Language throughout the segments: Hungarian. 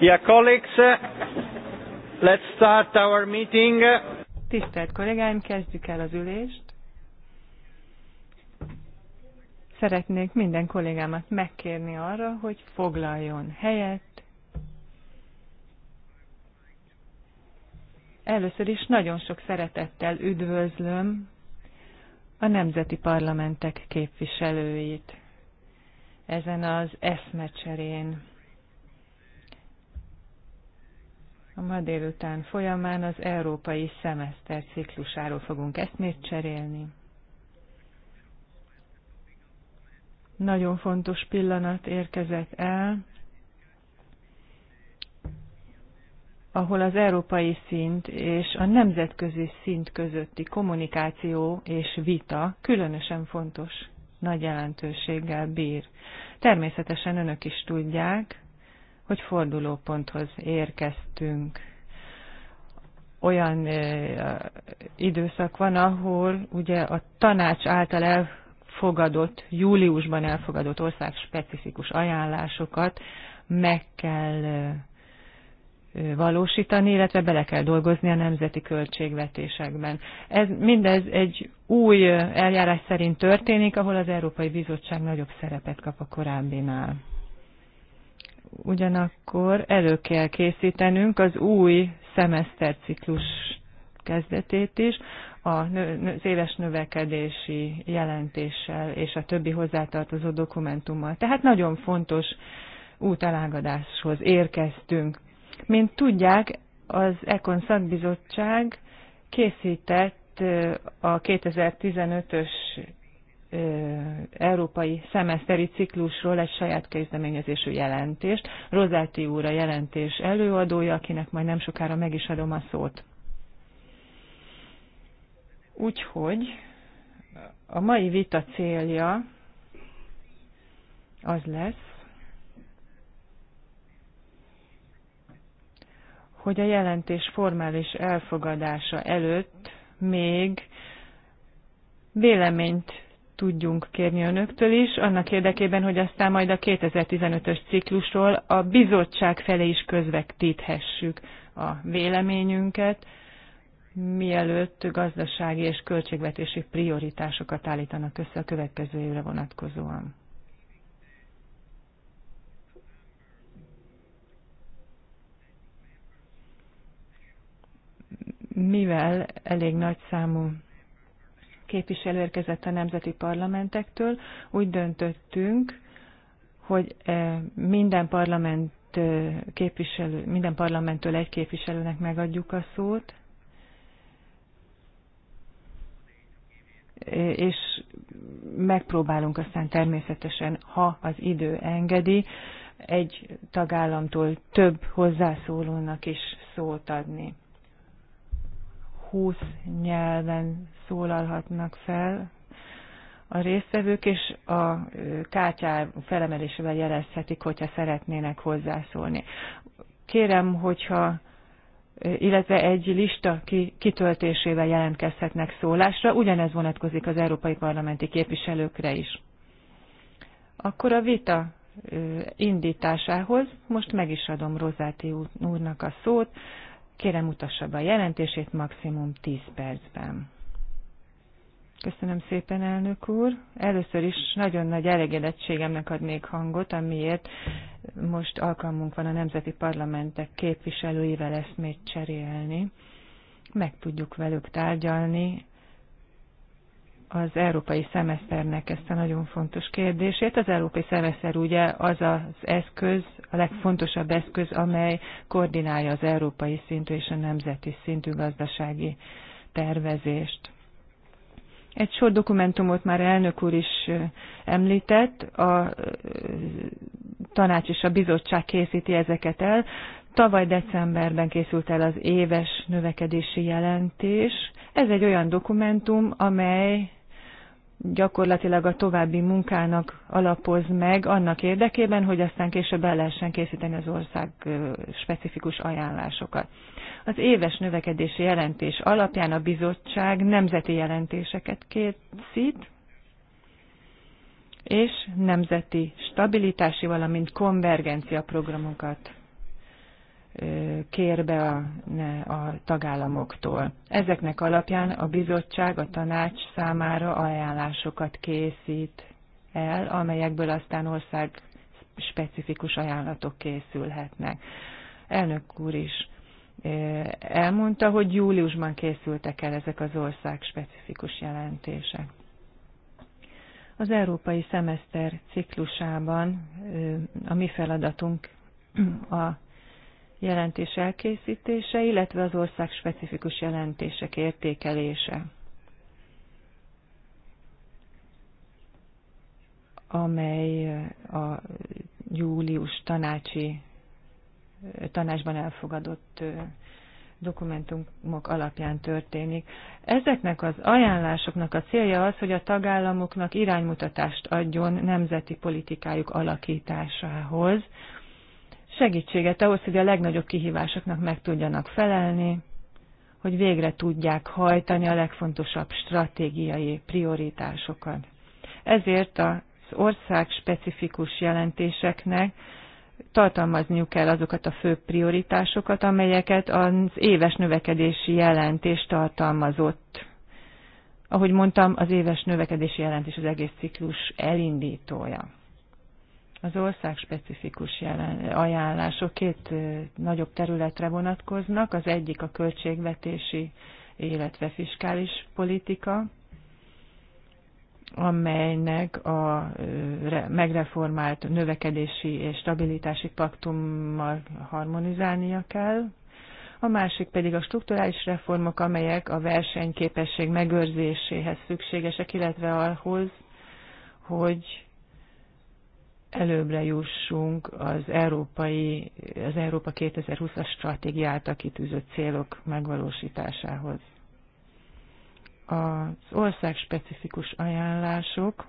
Dear colleagues, let's start our meeting. Tisztelt kollégáim, kezdjük el az ülést. Szeretnék minden kollégámat megkérni arra, hogy foglaljon helyet. Először is nagyon sok szeretettel üdvözlöm a nemzeti parlamentek képviselőit ezen az eszmecserén. A ma délután folyamán az európai szemeszter ciklusáról fogunk eszmét cserélni. Nagyon fontos pillanat érkezett el, ahol az európai szint és a nemzetközi szint közötti kommunikáció és vita különösen fontos nagy jelentőséggel bír. Természetesen önök is tudják, hogy fordulóponthoz érkeztünk. Olyan ö, eh, időszak van, ahol ugye a tanács által elfogadott, júliusban elfogadott ország specifikus ajánlásokat meg kell eh, valósítani, illetve bele kell dolgozni a nemzeti költségvetésekben. Ez mindez egy új eljárás szerint történik, ahol az Európai Bizottság nagyobb szerepet kap a korábbinál. Ugyanakkor elő kell készítenünk az új szemeszterciklus kezdetét is, a az éves növekedési jelentéssel és a többi hozzátartozó dokumentummal. Tehát nagyon fontos útelágadáshoz érkeztünk. Mint tudják, az Econ szakbizottság készített a 2015-ös európai szemeszteri ciklusról egy saját kezdeményezésű jelentést. Rozáti úr a jelentés előadója, akinek majd nem sokára meg is adom a szót. Úgyhogy a mai vita célja az lesz, hogy a jelentés formális elfogadása előtt még véleményt tudjunk kérni önöktől is, annak érdekében, hogy aztán majd a 2015-ös ciklusról a bizottság felé is közvetíthessük a véleményünket, mielőtt gazdasági és költségvetési prioritásokat állítanak össze a következő évre vonatkozóan. mivel elég nagy számú képviselő érkezett a nemzeti parlamentektől, úgy döntöttünk, hogy e, minden parlament e, képviselő, minden parlamenttől egy képviselőnek megadjuk a szót, e, és megpróbálunk aztán természetesen, ha az idő engedi, egy tagállamtól több hozzászólónak is szót adni. 20 nyelven szólalhatnak fel a résztvevők, és a kártyá felemelésével jelezhetik, hogyha szeretnének hozzászólni. Kérem, hogyha illetve egy lista kitöltésével jelentkezhetnek szólásra, ugyanez vonatkozik az európai parlamenti képviselőkre is. Akkor a vita indításához most meg is adom Rozáti úrnak a szót, Kérem mutassa be a jelentését maximum 10 percben. Köszönöm szépen, elnök úr. Először is nagyon nagy elégedettségemnek adnék hangot, amiért most alkalmunk van a nemzeti parlamentek képviselőivel eszmét cserélni. Meg tudjuk velük tárgyalni az európai szemeszternek ezt a nagyon fontos kérdését. Az európai szemeszter ugye az az eszköz, a legfontosabb eszköz, amely koordinálja az európai szintű és a nemzeti szintű gazdasági tervezést. Egy sor dokumentumot már elnök úr is említett, a tanács és a bizottság készíti ezeket el. Tavaly decemberben készült el az éves növekedési jelentés. Ez egy olyan dokumentum, amely gyakorlatilag a további munkának alapoz meg annak érdekében, hogy aztán később el lehessen készíteni az ország specifikus ajánlásokat. Az éves növekedési jelentés alapján a bizottság nemzeti jelentéseket készít, és nemzeti stabilitási, valamint konvergencia programokat kér be a, a tagállamoktól. Ezeknek alapján a bizottság a tanács számára ajánlásokat készít el, amelyekből aztán ország specifikus ajánlatok készülhetnek. Elnök úr is elmondta, hogy júliusban készültek el ezek az ország specifikus jelentések. Az európai szemeszter ciklusában a mi feladatunk a jelentés elkészítése, illetve az ország specifikus jelentések értékelése. amely a július tanácsi tanácsban elfogadott dokumentumok alapján történik. Ezeknek az ajánlásoknak a célja az, hogy a tagállamoknak iránymutatást adjon nemzeti politikájuk alakításához, segítséget ahhoz, hogy a legnagyobb kihívásoknak meg tudjanak felelni, hogy végre tudják hajtani a legfontosabb stratégiai prioritásokat. Ezért az ország specifikus jelentéseknek tartalmazniuk kell azokat a fő prioritásokat, amelyeket az éves növekedési jelentés tartalmazott. Ahogy mondtam, az éves növekedési jelentés az egész ciklus elindítója az ország specifikus ajánlások két nagyobb területre vonatkoznak. Az egyik a költségvetési, illetve fiskális politika, amelynek a megreformált növekedési és stabilitási paktummal harmonizálnia kell. A másik pedig a strukturális reformok, amelyek a versenyképesség megőrzéséhez szükségesek, illetve ahhoz, hogy előbbre jussunk az, európai, az Európa 2020-as stratégia a kitűzött célok megvalósításához. Az specifikus ajánlások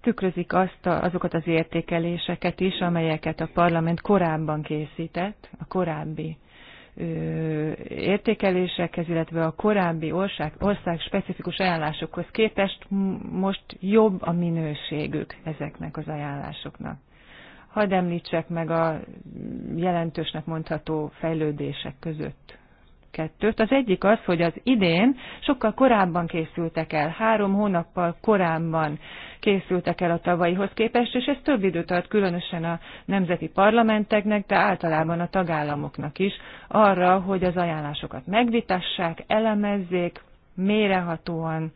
tükrözik azt a, azokat az értékeléseket is, amelyeket a parlament korábban készített, a korábbi értékelésekhez, illetve a korábbi ország, ország specifikus ajánlásokhoz képest most jobb a minőségük ezeknek az ajánlásoknak. Hadd említsek meg a jelentősnek mondható fejlődések között kettőt. Az egyik az, hogy az idén sokkal korábban készültek el, három hónappal korábban készültek el a tavalyihoz képest, és ez több időt ad különösen a nemzeti parlamenteknek, de általában a tagállamoknak is arra, hogy az ajánlásokat megvitassák, elemezzék, mérehatóan,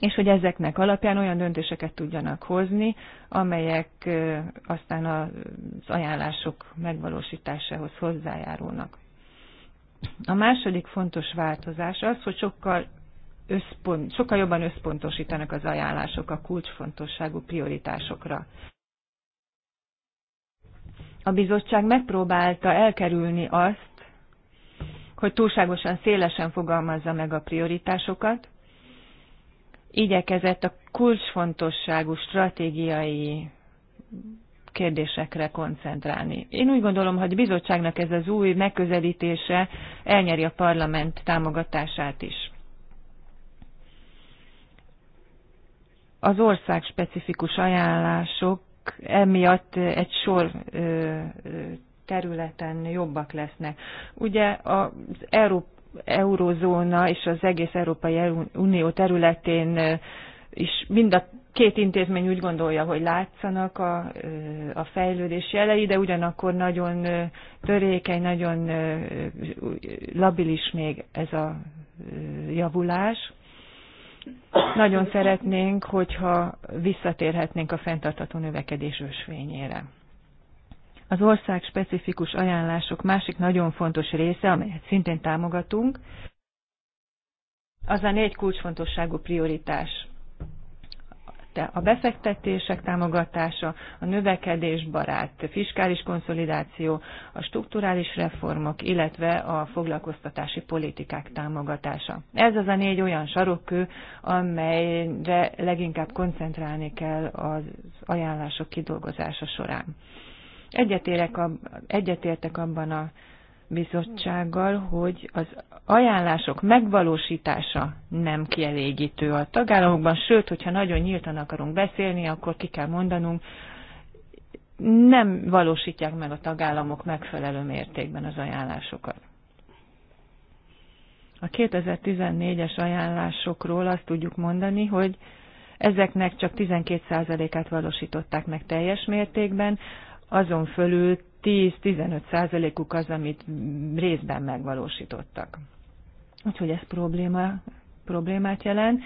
és hogy ezeknek alapján olyan döntéseket tudjanak hozni, amelyek aztán az ajánlások megvalósításához hozzájárulnak. A második fontos változás az, hogy sokkal, összpont, sokkal jobban összpontosítanak az ajánlások a kulcsfontosságú prioritásokra. A bizottság megpróbálta elkerülni azt, hogy túlságosan szélesen fogalmazza meg a prioritásokat, igyekezett a kulcsfontosságú stratégiai kérdésekre koncentrálni. Én úgy gondolom, hogy bizottságnak ez az új megközelítése elnyeri a parlament támogatását is. Az ország specifikus ajánlások emiatt egy sor területen jobbak lesznek. Ugye az Európa eurozóna és az egész Európai Unió területén is mind a két intézmény úgy gondolja, hogy látszanak a, a fejlődés jelei, de ugyanakkor nagyon törékeny, nagyon labilis még ez a javulás. Nagyon szeretnénk, hogyha visszatérhetnénk a fenntartató növekedés ösvényére. Az ország specifikus ajánlások másik nagyon fontos része, amelyet szintén támogatunk, az a négy kulcsfontosságú prioritás területe. A befektetések támogatása, a növekedésbarát fiskális konszolidáció, a strukturális reformok, illetve a foglalkoztatási politikák támogatása. Ez az a négy olyan sarokkő, amelyre leginkább koncentrálni kell az ajánlások kidolgozása során. egyetértek abban a bizottsággal, hogy az ajánlások megvalósítása nem kielégítő a tagállamokban, sőt, hogyha nagyon nyíltan akarunk beszélni, akkor ki kell mondanunk, nem valósítják meg a tagállamok megfelelő mértékben az ajánlásokat. A 2014-es ajánlásokról azt tudjuk mondani, hogy ezeknek csak 12%-át valósították meg teljes mértékben, azon fölül 10-15 százalékuk az, amit részben megvalósítottak. Úgyhogy ez probléma, problémát jelent.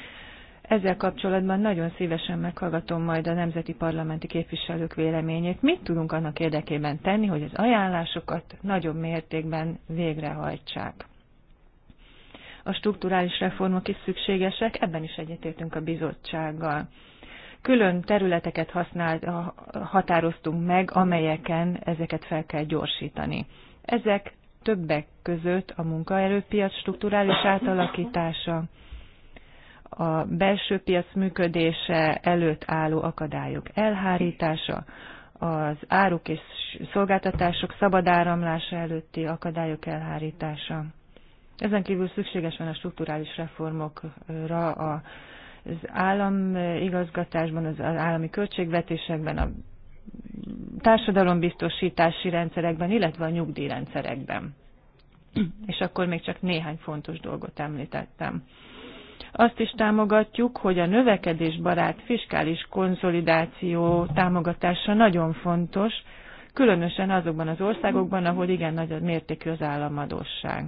Ezzel kapcsolatban nagyon szívesen meghallgatom majd a nemzeti parlamenti képviselők véleményét. Mit tudunk annak érdekében tenni, hogy az ajánlásokat nagyobb mértékben végrehajtsák? A strukturális reformok is szükségesek, ebben is egyetértünk a bizottsággal külön területeket használ, határoztunk meg, amelyeken ezeket fel kell gyorsítani. Ezek többek között a munkaerőpiac strukturális átalakítása, a belső piac működése előtt álló akadályok elhárítása, az áruk és szolgáltatások szabad áramlása előtti akadályok elhárítása. Ezen kívül szükséges van a strukturális reformokra a az államigazgatásban, az állami költségvetésekben, a társadalombiztosítási rendszerekben, illetve a nyugdíjrendszerekben. És akkor még csak néhány fontos dolgot említettem. Azt is támogatjuk, hogy a növekedésbarát fiskális konszolidáció támogatása nagyon fontos, különösen azokban az országokban, ahol igen nagy a mértékű az államadóság.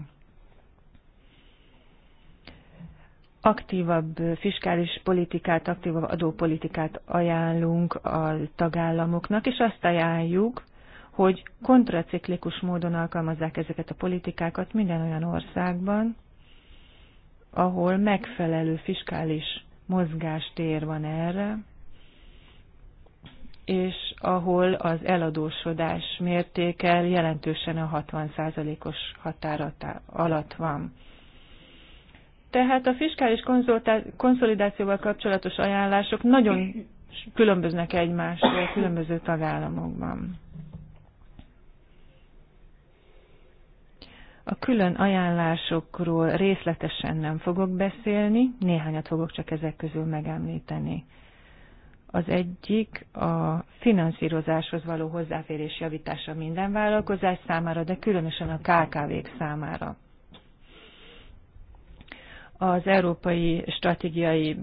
aktívabb fiskális politikát, aktívabb adópolitikát ajánlunk a tagállamoknak, és azt ajánljuk, hogy kontraciklikus módon alkalmazzák ezeket a politikákat minden olyan országban, ahol megfelelő fiskális mozgástér van erre, és ahol az eladósodás mértéke jelentősen a 60%-os határ alatt van. Tehát a fiskális konszolidációval kapcsolatos ajánlások nagyon különböznek egymástól különböző tagállamokban. A külön ajánlásokról részletesen nem fogok beszélni, néhányat fogok csak ezek közül megemlíteni. Az egyik a finanszírozáshoz való hozzáférés javítása minden vállalkozás számára, de különösen a KKV-k számára az Európai Stratégiai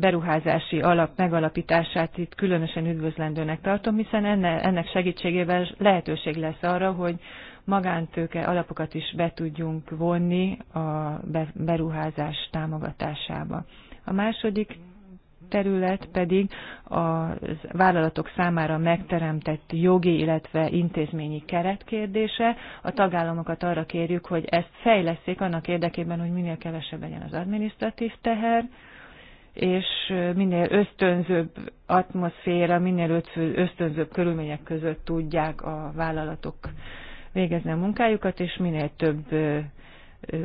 Beruházási Alap megalapítását itt különösen üdvözlendőnek tartom, hiszen ennek segítségével lehetőség lesz arra, hogy magántőke alapokat is be tudjunk vonni a beruházás támogatásába. A második terület pedig a vállalatok számára megteremtett jogi, illetve intézményi keret kérdése. A tagállamokat arra kérjük, hogy ezt fejleszék annak érdekében, hogy minél kevesebb legyen az adminisztratív teher, és minél ösztönzőbb atmoszféra, minél ösztönzőbb körülmények között tudják a vállalatok végezni a munkájukat, és minél több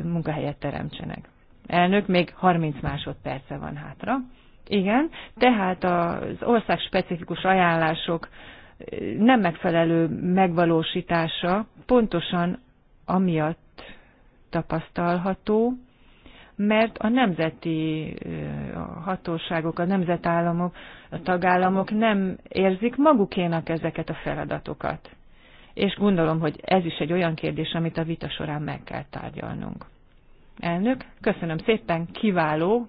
munkahelyet teremtsenek. Elnök, még 30 másodperce van hátra. Igen, tehát az ország specifikus ajánlások nem megfelelő megvalósítása pontosan amiatt tapasztalható, mert a nemzeti hatóságok, a nemzetállamok, a tagállamok nem érzik magukénak ezeket a feladatokat. És gondolom, hogy ez is egy olyan kérdés, amit a vita során meg kell tárgyalnunk. Elnök, köszönöm szépen, kiváló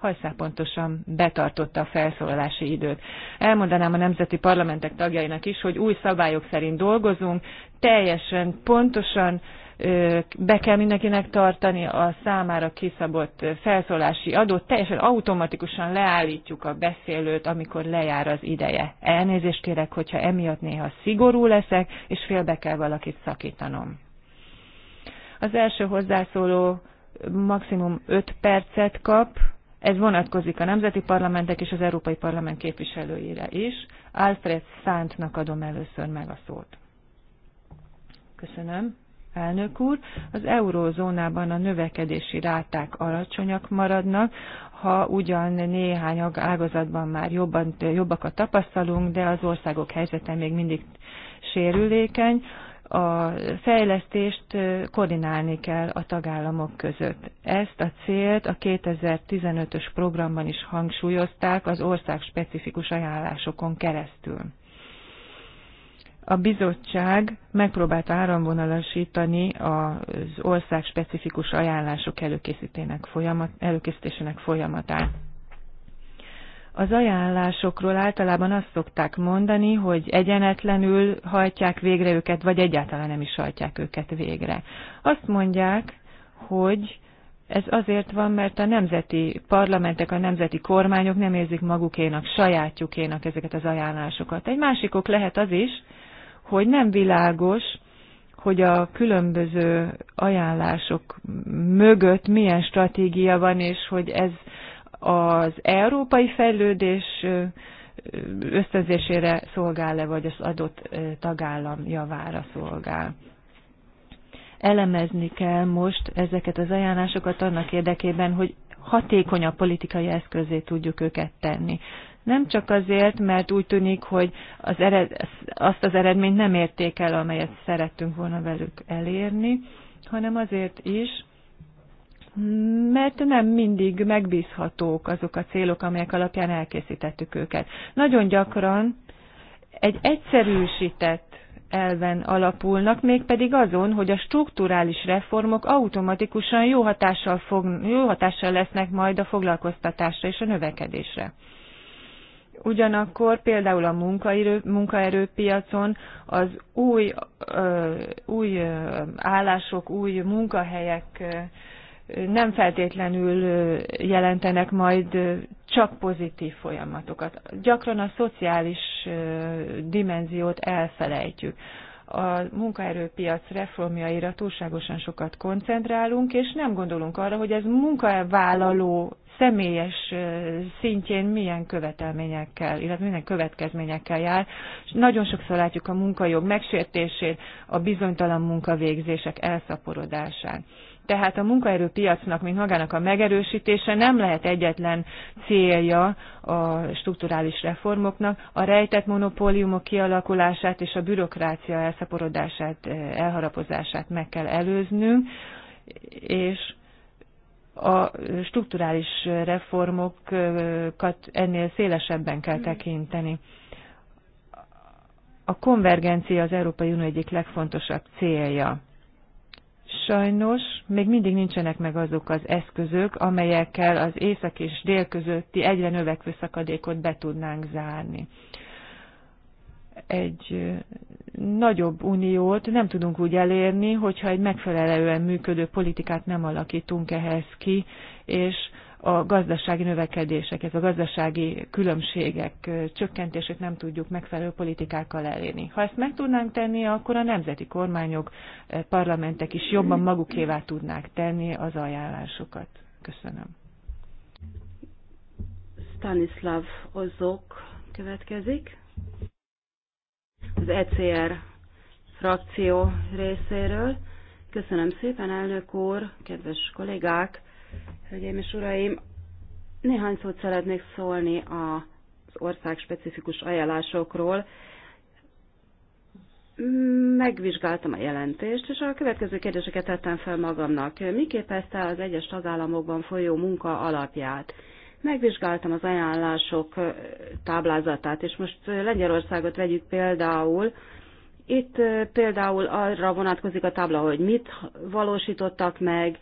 hajszál pontosan betartotta a felszólalási időt. Elmondanám a nemzeti parlamentek tagjainak is, hogy új szabályok szerint dolgozunk, teljesen pontosan be kell mindenkinek tartani a számára kiszabott felszólási adót, teljesen automatikusan leállítjuk a beszélőt, amikor lejár az ideje. Elnézést kérek, hogyha emiatt néha szigorú leszek, és félbe kell valakit szakítanom. Az első hozzászóló maximum 5 percet kap, ez vonatkozik a nemzeti parlamentek és az Európai Parlament képviselőire is. Alfred Szántnak adom először meg a szót. Köszönöm. Elnök úr, az eurózónában a növekedési ráták alacsonyak maradnak, ha ugyan néhány ágazatban már jobban, jobbakat tapasztalunk, de az országok helyzete még mindig sérülékeny a fejlesztést koordinálni kell a tagállamok között. Ezt a célt a 2015-ös programban is hangsúlyozták az ország specifikus ajánlásokon keresztül. A bizottság megpróbálta áramvonalasítani az ország specifikus ajánlások folyamat, előkészítésének folyamatát. Az ajánlásokról általában azt szokták mondani, hogy egyenetlenül hajtják végre őket, vagy egyáltalán nem is hajtják őket végre. Azt mondják, hogy ez azért van, mert a nemzeti parlamentek, a nemzeti kormányok nem érzik magukénak, sajátjukénak ezeket az ajánlásokat. Egy másik ok lehet az is, hogy nem világos, hogy a különböző ajánlások mögött milyen stratégia van, és hogy ez az európai fejlődés ösztönzésére szolgál-e, vagy az adott tagállam javára szolgál. Elemezni kell most ezeket az ajánlásokat annak érdekében, hogy hatékonyabb politikai eszközé tudjuk őket tenni. Nem csak azért, mert úgy tűnik, hogy az ered, azt az eredményt nem érték el, amelyet szerettünk volna velük elérni, hanem azért is, mert nem mindig megbízhatók azok a célok, amelyek alapján elkészítettük őket. Nagyon gyakran egy egyszerűsített elven alapulnak, mégpedig azon, hogy a strukturális reformok automatikusan jó hatással, fog, jó hatással lesznek majd a foglalkoztatásra és a növekedésre. Ugyanakkor például a munkaerő, munkaerőpiacon az új, ö, új állások, új munkahelyek nem feltétlenül jelentenek majd csak pozitív folyamatokat. Gyakran a szociális dimenziót elfelejtjük. A munkaerőpiac reformjaira túlságosan sokat koncentrálunk, és nem gondolunk arra, hogy ez munkavállaló személyes szintjén milyen követelményekkel, illetve milyen következményekkel jár. És nagyon sokszor látjuk a munkajog megsértését, a bizonytalan munkavégzések elszaporodásán. Tehát a munkaerőpiacnak, mint magának a megerősítése nem lehet egyetlen célja a strukturális reformoknak. A rejtett monopóliumok kialakulását és a bürokrácia elszaporodását, elharapozását meg kell előznünk, és a strukturális reformokat ennél szélesebben kell mm. tekinteni. A konvergencia az Európai Unió egyik legfontosabb célja. Sajnos még mindig nincsenek meg azok az eszközök, amelyekkel az észak és dél közötti egyre növekvő szakadékot be tudnánk zárni. Egy nagyobb uniót nem tudunk úgy elérni, hogyha egy megfelelően működő politikát nem alakítunk ehhez ki, és a gazdasági növekedéseket, a gazdasági különbségek csökkentését nem tudjuk megfelelő politikákkal elérni. Ha ezt meg tudnánk tenni, akkor a nemzeti kormányok, parlamentek is jobban magukévá tudnák tenni az ajánlásokat. Köszönöm. Stanislav Ozok következik. Az ECR frakció részéről. Köszönöm szépen, elnök úr, kedves kollégák! Hölgyeim és uraim, néhány szót szeretnék szólni az ország specifikus ajánlásokról. Megvizsgáltam a jelentést, és a következő kérdéseket tettem fel magamnak. Mi képezte az egyes tagállamokban folyó munka alapját? Megvizsgáltam az ajánlások táblázatát, és most Lengyelországot vegyük például. Itt például arra vonatkozik a tábla, hogy mit valósítottak meg,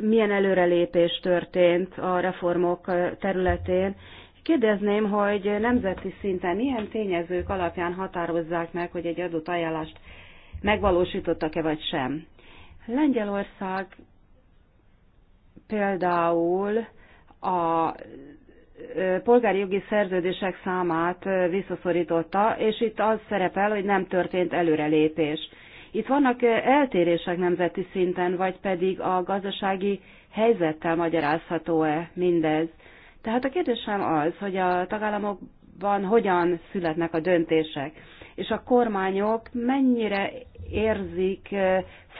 milyen előrelépés történt a reformok területén. Kérdezném, hogy nemzeti szinten milyen tényezők alapján határozzák meg, hogy egy adott ajánlást megvalósítottak-e vagy sem. Lengyelország például a polgári jogi szerződések számát visszaszorította, és itt az szerepel, hogy nem történt előrelépés. Itt vannak eltérések nemzeti szinten, vagy pedig a gazdasági helyzettel magyarázható-e mindez. Tehát a kérdésem az, hogy a tagállamokban hogyan születnek a döntések, és a kormányok mennyire érzik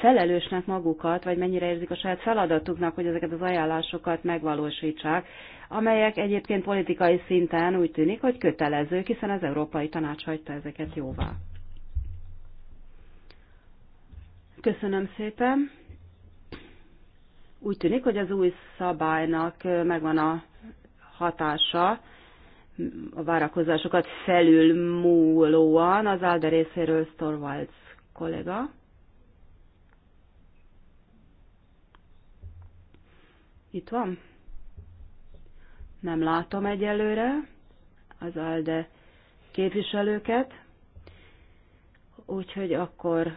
felelősnek magukat, vagy mennyire érzik a saját feladatuknak, hogy ezeket az ajánlásokat megvalósítsák, amelyek egyébként politikai szinten úgy tűnik, hogy kötelezők, hiszen az Európai Tanács hagyta ezeket jóvá. Köszönöm szépen. Úgy tűnik, hogy az új szabálynak megvan a hatása a várakozásokat felülmúlóan az Alde részéről Storvalds kollega. Itt van? Nem látom egyelőre az ALDE képviselőket, úgyhogy akkor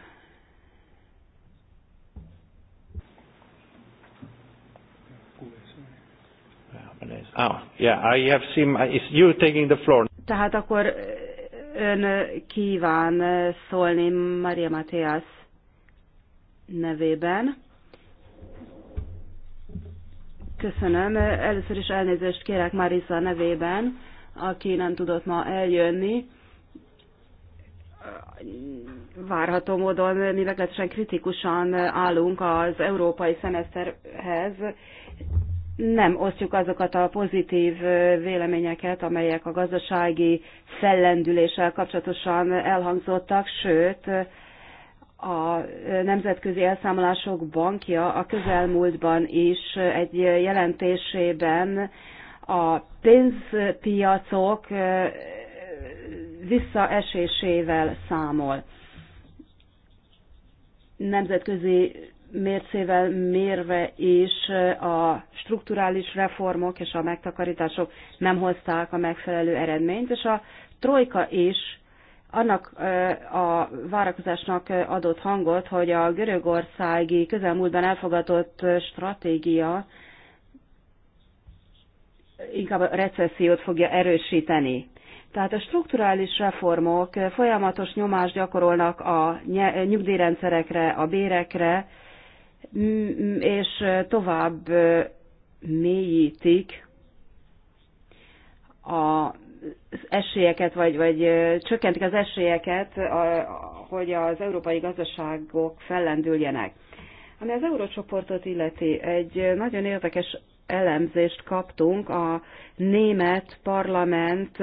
Ah, yeah, I have seen, it's you taking the floor. Tehát akkor ön kíván szólni Maria Matthias nevében. Köszönöm. Először is elnézést kérek Marisa nevében, aki nem tudott ma eljönni. Várható módon mi meglehetősen kritikusan állunk az európai szemeszterhez, nem osztjuk azokat a pozitív véleményeket, amelyek a gazdasági fellendüléssel kapcsolatosan elhangzottak, sőt, a nemzetközi elszámolások bankja a közelmúltban is egy jelentésében a pénzpiacok visszaesésével számol. Nemzetközi mércével mérve is a strukturális reformok és a megtakarítások nem hozták a megfelelő eredményt, és a trojka is annak a várakozásnak adott hangot, hogy a görögországi közelmúltban elfogadott stratégia inkább a recessziót fogja erősíteni. Tehát a strukturális reformok folyamatos nyomást gyakorolnak a nyugdíjrendszerekre, a bérekre, és tovább mélyítik az esélyeket, vagy, vagy csökkentik az esélyeket, hogy az európai gazdaságok fellendüljenek. Ami az eurócsoportot illeti, egy nagyon érdekes elemzést kaptunk a német parlament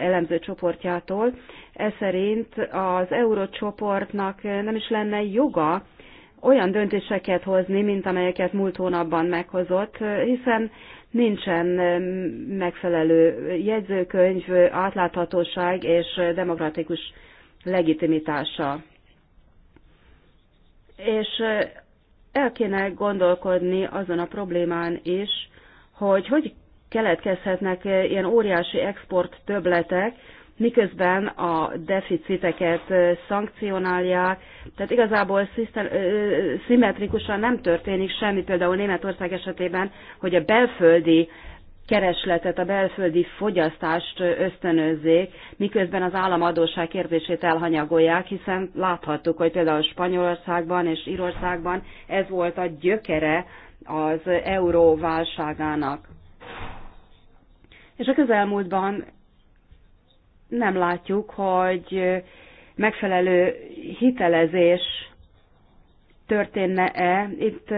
elemző csoportjától. Ez szerint az eurócsoportnak nem is lenne joga olyan döntéseket hozni, mint amelyeket múlt hónapban meghozott, hiszen nincsen megfelelő jegyzőkönyv, átláthatóság és demokratikus legitimitása. És el kéne gondolkodni azon a problémán is, hogy hogy keletkezhetnek ilyen óriási export töbletek, miközben a deficiteket szankcionálják, tehát igazából szimmetrikusan nem történik semmi, például Németország esetében, hogy a belföldi keresletet, a belföldi fogyasztást ösztönözzék, miközben az államadóság kérdését elhanyagolják, hiszen láthattuk, hogy például Spanyolországban és Írországban ez volt a gyökere az euró válságának. És a közelmúltban nem látjuk, hogy megfelelő hitelezés történne-e. Itt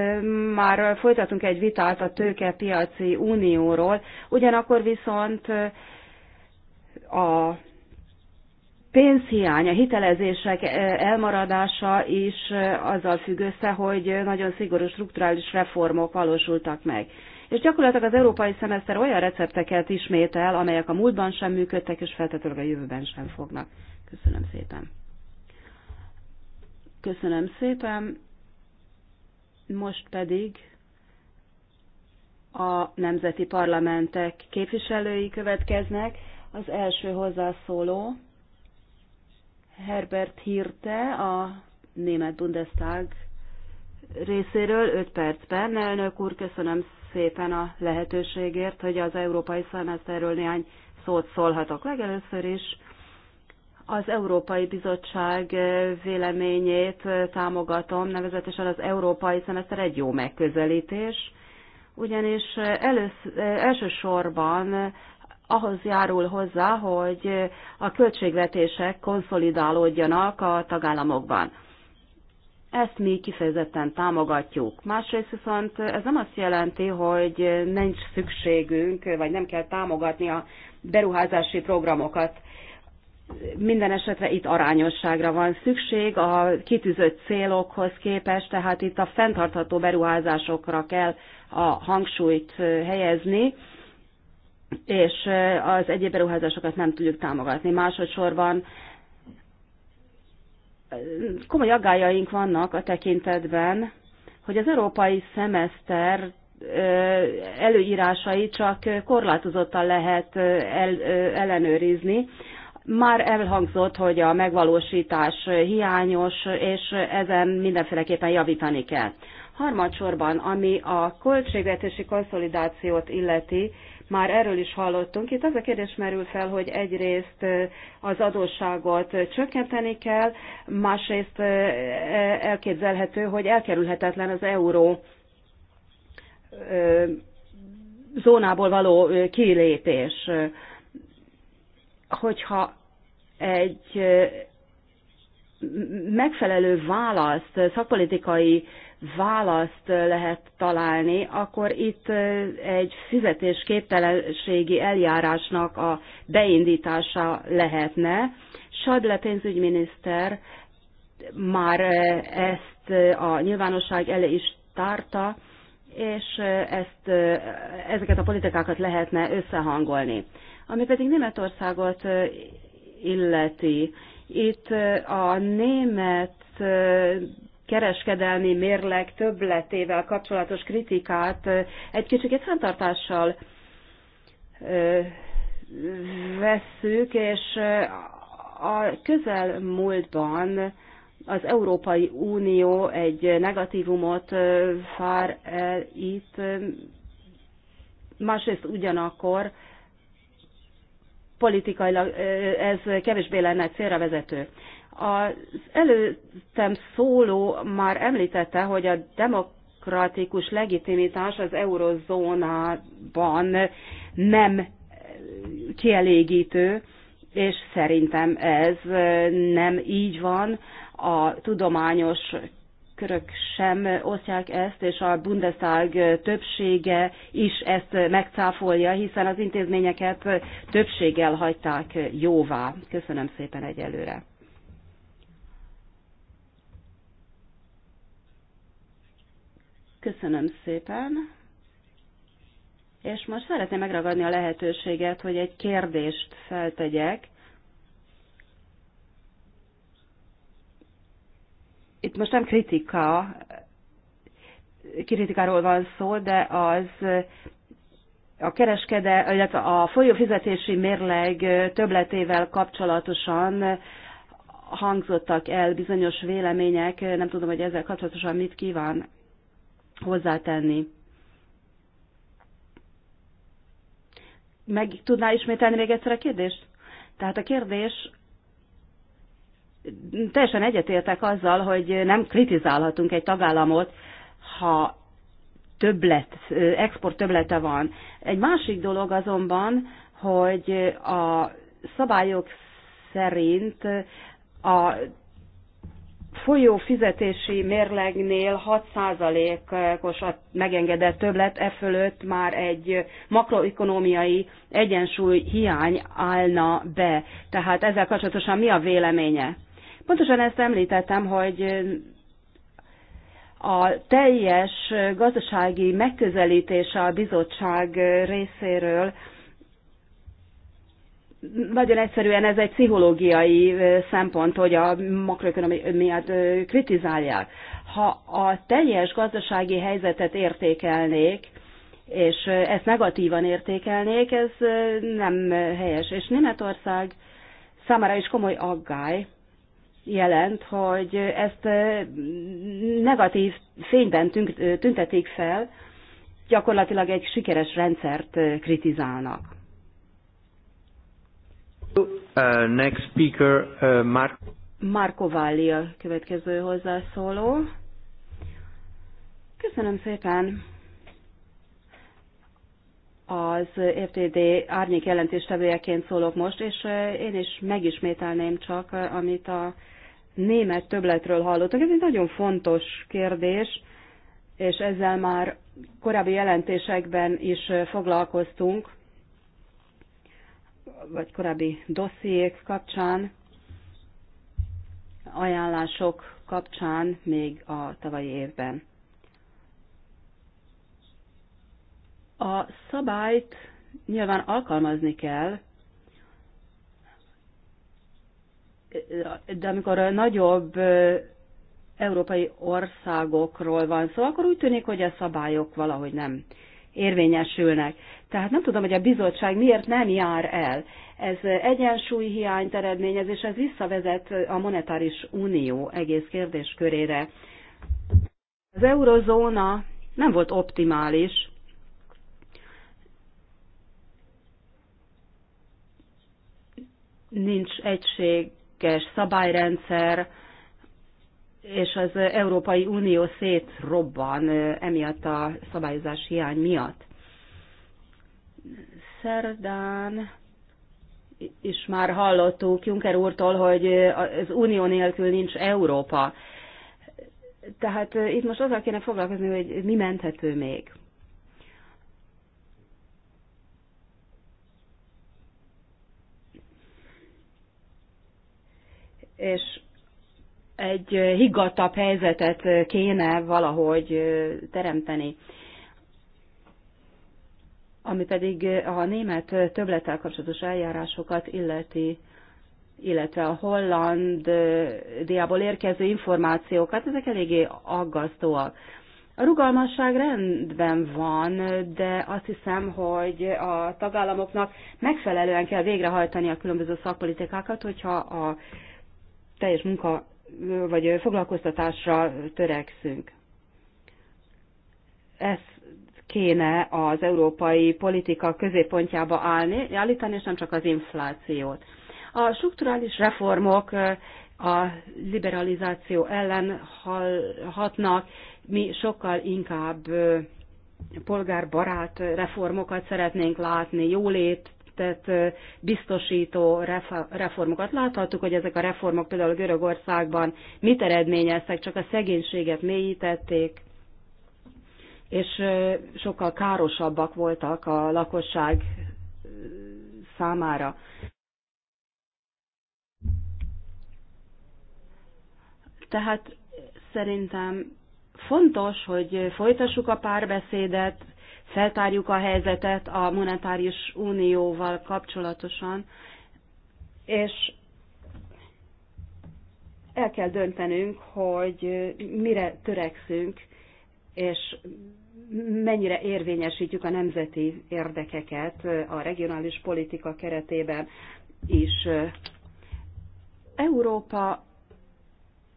már folytatunk egy vitát a tőkepiaci unióról, ugyanakkor viszont a pénzhiány, a hitelezések elmaradása is azzal függ össze, hogy nagyon szigorú strukturális reformok valósultak meg és gyakorlatilag az európai szemeszter olyan recepteket ismétel, amelyek a múltban sem működtek, és feltetőleg a jövőben sem fognak. Köszönöm szépen. Köszönöm szépen. Most pedig a nemzeti parlamentek képviselői következnek. Az első hozzászóló Herbert Hirte, a német Bundestag részéről 5 percben. Elnök úr, köszönöm szépen a lehetőségért, hogy az európai szemeszterről néhány szót szólhatok. Legelőször is az Európai Bizottság véleményét támogatom, nevezetesen az európai szemeszter egy jó megközelítés, ugyanis elősz, elsősorban ahhoz járul hozzá, hogy a költségvetések konszolidálódjanak a tagállamokban. Ezt mi kifejezetten támogatjuk. Másrészt viszont ez nem azt jelenti, hogy nincs szükségünk, vagy nem kell támogatni a beruházási programokat. Minden esetre itt arányosságra van szükség a kitűzött célokhoz képest, tehát itt a fenntartható beruházásokra kell a hangsúlyt helyezni, és az egyéb beruházásokat nem tudjuk támogatni. Másodszorban komoly aggájaink vannak a tekintetben, hogy az európai szemeszter előírásai csak korlátozottan lehet el, ellenőrizni. Már elhangzott, hogy a megvalósítás hiányos, és ezen mindenféleképpen javítani kell. Harmadsorban, ami a költségvetési konszolidációt illeti, már erről is hallottunk. Itt az a kérdés merül fel, hogy egyrészt az adósságot csökkenteni kell, másrészt e, elképzelhető, hogy elkerülhetetlen az euró zónából való kilépés. Hogyha egy megfelelő választ, szakpolitikai választ lehet találni, akkor itt egy fizetésképtelenségi eljárásnak a beindítása lehetne. Sadle pénzügyminiszter már ezt a nyilvánosság elé is tárta, és ezt, ezeket a politikákat lehetne összehangolni. Ami pedig Németországot illeti, itt a német kereskedelmi mérleg többletével kapcsolatos kritikát egy kicsit fenntartással vesszük, és a közelmúltban az Európai Unió egy negatívumot fár el itt, másrészt ugyanakkor politikailag ez kevésbé lenne célra vezető. Az előttem szóló már említette, hogy a demokratikus legitimitás az eurozónában nem kielégítő, és szerintem ez nem így van. A tudományos körök sem osztják ezt, és a Bundestag többsége is ezt megcáfolja, hiszen az intézményeket többséggel hagyták jóvá. Köszönöm szépen egyelőre. Köszönöm szépen. És most szeretném megragadni a lehetőséget, hogy egy kérdést feltegyek. Itt most nem kritika, kritikáról van szó, de az a kereskede, illetve a folyófizetési mérleg többletével kapcsolatosan hangzottak el bizonyos vélemények, nem tudom, hogy ezzel kapcsolatosan mit kíván hozzátenni. Meg tudnál ismételni még egyszer a kérdést? Tehát a kérdés teljesen egyetértek azzal, hogy nem kritizálhatunk egy tagállamot, ha többlet, export töblete van. Egy másik dolog azonban, hogy a szabályok szerint a folyó fizetési mérlegnél 6%-os a megengedett többlet, e fölött már egy makroekonomiai egyensúly hiány állna be. Tehát ezzel kapcsolatosan mi a véleménye? Pontosan ezt említettem, hogy a teljes gazdasági megközelítése a bizottság részéről nagyon egyszerűen ez egy pszichológiai szempont, hogy a makroökonomiát kritizálják. Ha a teljes gazdasági helyzetet értékelnék, és ezt negatívan értékelnék, ez nem helyes. És Németország számára is komoly aggály jelent, hogy ezt negatív fényben tüntetik fel, gyakorlatilag egy sikeres rendszert kritizálnak. Uh, next speaker, uh, Mark. Marco Valli a következő hozzászóló. Köszönöm szépen. Az FTD árnyék jelentéstevőjeként szólok most, és uh, én is megismételném csak, uh, amit a német többletről hallottak. Ez egy nagyon fontos kérdés, és ezzel már korábbi jelentésekben is uh, foglalkoztunk vagy korábbi dossziék kapcsán, ajánlások kapcsán még a tavalyi évben. A szabályt nyilván alkalmazni kell, de amikor nagyobb európai országokról van szó, akkor úgy tűnik, hogy a szabályok valahogy nem érvényesülnek. Tehát nem tudom, hogy a bizottság miért nem jár el. Ez egyensúlyhiányt eredményez, és ez visszavezet a monetáris unió egész kérdéskörére. Az eurozóna nem volt optimális, nincs egységes szabályrendszer, és az Európai Unió szétrobban emiatt a szabályozás hiány miatt. Szerdán is már hallottuk Juncker úrtól, hogy az unió nélkül nincs Európa. Tehát itt most azzal kéne foglalkozni, hogy mi menthető még. És egy higgadtabb helyzetet kéne valahogy teremteni ami pedig a német többlettel kapcsolatos eljárásokat illeti, illetve a holland eh, diából érkező információkat, ezek eléggé aggasztóak. A rugalmasság rendben van, de azt hiszem, hogy a tagállamoknak megfelelően kell végrehajtani a különböző szakpolitikákat, hogyha a teljes munka vagy foglalkoztatásra törekszünk. Ez kéne az európai politika középpontjába állni, állítani, és nem csak az inflációt. A strukturális reformok a liberalizáció ellen hatnak, mi sokkal inkább polgárbarát reformokat szeretnénk látni, jólét tehát biztosító reformokat. Láthattuk, hogy ezek a reformok például Görögországban mit eredményeztek, csak a szegénységet mélyítették, és sokkal károsabbak voltak a lakosság számára. Tehát szerintem fontos, hogy folytassuk a párbeszédet, feltárjuk a helyzetet a monetáris unióval kapcsolatosan, és el kell döntenünk, hogy mire törekszünk, és mennyire érvényesítjük a nemzeti érdekeket a regionális politika keretében is. Európa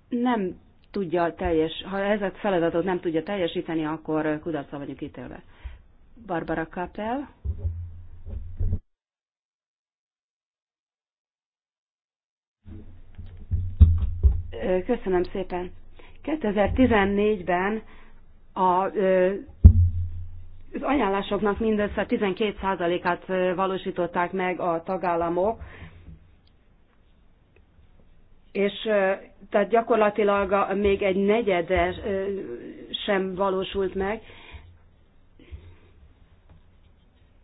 nem tudja teljes, ha ez a feladatot nem tudja teljesíteni, akkor kudarca vagyunk ítélve. Barbara Kapel. Köszönöm szépen. 2014-ben a, az ajánlásoknak mindössze 12%-át valósították meg a tagállamok, és tehát gyakorlatilag még egy negyede sem valósult meg.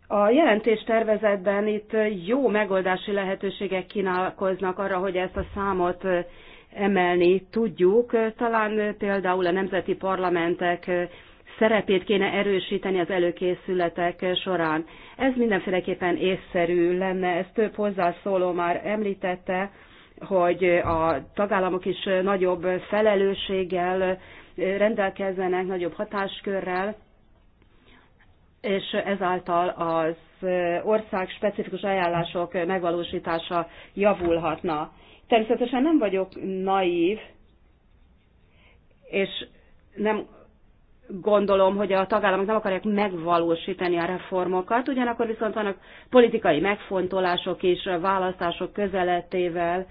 A jelentés tervezetben itt jó megoldási lehetőségek kínálkoznak arra, hogy ezt a számot emelni tudjuk. Talán például a nemzeti parlamentek szerepét kéne erősíteni az előkészületek során. Ez mindenféleképpen észszerű lenne, ezt több hozzászóló már említette, hogy a tagállamok is nagyobb felelősséggel rendelkezzenek, nagyobb hatáskörrel, és ezáltal az ország specifikus ajánlások megvalósítása javulhatna. Természetesen nem vagyok naív, és nem gondolom, hogy a tagállamok nem akarják megvalósítani a reformokat, ugyanakkor viszont vannak politikai megfontolások és választások közeletével,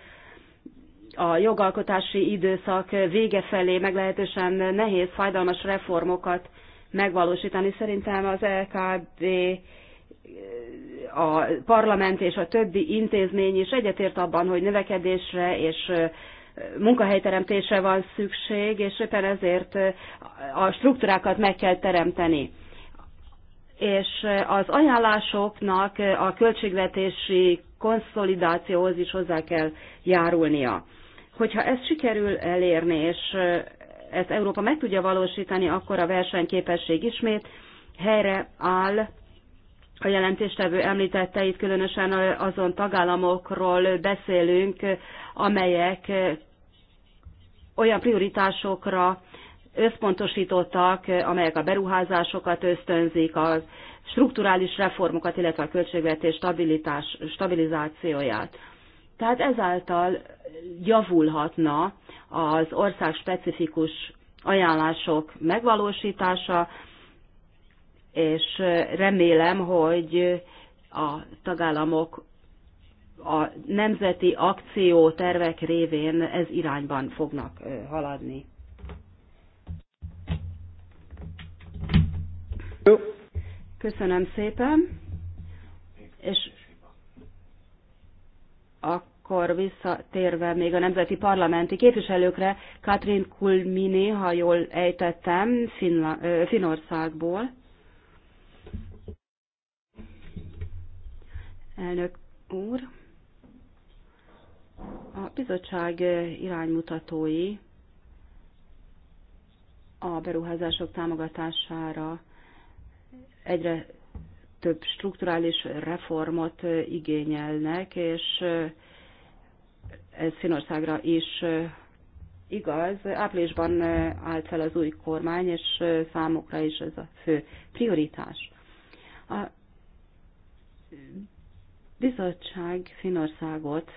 a jogalkotási időszak vége felé meglehetősen nehéz, fájdalmas reformokat megvalósítani. Szerintem az LKB e a parlament és a többi intézmény is egyetért abban, hogy növekedésre és munkahelyteremtésre van szükség, és éppen ezért a struktúrákat meg kell teremteni. És az ajánlásoknak a költségvetési konszolidációhoz is hozzá kell járulnia. Hogyha ezt sikerül elérni, és ezt Európa meg tudja valósítani, akkor a versenyképesség ismét helyre áll, a jelentéstevő említette, itt különösen azon tagállamokról beszélünk, amelyek olyan prioritásokra összpontosítottak, amelyek a beruházásokat ösztönzik, a strukturális reformokat, illetve a költségvetés stabilitás, stabilizációját. Tehát ezáltal javulhatna az ország specifikus ajánlások megvalósítása, és remélem, hogy a tagállamok a nemzeti akciótervek révén ez irányban fognak haladni. Köszönöm szépen. És akkor visszatérve még a nemzeti parlamenti képviselőkre, Katrin Kulmini, ha jól ejtettem, Finnországból. elnök úr. A bizottság iránymutatói a beruházások támogatására egyre több strukturális reformot igényelnek, és ez Finországra is igaz. Áprilisban állt fel az új kormány, és számukra is ez a fő prioritás. A bizottság Finországot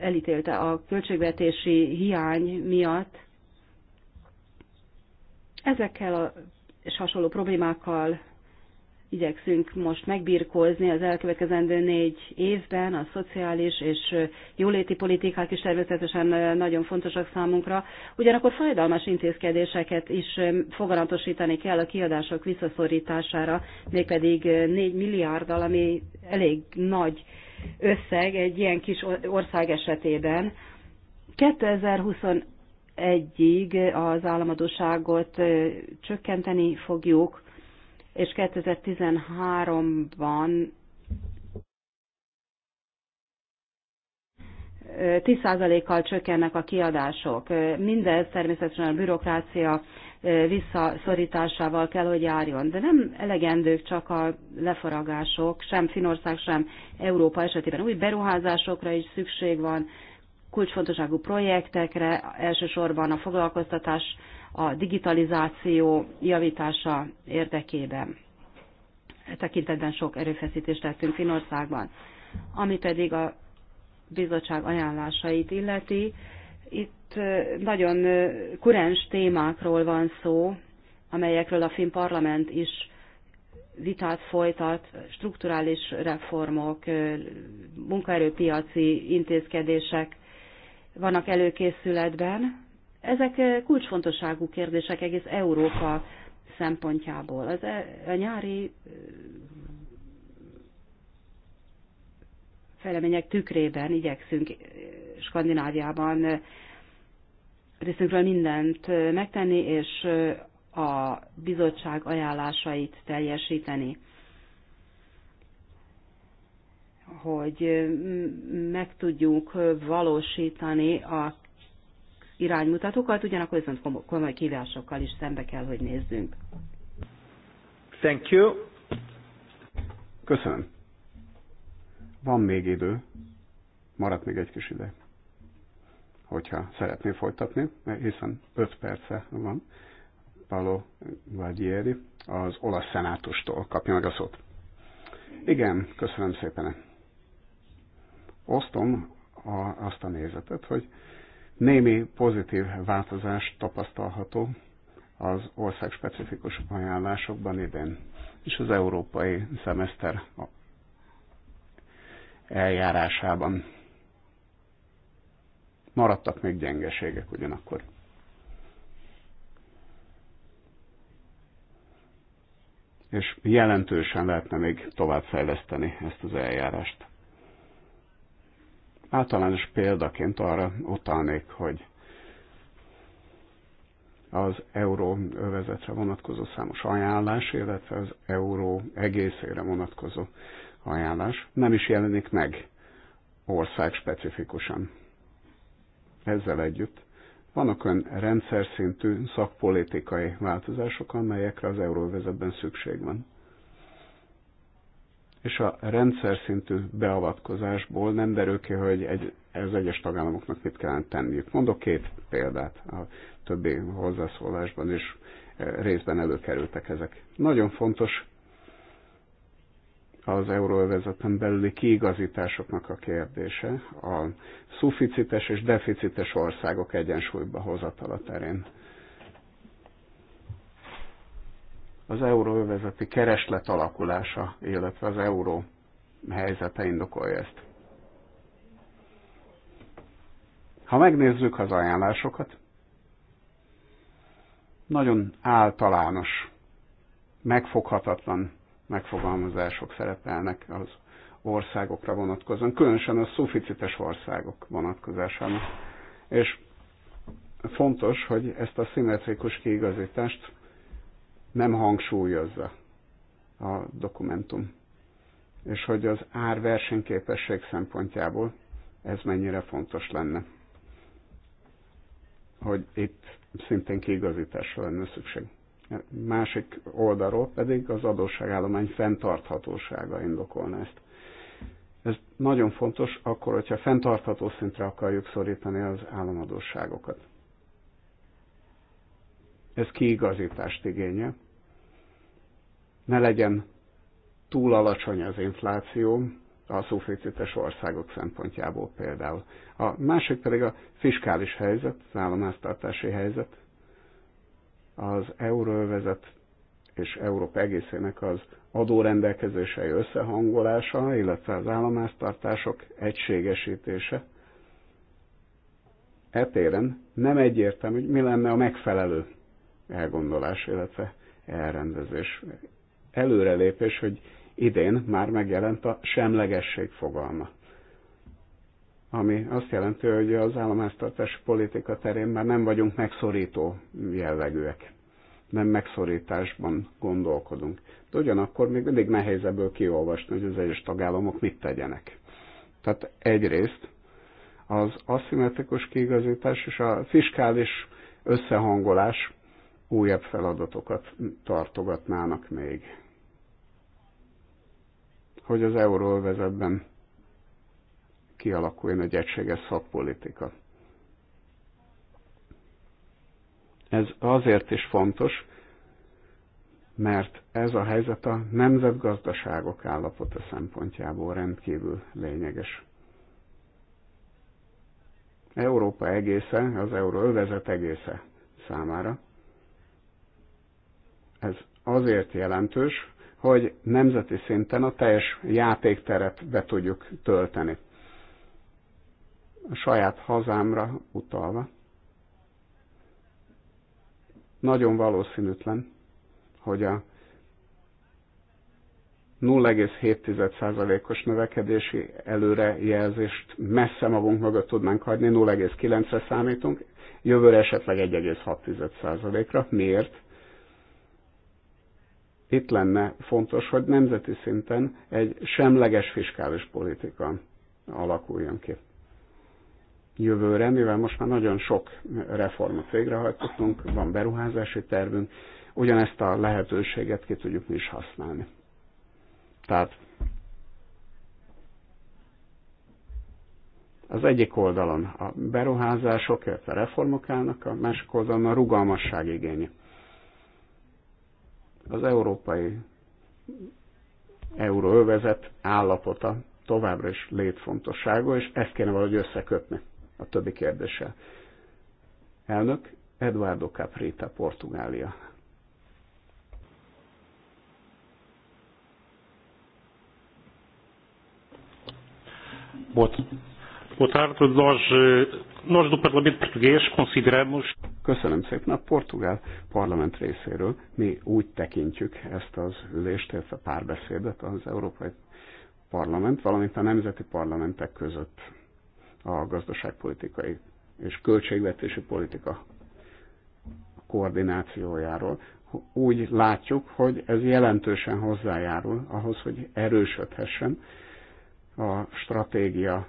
elítélte a költségvetési hiány miatt. Ezekkel a, és hasonló problémákkal igyekszünk most megbirkózni az elkövetkezendő négy évben, a szociális és jóléti politikák is természetesen nagyon fontosak számunkra. Ugyanakkor fajdalmas intézkedéseket is foganatosítani kell a kiadások visszaszorítására, mégpedig 4 milliárd, ami elég nagy összeg egy ilyen kis ország esetében. 2021-ig az államadóságot csökkenteni fogjuk, és 2013-ban 10%-kal csökkennek a kiadások. Mindez természetesen a bürokrácia visszaszorításával kell, hogy járjon. De nem elegendők csak a lefaragások, sem Finország, sem Európa esetében. Új beruházásokra is szükség van, kulcsfontosságú projektekre, elsősorban a foglalkoztatás a digitalizáció javítása érdekében. E tekintetben sok erőfeszítést tettünk Finországban. Ami pedig a bizottság ajánlásait illeti, itt nagyon kurens témákról van szó, amelyekről a Finn Parlament is vitát folytat, strukturális reformok, munkaerőpiaci intézkedések vannak előkészületben, ezek eh, kulcsfontosságú kérdések egész Európa szempontjából. Az e- a nyári eh, fejlemények tükrében igyekszünk eh, Skandináviában részünkről mindent megtenni, és a bizottság ajánlásait teljesíteni hogy meg tudjuk valósítani a iránymutatókat, ugyanakkor viszont komoly kívásokkal is szembe kell, hogy nézzünk. Thank you. Köszönöm. Van még idő. Maradt még egy kis ide. Hogyha szeretné folytatni, hiszen 5 perce van. Paolo Guardieri az olasz szenátustól kapja meg a szót. Igen, köszönöm szépen. Osztom a, azt a nézetet, hogy Némi pozitív változás tapasztalható az ország specifikus ajánlásokban idén, és az európai szemeszter eljárásában. Maradtak még gyengeségek ugyanakkor. És jelentősen lehetne még továbbfejleszteni ezt az eljárást. Általános példaként arra utalnék, hogy az euró övezetre vonatkozó számos ajánlás, illetve az euró egészére vonatkozó ajánlás nem is jelenik meg ország specifikusan. Ezzel együtt vannak olyan rendszer szintű szakpolitikai változások, amelyekre az euróvezetben szükség van és a rendszer szintű beavatkozásból nem derül ki, hogy egy, ez egyes tagállamoknak mit kellene tenniük. Mondok két példát, a többi hozzászólásban is eh, részben előkerültek ezek. Nagyon fontos az euróövezeten belüli kiigazításoknak a kérdése, a szuficites és deficites országok egyensúlyba hozatala terén. az euróövezeti kereslet alakulása, illetve az euró helyzete indokolja ezt. Ha megnézzük az ajánlásokat, nagyon általános, megfoghatatlan megfogalmazások szerepelnek az országokra vonatkozóan, különösen a szuficites országok vonatkozásában. És fontos, hogy ezt a szimmetrikus kiigazítást nem hangsúlyozza a dokumentum. És hogy az árversenyképesség szempontjából ez mennyire fontos lenne. Hogy itt szintén kiigazításra lenne szükség. Másik oldalról pedig az adósságállomány fenntarthatósága indokolna ezt. Ez nagyon fontos akkor, hogyha fenntartható szintre akarjuk szorítani az államadóságokat. Ez kiigazítást igénye. Ne legyen túl alacsony az infláció, a szuficites országok szempontjából például. A másik pedig a fiskális helyzet, az államháztartási helyzet, az euróövezet és Európa egészének az adórendelkezései összehangolása, illetve az államháztartások egységesítése. Etéren nem egyértelmű, hogy mi lenne a megfelelő elgondolás, illetve elrendezés. Előrelépés, hogy idén már megjelent a semlegesség fogalma ami azt jelenti, hogy az államháztartási politika terén már nem vagyunk megszorító jellegűek. Nem megszorításban gondolkodunk. De ugyanakkor még mindig nehéz ebből kiolvasni, hogy az egyes tagállamok mit tegyenek. Tehát egyrészt az aszimmetrikus kiigazítás és a fiskális összehangolás újabb feladatokat tartogatnának még. Hogy az euróvezetben kialakuljon egy egységes szakpolitika. Ez azért is fontos, mert ez a helyzet a nemzetgazdaságok állapota szempontjából rendkívül lényeges. Európa egésze, az euróövezet egésze számára ez azért jelentős, hogy nemzeti szinten a teljes játékteret be tudjuk tölteni. A saját hazámra utalva. Nagyon valószínűtlen, hogy a 0,7%-os növekedési előrejelzést messze magunk mögött tudnánk hagyni, 0,9-re számítunk, jövőre esetleg 1,6%-ra. Miért? itt lenne fontos, hogy nemzeti szinten egy semleges fiskális politika alakuljon ki. Jövőre, mivel most már nagyon sok reformot végrehajtottunk, van beruházási tervünk, ugyanezt a lehetőséget ki tudjuk mi is használni. Tehát az egyik oldalon a beruházások, illetve reformok állnak, a másik oldalon a rugalmasság igénye az európai euróövezet állapota továbbra is létfontossága, és ezt kéne valahogy összekötni a többi kérdéssel. Elnök Eduardo Caprita, Portugália. Boa tarde, nós Nós do Parlamento Português consideramos... Köszönöm szépen a portugál parlament részéről. Mi úgy tekintjük ezt az ülést, ezt a párbeszédet az Európai Parlament, valamint a nemzeti parlamentek között a gazdaságpolitikai és költségvetési politika koordinációjáról. Úgy látjuk, hogy ez jelentősen hozzájárul ahhoz, hogy erősödhessen a stratégia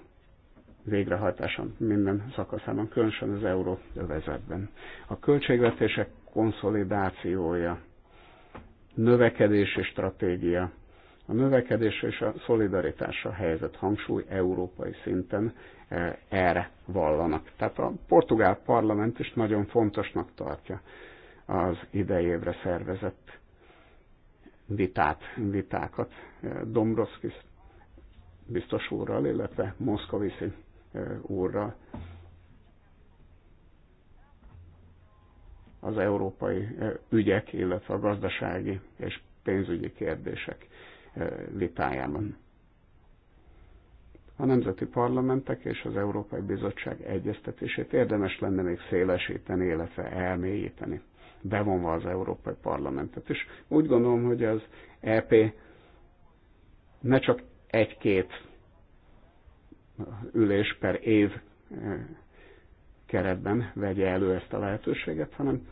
végrehajtáson minden szakaszában, különösen az euróövezetben. A költségvetések konszolidációja, növekedési stratégia, a növekedés és a szolidaritásra helyezett hangsúly európai szinten e, erre vallanak. Tehát a portugál parlament is nagyon fontosnak tartja az idejévre szervezett vitát, vitákat e, Dombrovskis biztos úrral, illetve Moszkoviszi úrra. Az európai ügyek, illetve a gazdasági és pénzügyi kérdések vitájában. A nemzeti parlamentek és az Európai Bizottság egyeztetését érdemes lenne még szélesíteni, illetve elmélyíteni, bevonva az Európai Parlamentet is. Úgy gondolom, hogy az EP ne csak egy-két ülés per év eh, keretben vegye elő ezt a lehetőséget, hanem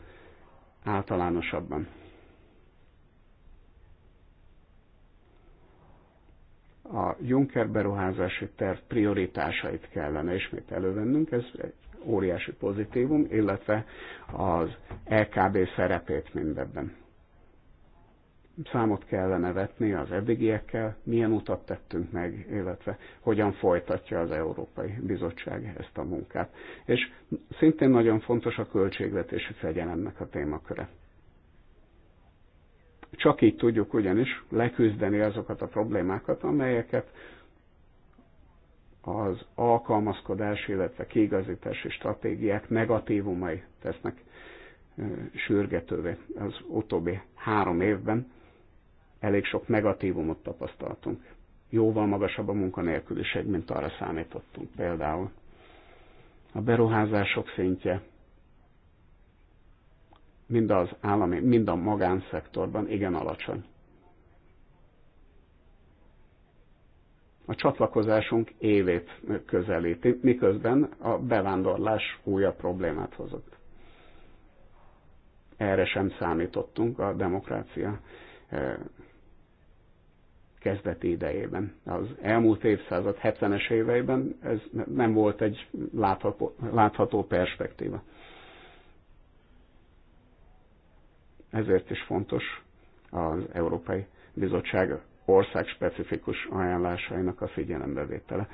általánosabban. A Juncker beruházási terv prioritásait kellene ismét elővennünk, ez egy óriási pozitívum, illetve az LKB szerepét mindebben számot kellene vetni az eddigiekkel, milyen utat tettünk meg, illetve hogyan folytatja az Európai Bizottság ezt a munkát. És szintén nagyon fontos a költségvetési fegyelemnek a témaköre. Csak így tudjuk ugyanis leküzdeni azokat a problémákat, amelyeket az alkalmazkodás, illetve kiigazítási stratégiák negatívumai tesznek sürgetővé az utóbbi három évben elég sok negatívumot tapasztaltunk. Jóval magasabb a munkanélküliség, mint arra számítottunk például. A beruházások szintje mind az állami, mind a magánszektorban igen alacsony. A csatlakozásunk évét közelíti, miközben a bevándorlás újabb problémát hozott. Erre sem számítottunk a demokrácia eh, kezdeti idejében. Az elmúlt évszázad 70-es éveiben ez nem volt egy látható, látható perspektíva. Ezért is fontos az Európai Bizottság országspecifikus ajánlásainak a figyelembevétele,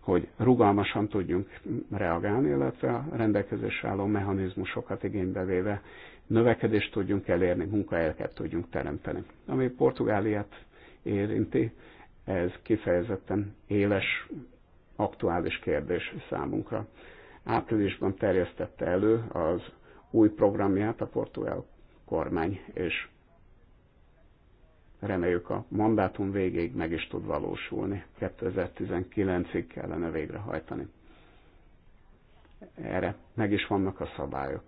hogy rugalmasan tudjunk reagálni, illetve a rendelkezés álló mechanizmusokat igénybe véve növekedést tudjunk elérni, munkahelyeket tudjunk teremteni. Ami Portugáliát érinti. Ez kifejezetten éles, aktuális kérdés számunkra. Áprilisban terjesztette elő az új programját a portugál kormány, és reméljük a mandátum végéig meg is tud valósulni. 2019-ig kellene végrehajtani. Erre meg is vannak a szabályok.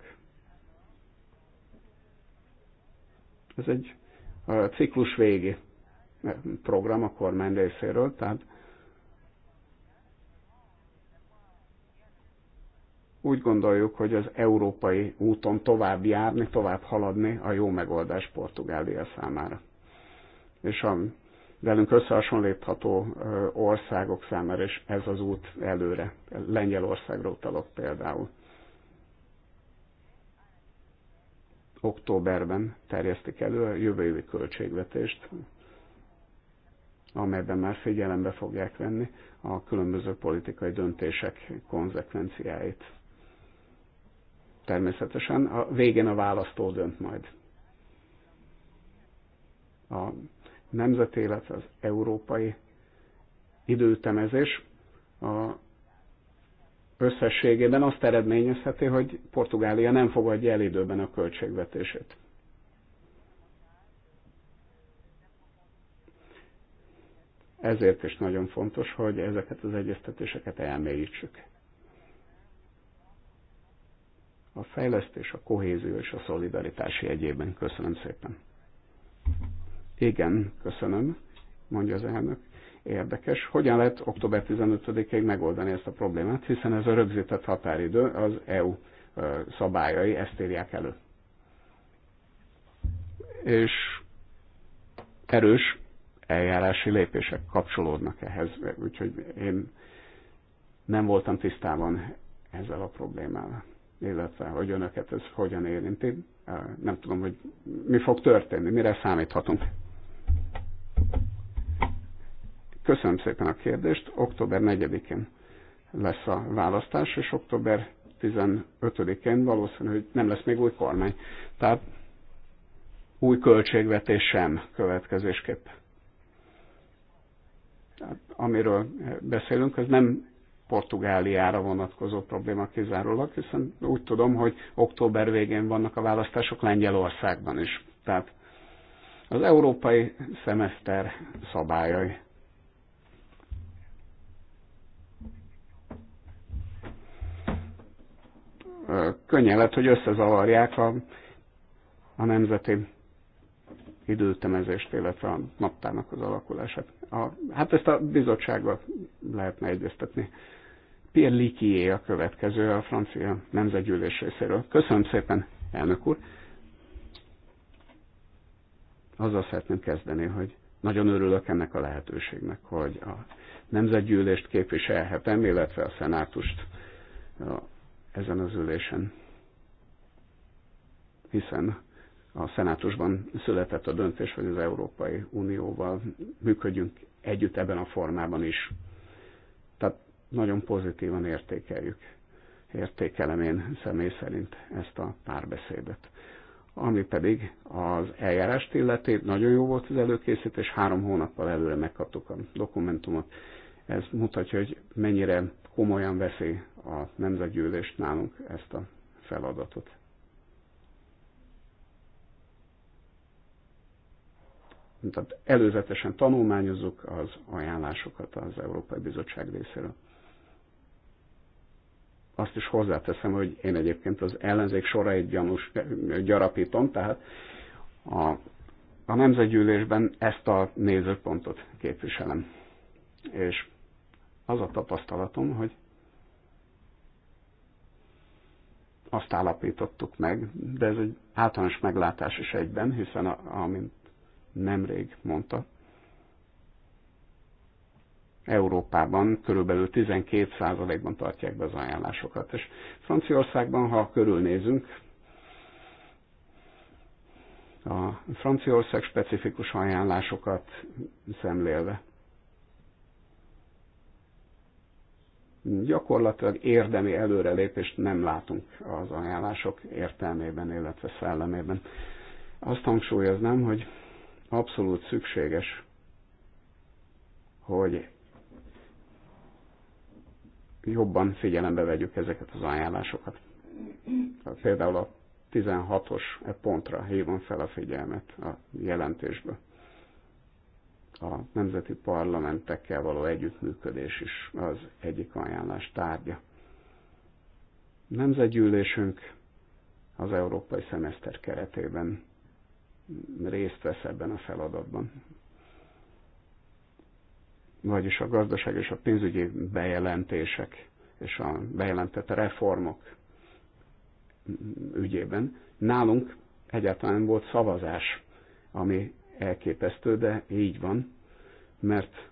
Ez egy a ciklus végi program a kormány részéről, tehát úgy gondoljuk, hogy az európai úton tovább járni, tovább haladni a jó megoldás Portugália számára. És a velünk összehasonlítható országok számára is ez az út előre. Lengyelországra utalok például. Októberben terjesztik elő a jövő évi költségvetést amelyben már figyelembe fogják venni a különböző politikai döntések konzekvenciáit. Természetesen a végén a választó dönt majd. A nemzeti, illetve az európai időtemezés a összességében azt eredményezheti, hogy Portugália nem fogadja el időben a költségvetését. Ezért is nagyon fontos, hogy ezeket az egyeztetéseket elmélyítsük. A fejlesztés, a kohézió és a szolidaritási egyében. Köszönöm szépen. Igen, köszönöm, mondja az elnök. Érdekes, hogyan lehet október 15-ig megoldani ezt a problémát, hiszen ez a rögzített határidő az EU szabályai ezt írják elő. És erős eljárási lépések kapcsolódnak ehhez, úgyhogy én nem voltam tisztában ezzel a problémával, illetve hogy önöket ez hogyan érinti. Nem tudom, hogy mi fog történni, mire számíthatunk. Köszönöm szépen a kérdést. Október 4-én lesz a választás, és október 15-én valószínű, hogy nem lesz még új kormány. Tehát új költségvetés sem következésképp amiről eh, beszélünk, az nem Portugáliára vonatkozó probléma kizárólag, hiszen úgy tudom, hogy október végén vannak a választások Lengyelországban is. Tehát az európai szemeszter szabályai. Eh, könnyen lett, hogy összezavarják a, a nemzeti időtemezést, illetve a naptárnak az alakulását. A, hát ezt a bizottsággal lehetne egyeztetni. Pierre Likié a következő a francia nemzetgyűlés részéről. Köszönöm szépen, elnök úr! Azzal szeretném kezdeni, hogy nagyon örülök ennek a lehetőségnek, hogy a nemzetgyűlést képviselhetem, illetve a szenátust ezen az ülésen. Hiszen a szenátusban született a döntés, hogy az Európai Unióval működjünk együtt ebben a formában is. Tehát nagyon pozitívan értékeljük, értékelem én személy szerint ezt a párbeszédet. Ami pedig az eljárást illeti, nagyon jó volt az előkészítés, három hónappal előre megkaptuk a dokumentumot. Ez mutatja, hogy mennyire komolyan veszi a nemzetgyűlést nálunk ezt a feladatot tehát előzetesen tanulmányozzuk az ajánlásokat az Európai Bizottság részéről. Azt is hozzáteszem, hogy én egyébként az ellenzék sorait gyanús, gyarapítom, tehát a, a nemzetgyűlésben ezt a nézőpontot képviselem. És az a tapasztalatom, hogy azt állapítottuk meg, de ez egy általános meglátás is egyben, hiszen a, amint nemrég mondta, Európában körülbelül 12%-ban tartják be az ajánlásokat. És Franciaországban, ha körülnézünk, a Franciaország specifikus ajánlásokat szemlélve, gyakorlatilag érdemi előrelépést nem látunk az ajánlások értelmében, illetve szellemében. Azt hangsúlyoznám, hogy abszolút szükséges, hogy jobban figyelembe vegyük ezeket az ajánlásokat. Például a 16-os e pontra hívom fel a figyelmet a jelentésből. A nemzeti parlamentekkel való együttműködés is az egyik ajánlás tárgya. Nemzetgyűlésünk az európai szemeszter keretében részt vesz ebben a feladatban. Vagyis a gazdaság és a pénzügyi bejelentések és a bejelentett reformok ügyében. Nálunk egyáltalán nem volt szavazás, ami elképesztő, de így van, mert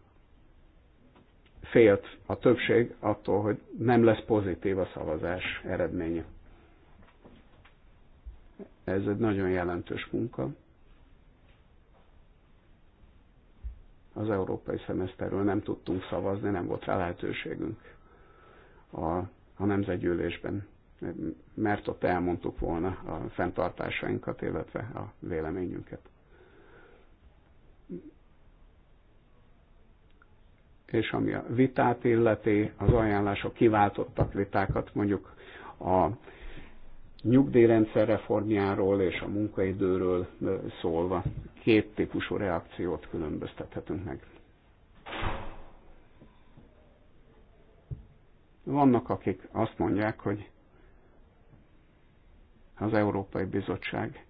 félt a többség attól, hogy nem lesz pozitív a szavazás eredménye. Ez egy nagyon jelentős munka, az európai szemeszterről nem tudtunk szavazni, nem volt rá lehetőségünk a, a nemzetgyűlésben, mert ott elmondtuk volna a fenntartásainkat, illetve a véleményünket. És ami a vitát illeti, az ajánlások kiváltottak vitákat, mondjuk a nyugdíjrendszer reformjáról és a munkaidőről szólva két típusú reakciót különböztethetünk meg. Vannak, akik azt mondják, hogy az Európai Bizottság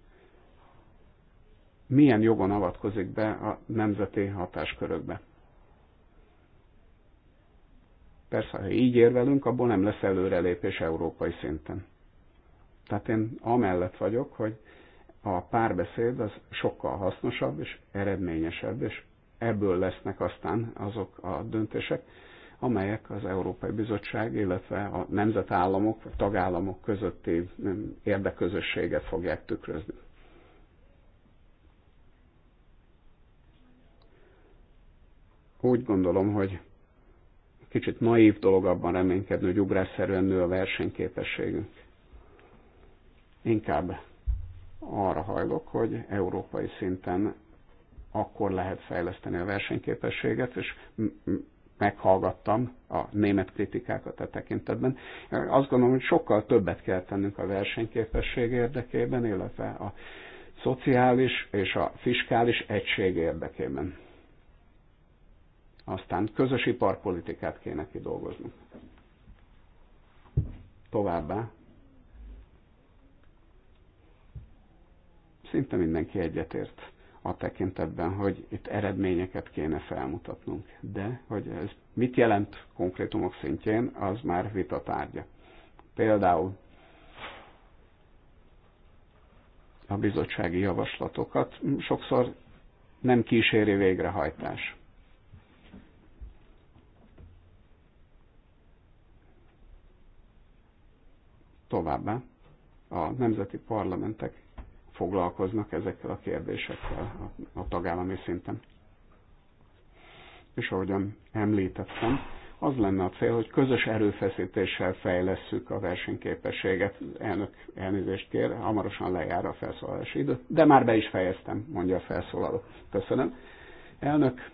milyen jogon avatkozik be a nemzeti hatáskörökbe. Persze, ha így érvelünk, abból nem lesz előrelépés európai szinten. Tehát én amellett vagyok, hogy a párbeszéd az sokkal hasznosabb és eredményesebb, és ebből lesznek aztán azok a döntések, amelyek az Európai Bizottság, illetve a nemzetállamok vagy tagállamok közötti érdeközösséget fogják tükrözni. Úgy gondolom, hogy kicsit naív dolog abban reménykedni, hogy ugrásszerűen nő a versenyképességünk. Inkább arra hajlok, hogy európai szinten akkor lehet fejleszteni a versenyképességet, és meghallgattam a német kritikákat a e tekintetben. Azt gondolom, hogy sokkal többet kell tennünk a versenyképesség érdekében, illetve a szociális és a fiskális egység érdekében. Aztán közös iparpolitikát kéne kidolgoznunk. Továbbá szinte mindenki egyetért a tekintetben, hogy itt eredményeket kéne felmutatnunk. De hogy ez mit jelent konkrétumok szintjén, az már vita tárgya. Például a bizottsági javaslatokat sokszor nem kíséri végrehajtás. Továbbá a nemzeti parlamentek foglalkoznak ezekkel a kérdésekkel a, a tagállami szinten. És ahogyan említettem, az lenne a cél, hogy közös erőfeszítéssel fejlesszük a versenyképességet. Elnök elnézést kér, hamarosan lejár a felszólalási idő, de már be is fejeztem, mondja a felszólaló. Köszönöm. Elnök,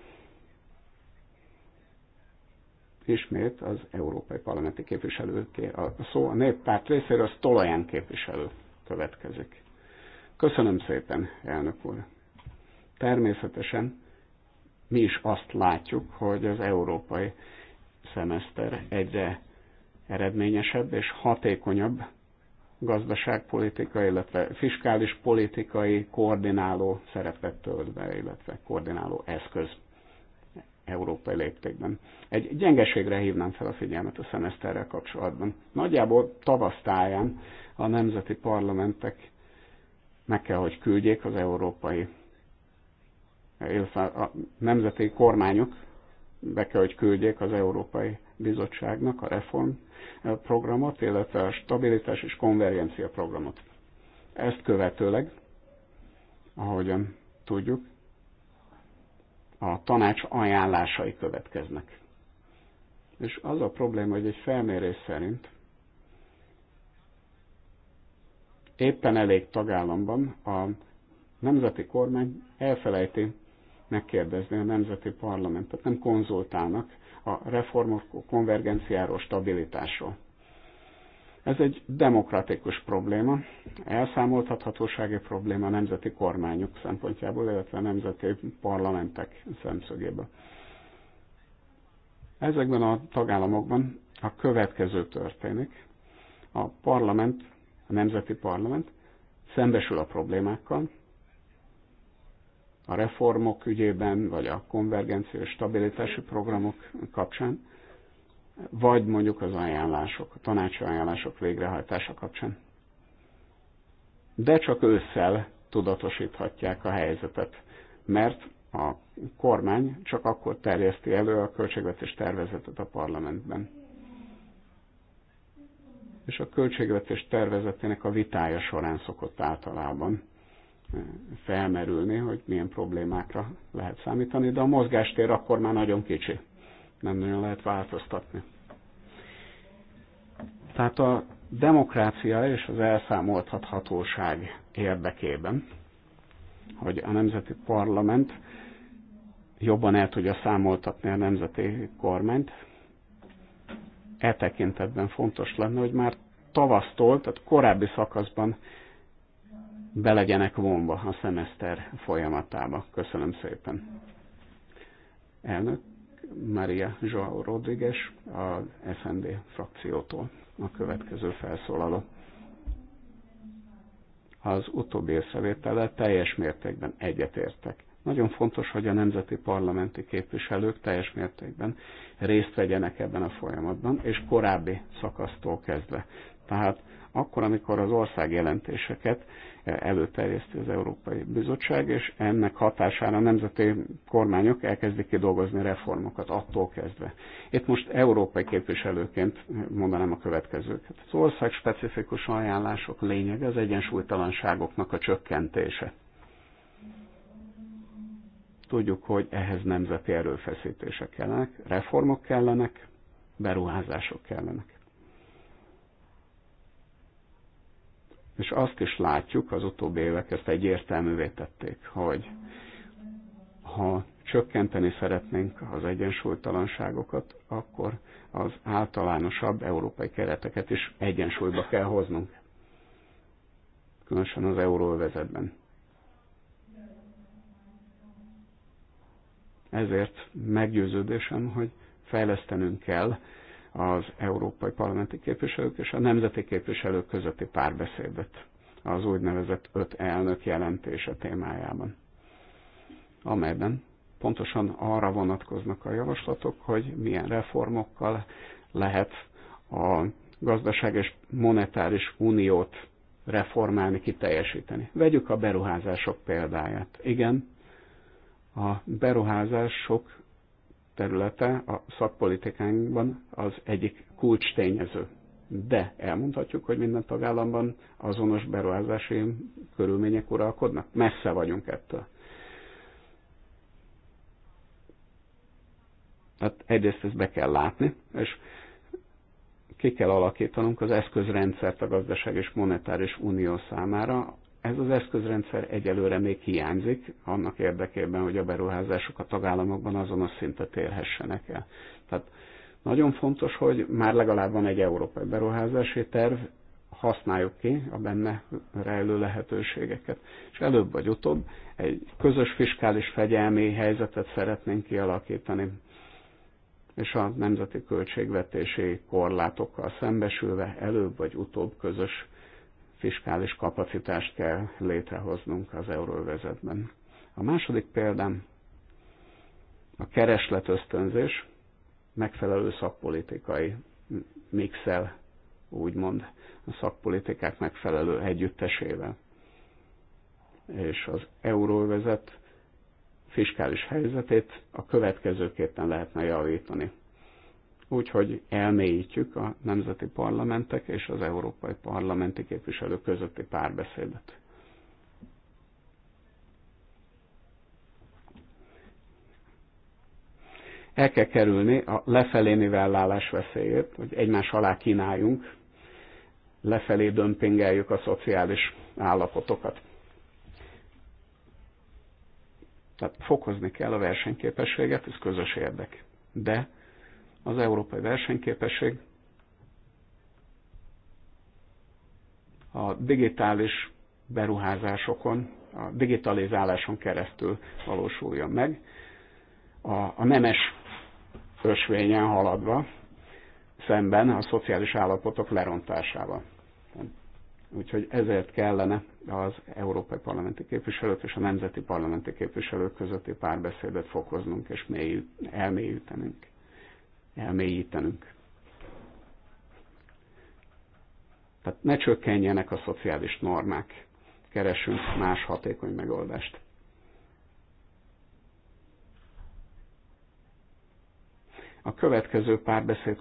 ismét az Európai Parlamenti képviselőké a szó. A néppárt részéről Tolaján képviselő következik. Köszönöm szépen, elnök úr. Természetesen mi is azt látjuk, hogy az európai szemeszter egyre eredményesebb és hatékonyabb gazdaságpolitikai, illetve fiskális politikai koordináló szerepet tölt be, illetve koordináló eszköz európai léptékben. Egy gyengeségre hívnám fel a figyelmet a szemeszterrel kapcsolatban. Nagyjából tavasztáján a nemzeti parlamentek meg kell, hogy küldjék az európai, illetve a nemzeti kormányok be kell, hogy küldjék az Európai Bizottságnak a reformprogramot, eh, illetve a stabilitás és konvergencia programot. Ezt követőleg, ahogyan tudjuk, a tanács ajánlásai következnek. És az a probléma, hogy egy felmérés szerint éppen elég tagállamban a nemzeti kormány elfelejti megkérdezni a nemzeti parlamentet, nem konzultálnak a reformok konvergenciáról, stabilitásról. Ez egy demokratikus probléma, elszámoltathatósági probléma a nemzeti kormányok szempontjából, illetve a nemzeti parlamentek szemszögéből. Ezekben a tagállamokban a következő történik. A parlament a Nemzeti Parlament szembesül a problémákkal, a reformok ügyében, vagy a konvergenciós stabilitási programok kapcsán, vagy mondjuk az ajánlások, a tanácsi ajánlások végrehajtása kapcsán. De csak ősszel tudatosíthatják a helyzetet, mert a kormány csak akkor terjeszti elő a költségvetés tervezetet a parlamentben és a költségvetés tervezetének a vitája során szokott általában eh, felmerülni, hogy milyen problémákra lehet számítani, de a mozgástér akkor már nagyon kicsi, nem nagyon lehet változtatni. Tehát a demokrácia és az elszámoltathatóság érdekében, hogy a nemzeti parlament jobban el tudja számoltatni a nemzeti kormányt, e tekintetben fontos lenne, hogy már tavasztól, tehát korábbi szakaszban be legyenek vonva a szemeszter folyamatába. Köszönöm szépen. Elnök Maria João Rodriguez, a SND frakciótól a következő felszólaló. Az utóbbi észrevétele teljes mértékben egyetértek. Nagyon fontos, hogy a nemzeti parlamenti képviselők teljes mértékben részt vegyenek ebben a folyamatban, és korábbi szakasztól kezdve. Tehát akkor, amikor az ország jelentéseket eh, előterjeszti az Európai Bizottság, és ennek hatására a nemzeti kormányok elkezdik kidolgozni reformokat attól kezdve. Itt most európai képviselőként mondanám a következőket. Az ország specifikus ajánlások lényege az egyensúlytalanságoknak a csökkentése tudjuk, hogy ehhez nemzeti erőfeszítések kellenek, reformok kellenek, beruházások kellenek. És azt is látjuk, az utóbbi évek ezt egyértelművé tették, hogy ha csökkenteni szeretnénk az egyensúlytalanságokat, akkor az általánosabb európai kereteket is egyensúlyba kell hoznunk. Különösen az euróvezetben. Ezért meggyőződésem, hogy fejlesztenünk kell az európai parlamenti képviselők és a nemzeti képviselők közötti párbeszédet az úgynevezett öt elnök jelentése témájában, amelyben pontosan arra vonatkoznak a javaslatok, hogy milyen reformokkal lehet a gazdaság és monetáris uniót reformálni, kiteljesíteni. Vegyük a beruházások példáját. Igen, a beruházás sok területe a szakpolitikánkban az egyik kulcs tényező. De elmondhatjuk, hogy minden tagállamban azonos beruházási körülmények uralkodnak. Messze vagyunk ettől. Tehát egyrészt ezt be kell látni, és ki kell alakítanunk az eszközrendszert a gazdaság és monetáris unió számára, ez az eszközrendszer egyelőre még hiányzik, annak érdekében, hogy a beruházások a tagállamokban azonos szintet érhessenek el. Tehát nagyon fontos, hogy már legalább van egy európai beruházási terv, használjuk ki a benne rejlő lehetőségeket. És előbb vagy utóbb egy közös fiskális fegyelmi helyzetet szeretnénk kialakítani, és a nemzeti költségvetési korlátokkal szembesülve előbb vagy utóbb közös fiskális kapacitást kell létrehoznunk az euróvezetben. A második példám a kereslet ösztönzés megfelelő szakpolitikai mixel, úgymond a szakpolitikák megfelelő együttesével. És az euróvezet fiskális helyzetét a következőképpen lehetne javítani úgyhogy elmélyítjük a nemzeti parlamentek és az európai parlamenti képviselők közötti párbeszédet. El kell kerülni a lefelé nivellálás veszélyét, hogy egymás alá kínáljunk, lefelé dömpingeljük a szociális állapotokat. Tehát fokozni kell a versenyképességet, ez közös érdek. De az európai versenyképesség, a digitális beruházásokon, a digitalizáláson keresztül valósuljon meg, a, a nemes ösvényen haladva, szemben a szociális állapotok lerontásával. Úgyhogy ezért kellene az európai parlamenti képviselők és a nemzeti parlamenti képviselők közötti párbeszédet fokoznunk és mély, elmélyítenünk elmélyítenünk. Tehát ne csökkenjenek a szociális normák, keresünk más hatékony megoldást. A következő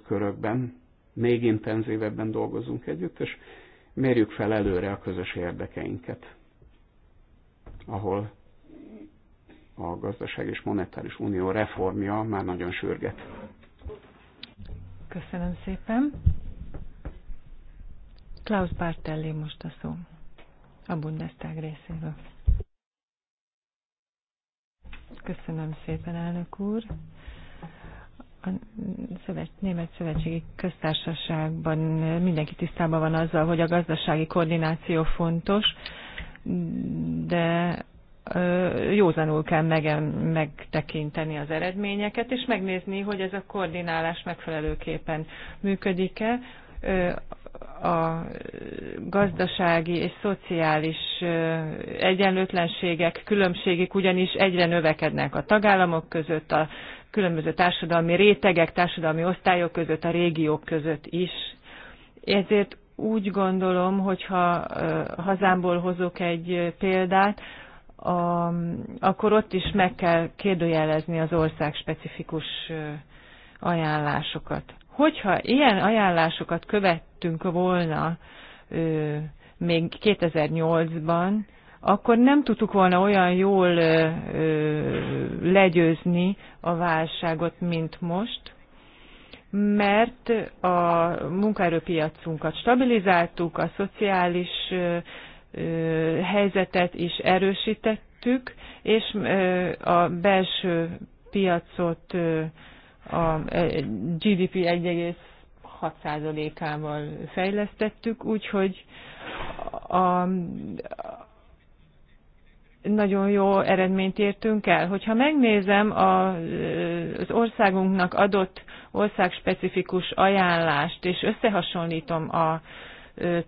körökben még intenzívebben dolgozunk együtt, és mérjük fel előre a közös érdekeinket, ahol a gazdaság és monetáris unió reformja már nagyon sürget. Köszönöm szépen. Klaus Bartelli most a szó, a Bundestag részéről. Köszönöm szépen, elnök úr. A szövet, Német Szövetségi Köztársaságban mindenki tisztában van azzal, hogy a gazdasági koordináció fontos, de józanul kell megen, megtekinteni az eredményeket, és megnézni, hogy ez a koordinálás megfelelőképpen működik-e. A gazdasági és szociális egyenlőtlenségek, különbségek ugyanis egyre növekednek a tagállamok között, a különböző társadalmi rétegek, társadalmi osztályok között, a régiók között is. Ezért úgy gondolom, hogyha hazámból hozok egy példát, a, akkor ott is meg kell kérdőjelezni az ország specifikus ajánlásokat. Hogyha ilyen ajánlásokat követtünk volna ö, még 2008-ban, akkor nem tudtuk volna olyan jól ö, ö, legyőzni a válságot, mint most, mert a munkaerőpiacunkat stabilizáltuk, a szociális helyzetet is erősítettük, és a belső piacot a GDP 1,6%-ával fejlesztettük, úgyhogy a, nagyon jó eredményt értünk el. Hogyha megnézem az országunknak adott országspecifikus ajánlást, és összehasonlítom a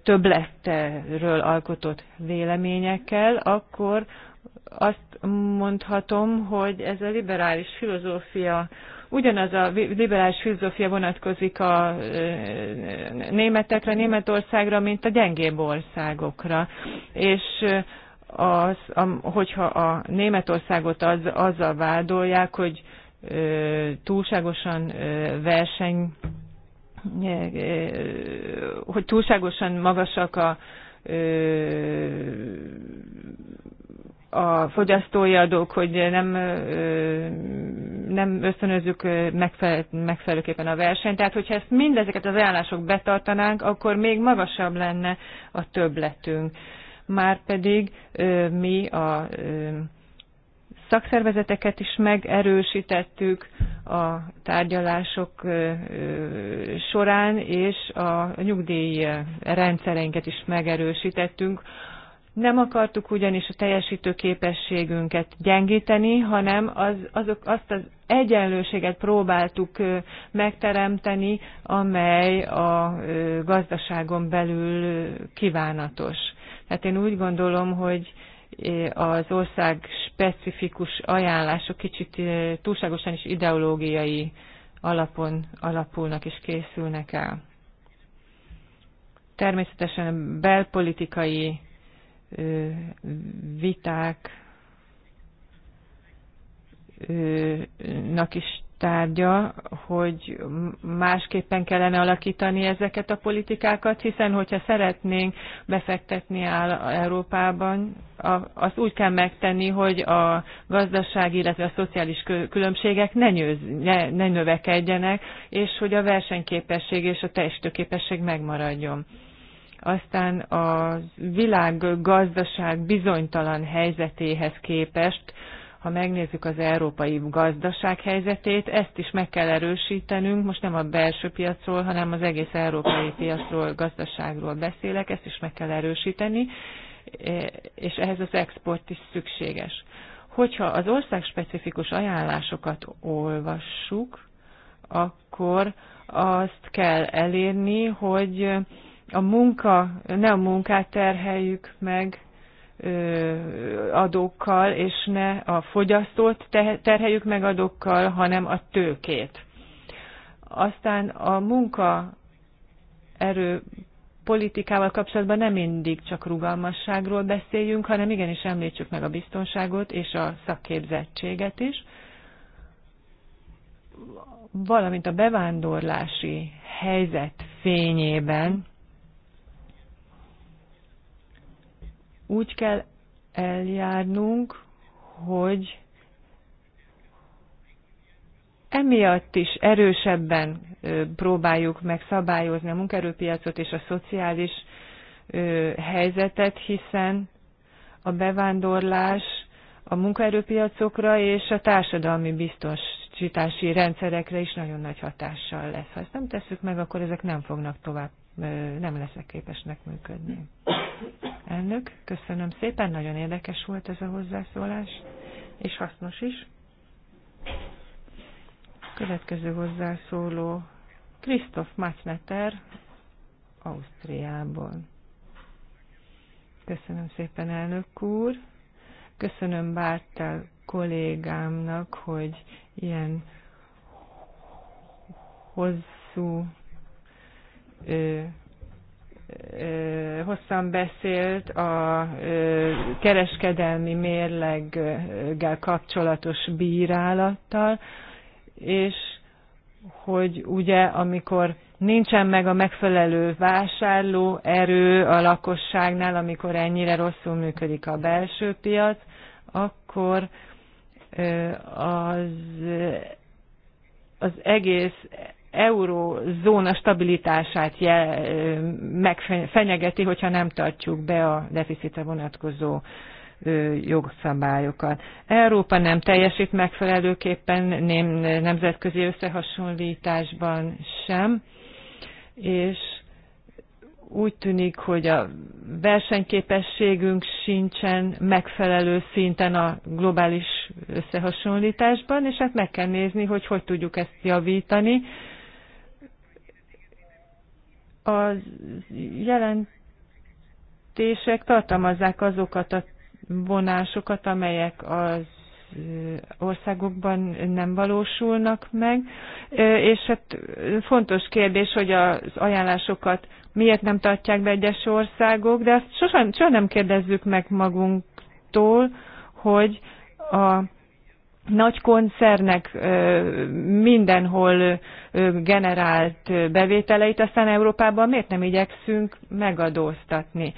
többletről alkotott véleményekkel, akkor azt mondhatom, hogy ez a liberális filozófia, ugyanaz a liberális filozófia vonatkozik a németekre, Németországra, mint a gyengébb országokra. És az, a, hogyha a Németországot az, azzal vádolják, hogy túlságosan verseny hogy túlságosan magasak a, a fogyasztói adók, hogy nem, nem ösztönözzük megfelel, megfelelőképpen a versenyt. Tehát, hogyha ezt mindezeket az ajánlások betartanánk, akkor még magasabb lenne a többletünk. Márpedig mi a szakszervezeteket is megerősítettük a tárgyalások során, és a nyugdíj rendszereinket is megerősítettünk. Nem akartuk ugyanis a teljesítő képességünket gyengíteni, hanem az, azok, azt az egyenlőséget próbáltuk megteremteni, amely a gazdaságon belül kívánatos. Hát én úgy gondolom, hogy az ország specifikus ajánlások kicsit eh, túlságosan is ideológiai alapon alapulnak és készülnek el. Természetesen belpolitikai eh, viták eh, nak is tárgya, hogy másképpen kellene alakítani ezeket a politikákat, hiszen hogyha szeretnénk befektetni áll Európában, azt úgy kell megtenni, hogy a gazdaság, illetve a szociális különbségek ne, nyőz, ne, ne növekedjenek, és hogy a versenyképesség és a teljesítőképesség megmaradjon aztán a világgazdaság bizonytalan helyzetéhez képest ha megnézzük az európai gazdaság helyzetét, ezt is meg kell erősítenünk, most nem a belső piacról, hanem az egész európai piacról, gazdaságról beszélek, ezt is meg kell erősíteni, e, és ehhez az export is szükséges. Hogyha az ország specifikus ajánlásokat olvassuk, akkor azt kell elérni, hogy a munka, ne a munkát terheljük meg, adókkal, és ne a fogyasztót terheljük meg adókkal, hanem a tőkét. Aztán a munkaerő politikával kapcsolatban nem mindig csak rugalmasságról beszéljünk, hanem igenis említsük meg a biztonságot és a szakképzettséget is, valamint a bevándorlási helyzet fényében Úgy kell eljárnunk, hogy emiatt is erősebben próbáljuk meg szabályozni a munkaerőpiacot és a szociális helyzetet, hiszen a bevándorlás a munkaerőpiacokra és a társadalmi biztosítási rendszerekre is nagyon nagy hatással lesz. Ha ezt nem tesszük meg, akkor ezek nem fognak tovább, nem leszek képesnek működni. Elnök, köszönöm szépen, nagyon érdekes volt ez a hozzászólás, és hasznos is. Következő hozzászóló Krisztof Macneter, Ausztriából. Köszönöm szépen, elnök úr. Köszönöm Bártel kollégámnak, hogy ilyen hosszú hosszan beszélt a kereskedelmi mérleggel kapcsolatos bírálattal, és hogy ugye amikor nincsen meg a megfelelő vásárló erő a lakosságnál, amikor ennyire rosszul működik a belső piac, akkor az, az egész eurózóna stabilitását megfenyegeti, hogyha nem tartjuk be a deficitre vonatkozó jogszabályokat. Európa nem teljesít megfelelőképpen nem, nemzetközi összehasonlításban sem, és úgy tűnik, hogy a versenyképességünk sincsen megfelelő szinten a globális összehasonlításban, és hát meg kell nézni, hogy hogy tudjuk ezt javítani a jelentések tartalmazzák azokat a vonásokat, amelyek az országokban nem valósulnak meg, és hát fontos kérdés, hogy az ajánlásokat miért nem tartják be egyes országok, de azt sosem, sosem nem kérdezzük meg magunktól, hogy a nagy koncernek mindenhol generált bevételeit, aztán Európában miért nem igyekszünk megadóztatni?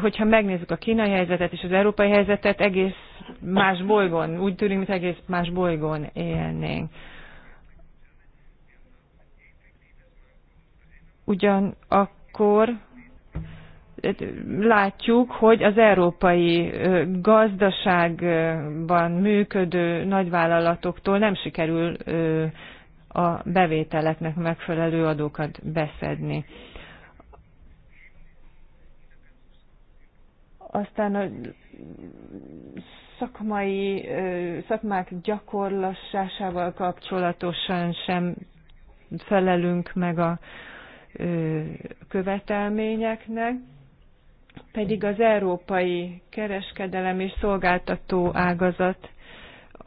Hogyha megnézzük a kínai helyzetet és az európai helyzetet, egész más bolygón, úgy tűnik, mint egész más bolygón élnénk. Ugyanakkor látjuk, hogy az európai gazdaságban működő nagyvállalatoktól nem sikerül a bevételeknek megfelelő adókat beszedni. Aztán a szakmai, szakmák gyakorlassásával kapcsolatosan sem felelünk meg a követelményeknek pedig az európai kereskedelem és szolgáltató ágazat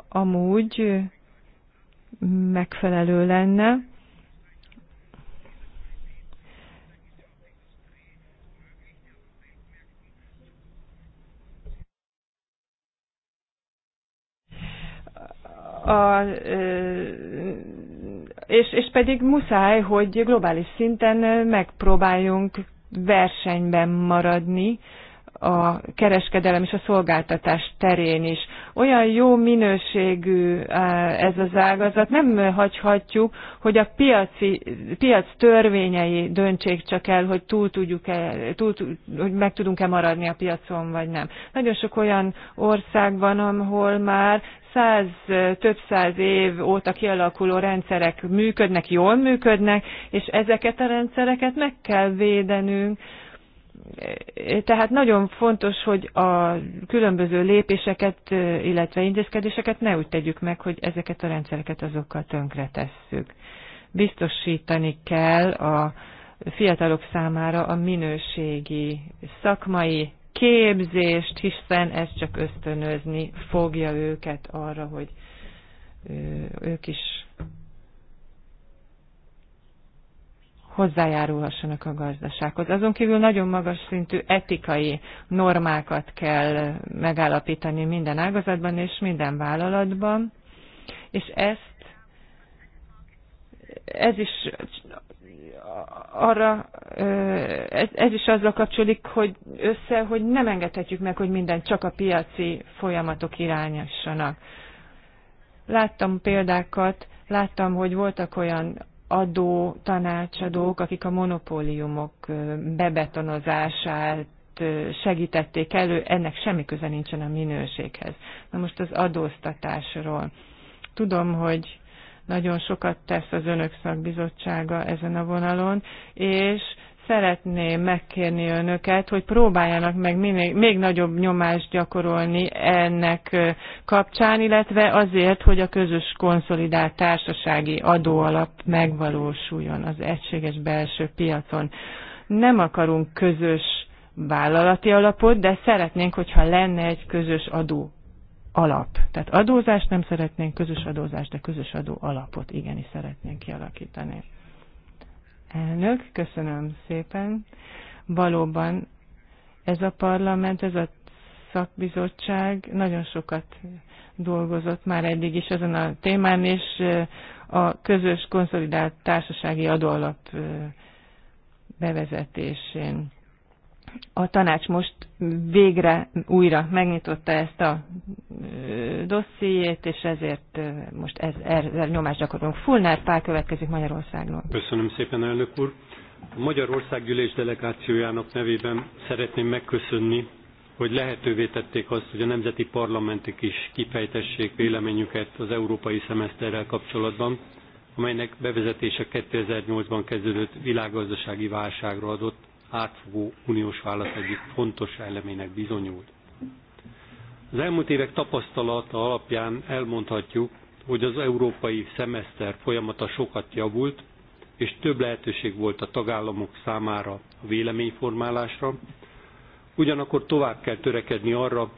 amúgy megfelelő lenne. A, és, és pedig muszáj, hogy globális szinten megpróbáljunk versenyben maradni, a kereskedelem és a szolgáltatás terén is. Olyan jó minőségű ez az ágazat, nem hagyhatjuk, hogy a piaci, piac törvényei döntsék csak el, hogy túl tudjuk -e, túl, hogy meg tudunk-e maradni a piacon, vagy nem. Nagyon sok olyan ország van, ahol már száz, több száz év óta kialakuló rendszerek működnek, jól működnek, és ezeket a rendszereket meg kell védenünk, tehát nagyon fontos, hogy a különböző lépéseket, illetve intézkedéseket ne úgy tegyük meg, hogy ezeket a rendszereket azokkal tönkre tesszük. Biztosítani kell a fiatalok számára a minőségi szakmai képzést, hiszen ez csak ösztönözni fogja őket arra, hogy ők is hozzájárulhassanak a gazdasághoz. Azon kívül nagyon magas szintű etikai normákat kell megállapítani minden ágazatban és minden vállalatban, és ezt ez is arra, ez, ez is azzal kapcsolódik, hogy össze, hogy nem engedhetjük meg, hogy minden csak a piaci folyamatok irányassanak. Láttam példákat, láttam, hogy voltak olyan adó tanácsadók, akik a monopóliumok bebetonozását segítették elő, ennek semmi köze nincsen a minőséghez. Na most az adóztatásról. Tudom, hogy nagyon sokat tesz az önök szakbizottsága ezen a vonalon, és szeretném megkérni önöket, hogy próbáljanak meg minél, még nagyobb nyomást gyakorolni ennek kapcsán, illetve azért, hogy a közös konszolidált társasági adóalap megvalósuljon az egységes belső piacon. Nem akarunk közös vállalati alapot, de szeretnénk, hogyha lenne egy közös adó alap. Tehát adózást nem szeretnénk, közös adózást, de közös adó alapot igenis szeretnénk kialakítani. Elnök, köszönöm szépen. Valóban ez a parlament, ez a szakbizottság nagyon sokat dolgozott már eddig is ezen a témán, és a közös konszolidált társasági adóalap bevezetésén a tanács most végre újra megnyitotta ezt a dossziét, és ezért most ez, ezzel er, nyomást gyakorolunk. Fulnár Pál következik Magyarországról. Köszönöm szépen, elnök úr. A Magyarország gyűlés delegációjának nevében szeretném megköszönni, hogy lehetővé tették azt, hogy a nemzeti parlamentek is kifejtessék véleményüket az európai szemeszterrel kapcsolatban, amelynek bevezetése 2008-ban kezdődött világgazdasági válságra adott átfogó uniós válasz egyik fontos elemének bizonyult. Az elmúlt évek tapasztalata alapján elmondhatjuk, hogy az európai szemeszter folyamata sokat javult, és több lehetőség volt a tagállamok számára a véleményformálásra, ugyanakkor tovább kell törekedni arra,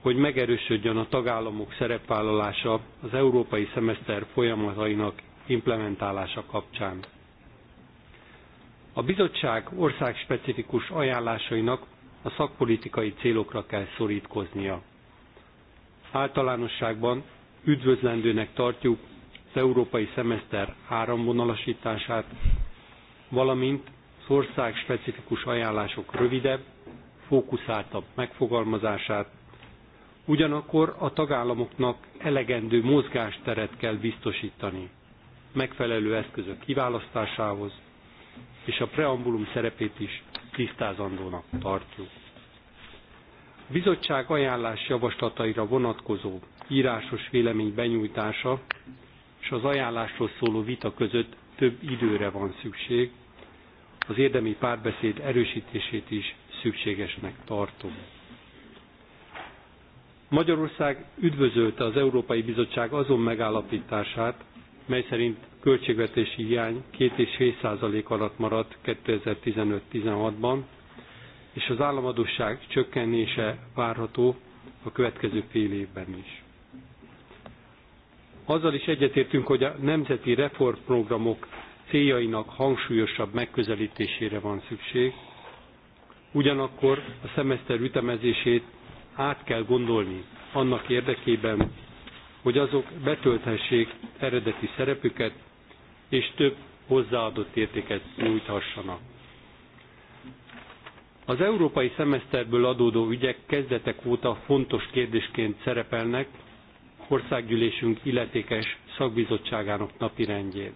hogy megerősödjön a tagállamok szerepvállalása az európai szemeszter folyamatainak implementálása kapcsán. A bizottság országspecifikus ajánlásainak a szakpolitikai célokra kell szorítkoznia. Általánosságban üdvözlendőnek tartjuk az európai szemeszter áramvonalasítását, valamint az ország specifikus ajánlások rövidebb, fókuszáltabb megfogalmazását, ugyanakkor a tagállamoknak elegendő mozgásteret kell biztosítani, megfelelő eszközök kiválasztásához, és a preambulum szerepét is tisztázandónak tartjuk. A bizottság ajánlás javaslataira vonatkozó írásos vélemény benyújtása és az ajánlásról szóló vita között több időre van szükség, az érdemi párbeszéd erősítését is szükségesnek tartom. Magyarország üdvözölte az Európai Bizottság azon megállapítását, mely szerint költségvetési hiány 2,7% alatt maradt 2015-16-ban, és az államadóság csökkenése várható a következő fél évben is. Azzal is egyetértünk, hogy a nemzeti reformprogramok céljainak hangsúlyosabb megközelítésére van szükség, ugyanakkor a szemeszter ütemezését át kell gondolni annak érdekében, hogy azok betölthessék eredeti szerepüket, és több hozzáadott értéket nyújthassanak. Az európai szemeszterből adódó ügyek kezdetek óta fontos kérdésként szerepelnek országgyűlésünk illetékes szakbizottságának rendjén.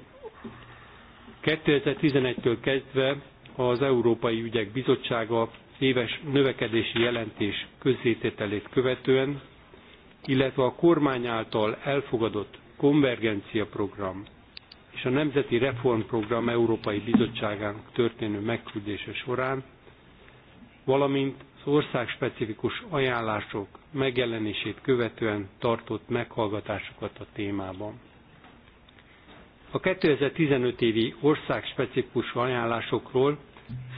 2011-től kezdve az Európai Ügyek Bizottsága éves növekedési jelentés közzétételét követően illetve a kormány által elfogadott konvergencia program és a Nemzeti Reformprogram Európai Bizottságának történő megküldése során, valamint az országspecifikus ajánlások megjelenését követően tartott meghallgatásokat a témában. A 2015 évi országspecifikus ajánlásokról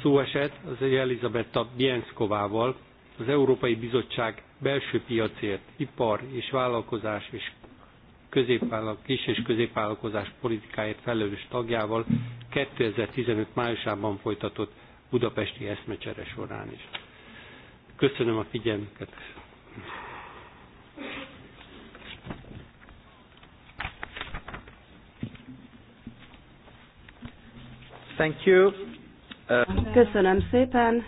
szó esett az Elizabetta Bienszkovával, az Európai Bizottság belső piacért, ipar és vállalkozás és kis és középvállalkozás politikáért felelős tagjával 2015 májusában folytatott budapesti eszmecsere során is. Köszönöm a figyelmüket! Thank you. Köszönöm szépen.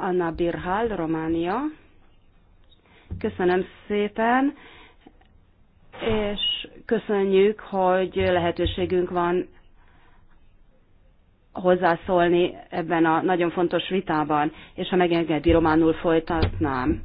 Anna Birhal, Románia. Köszönöm szépen, és köszönjük, hogy lehetőségünk van hozzászólni ebben a nagyon fontos vitában, és ha megengedi, románul folytatnám.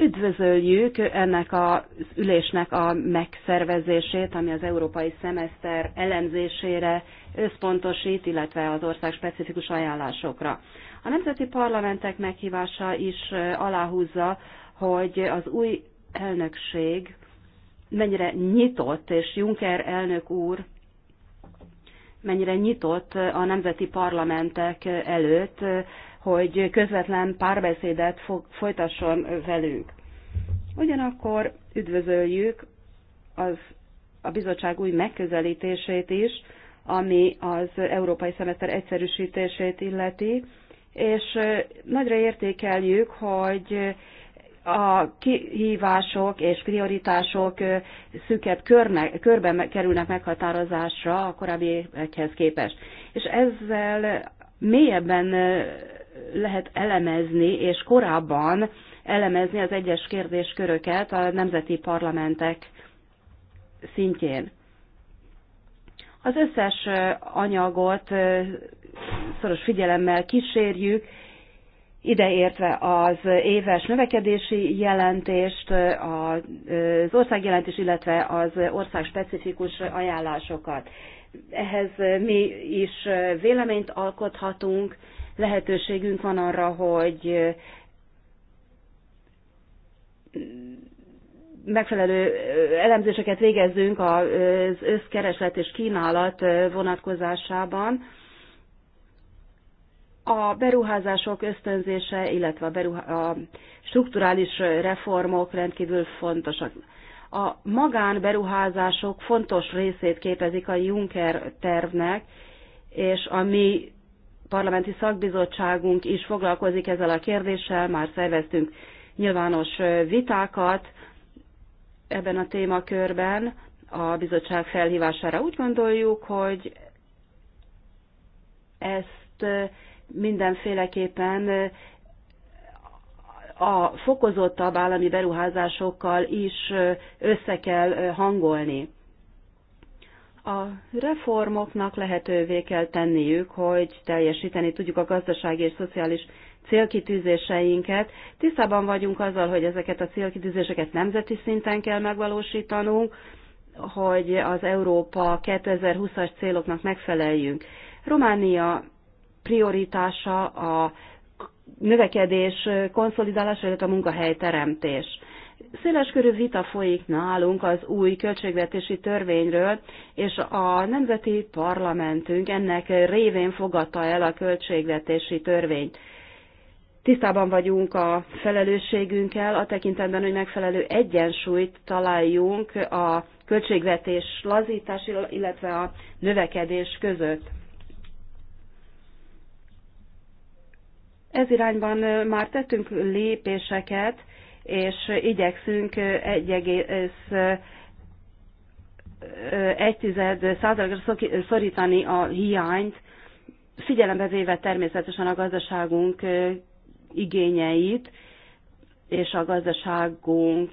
Üdvözöljük ennek az ülésnek a megszervezését, ami az európai szemeszter elemzésére összpontosít, illetve az ország specifikus ajánlásokra. A nemzeti parlamentek meghívása is aláhúzza, hogy az új elnökség mennyire nyitott, és Juncker elnök úr mennyire nyitott a nemzeti parlamentek előtt, hogy közvetlen párbeszédet folytasson velünk. Ugyanakkor üdvözöljük az, a bizottság új megközelítését is, ami az európai szemeszter egyszerűsítését illeti, és nagyra értékeljük, hogy a kihívások és prioritások szüket körnek, körben kerülnek meghatározásra a korábbi évekhez képest. És ezzel mélyebben lehet elemezni, és korábban elemezni az egyes kérdésköröket a nemzeti parlamentek szintjén. Az összes anyagot szoros figyelemmel kísérjük, ideértve az éves növekedési jelentést, az országjelentés, illetve az ország specifikus ajánlásokat. Ehhez mi is véleményt alkothatunk, lehetőségünk van arra, hogy megfelelő elemzéseket végezzünk az összkereslet és kínálat vonatkozásában, a beruházások ösztönzése, illetve a, beruha- a strukturális reformok rendkívül fontosak. A magánberuházások fontos részét képezik a Juncker tervnek, és a mi parlamenti szakbizottságunk is foglalkozik ezzel a kérdéssel, már szerveztünk nyilvános vitákat ebben a témakörben a bizottság felhívására. Úgy gondoljuk, hogy ezt mindenféleképpen a fokozottabb állami beruházásokkal is össze kell hangolni. A reformoknak lehetővé kell tenniük, hogy teljesíteni tudjuk a gazdasági és szociális célkitűzéseinket. Tisztában vagyunk azzal, hogy ezeket a célkitűzéseket nemzeti szinten kell megvalósítanunk, hogy az Európa 2020-as céloknak megfeleljünk. Románia prioritása a növekedés konszolidálása, illetve a munkahelyteremtés. körű vita folyik nálunk az új költségvetési törvényről, és a nemzeti parlamentünk ennek révén fogadta el a költségvetési törvényt. Tisztában vagyunk a felelősségünkkel, a tekintetben, hogy megfelelő egyensúlyt találjunk a költségvetés lazítás, illetve a növekedés között. Ez irányban már tettünk lépéseket, és igyekszünk 1,1 százalékra szorítani a hiányt, figyelembe véve természetesen a gazdaságunk igényeit és a gazdaságunk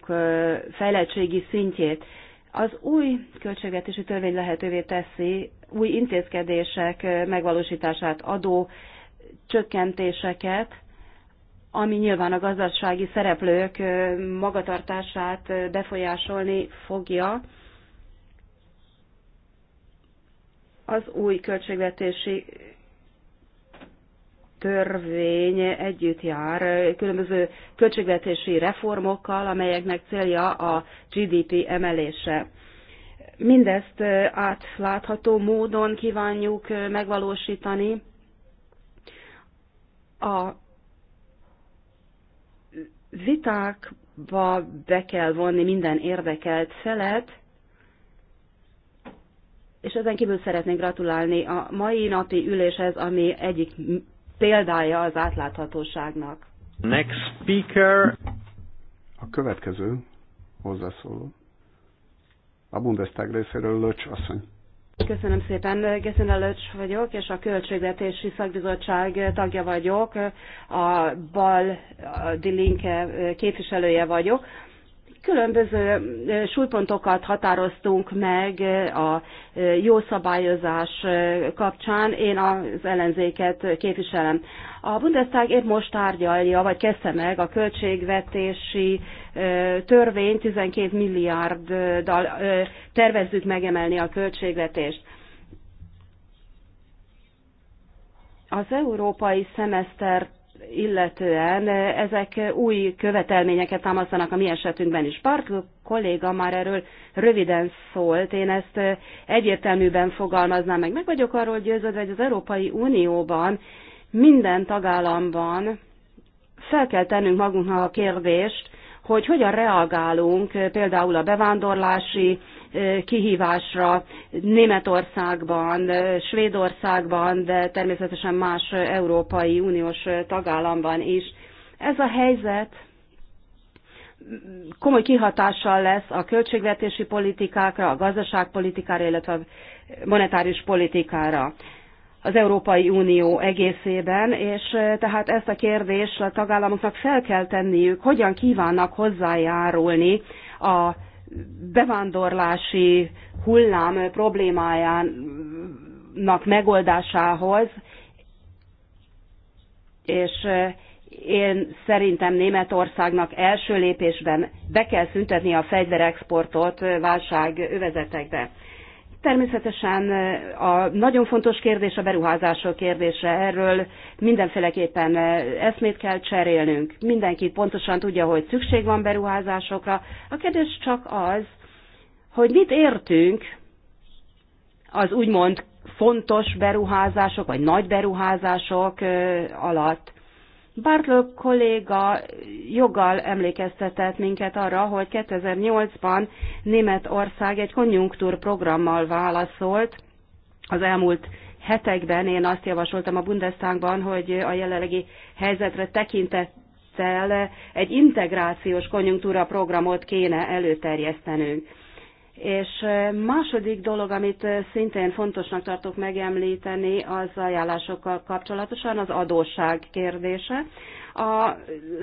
fejlettségi szintjét. Az új költségvetési törvény lehetővé teszi új intézkedések megvalósítását, adó csökkentéseket, ami nyilván a gazdasági szereplők magatartását befolyásolni fogja. Az új költségvetési törvény együtt jár különböző költségvetési reformokkal, amelyeknek célja a GDP emelése. Mindezt átlátható módon kívánjuk megvalósítani a vitákba be kell vonni minden érdekelt felet, és ezen kívül szeretnék gratulálni a mai napi üléshez, ami egyik példája az átláthatóságnak. Next speaker. A következő hozzászóló. A Bundestag részéről Löcs asszony. Köszönöm szépen, Geszen Löcs vagyok, és a Költségvetési Szakbizottság tagja vagyok, a Bal Dilinke képviselője vagyok. Különböző súlypontokat határoztunk meg a jó szabályozás kapcsán. Én az ellenzéket képviselem. A Bundestag épp most tárgyalja, vagy kezdte meg a költségvetési törvény 12 milliárddal tervezzük megemelni a költségvetést. Az európai szemesztert illetően ezek új követelményeket támasztanak a mi esetünkben is. Park kolléga már erről röviden szólt, én ezt egyértelműben fogalmaznám meg. Meg vagyok arról győződve, hogy az Európai Unióban minden tagállamban fel kell tennünk magunknak a kérdést, hogy hogyan reagálunk például a bevándorlási kihívásra Németországban, Svédországban, de természetesen más Európai Uniós tagállamban is. Ez a helyzet komoly kihatással lesz a költségvetési politikákra, a gazdaságpolitikára, illetve a monetáris politikára az Európai Unió egészében, és tehát ezt a kérdést a tagállamoknak fel kell tenniük, hogyan kívánnak hozzájárulni a bevándorlási hullám problémájának megoldásához, és én szerintem Németországnak első lépésben be kell szüntetni a fegyverexportot válságövezetekbe. Természetesen eh, a nagyon fontos kérdés a beruházások kérdése, erről mindenféleképpen eh, eszmét kell cserélnünk. Mindenki pontosan tudja, hogy szükség van beruházásokra. A kérdés csak az, hogy mit értünk az úgymond fontos beruházások, vagy nagy beruházások eh, alatt. Bartló kolléga joggal emlékeztetett minket arra, hogy 2008-ban Németország egy konjunktúrprogrammal válaszolt. Az elmúlt hetekben én azt javasoltam a Bundestagban, hogy a jelenlegi helyzetre tekintettel egy integrációs konjunktúra programot kéne előterjesztenünk. És második dolog, amit szintén fontosnak tartok megemlíteni, az ajánlásokkal kapcsolatosan az adósság kérdése. A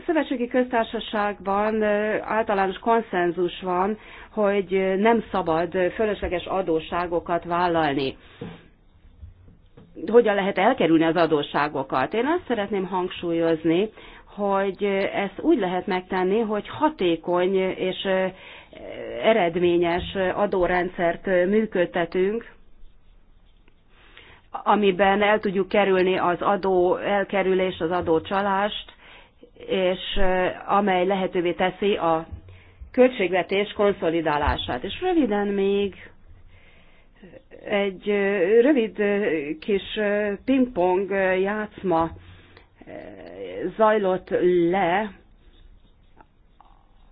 szövetségi köztársaságban általános konszenzus van, hogy nem szabad fölösleges adósságokat vállalni. Hogyan lehet elkerülni az adósságokat? Én azt szeretném hangsúlyozni, hogy ezt úgy lehet megtenni, hogy hatékony és eredményes adórendszert működtetünk, amiben el tudjuk kerülni az adó elkerülést, az adócsalást, és amely lehetővé teszi a költségvetés konszolidálását. És röviden még egy rövid kis pingpong játszma zajlott le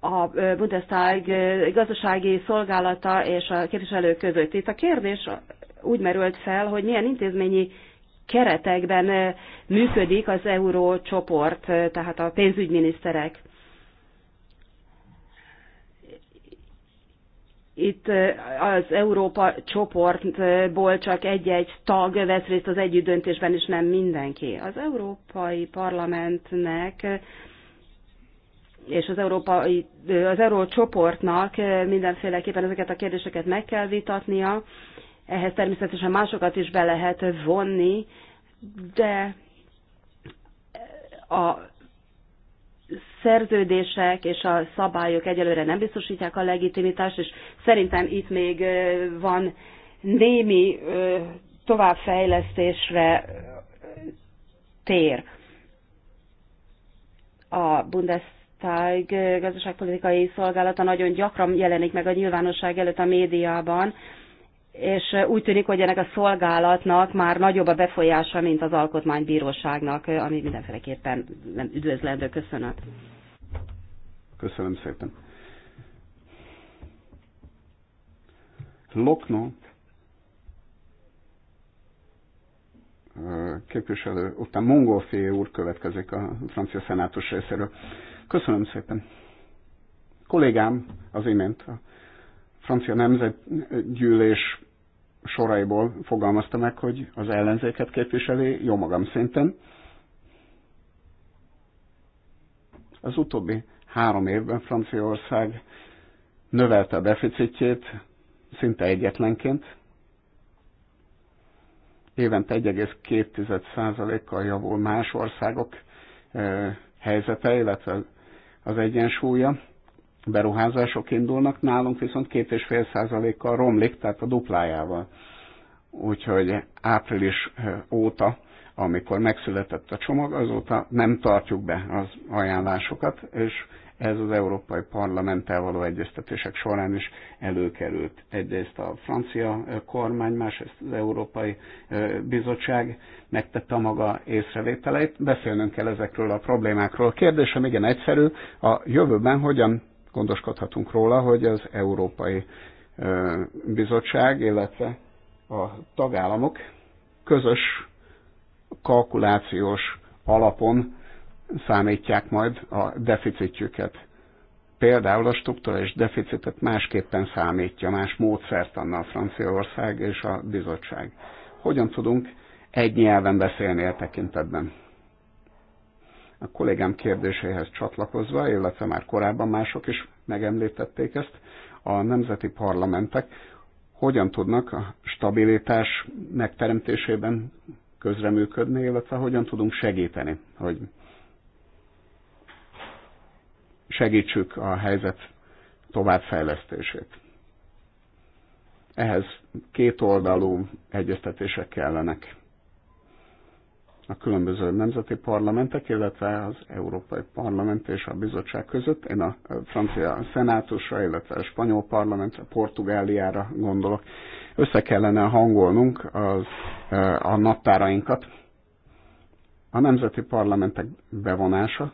a Bundestag gazdasági szolgálata és a képviselők között. Itt a kérdés úgy merült fel, hogy milyen intézményi keretekben működik az eurócsoport, tehát a pénzügyminiszterek. Itt az Európa csoportból csak egy-egy tag vesz részt az együttdöntésben, és nem mindenki. Az Európai Parlamentnek és az európai, az eurócsoportnak eh, mindenféleképpen ezeket a kérdéseket meg kell vitatnia. Ehhez természetesen másokat is be lehet vonni, de a szerződések és a szabályok egyelőre nem biztosítják a legitimitást, és szerintem itt még eh, van némi eh, továbbfejlesztésre tér. A Bundes osztály gazdaságpolitikai szolgálata nagyon gyakran jelenik meg a nyilvánosság előtt a médiában, és úgy tűnik, hogy ennek a szolgálatnak már nagyobb a befolyása, mint az alkotmánybíróságnak, ami mindenféleképpen nem üdvözlendő. Köszönöm. Köszönöm szépen. Lokno képviselő, a Mongolfé úr következik a francia szenátus részéről. Köszönöm szépen. Kollégám az imént a francia nemzetgyűlés soraiból fogalmazta meg, hogy az ellenzéket képviseli, jó magam szinten. Az utóbbi három évben Franciaország növelte a deficitjét szinte egyetlenként. Évente 1,2%-kal javul más országok eh, helyzete, illetve az egyensúlya, beruházások indulnak, nálunk viszont 2,5%-kal romlik, tehát a duplájával. Úgyhogy április óta amikor megszületett a csomag, azóta nem tartjuk be az ajánlásokat, és ez az Európai Parlamenttel való egyeztetések során is előkerült. Egyrészt a francia kormány, másrészt az Európai Bizottság megtette a maga észrevételeit. Beszélnünk kell ezekről a problémákról. A kérdésem igen egyszerű, a jövőben hogyan gondoskodhatunk róla, hogy az Európai Bizottság, illetve a tagállamok közös kalkulációs alapon számítják majd a deficitjüket. Például a struktúrális deficitet másképpen számítja, más módszert annál Franciaország és a bizottság. Hogyan tudunk egy nyelven beszélni a e tekintetben? A kollégám kérdéséhez csatlakozva, illetve már korábban mások is megemlítették ezt, a nemzeti parlamentek hogyan tudnak a stabilitás megteremtésében közreműködni, illetve hogyan tudunk segíteni, hogy segítsük a helyzet továbbfejlesztését. Ehhez kétoldalú egyeztetések kellenek a különböző nemzeti parlamentek, illetve az Európai Parlament és a bizottság között. Én a francia szenátusra, illetve a spanyol parlamentre, Portugáliára gondolok. Össze kellene hangolnunk az, eh, a naptárainkat. A nemzeti parlamentek bevonása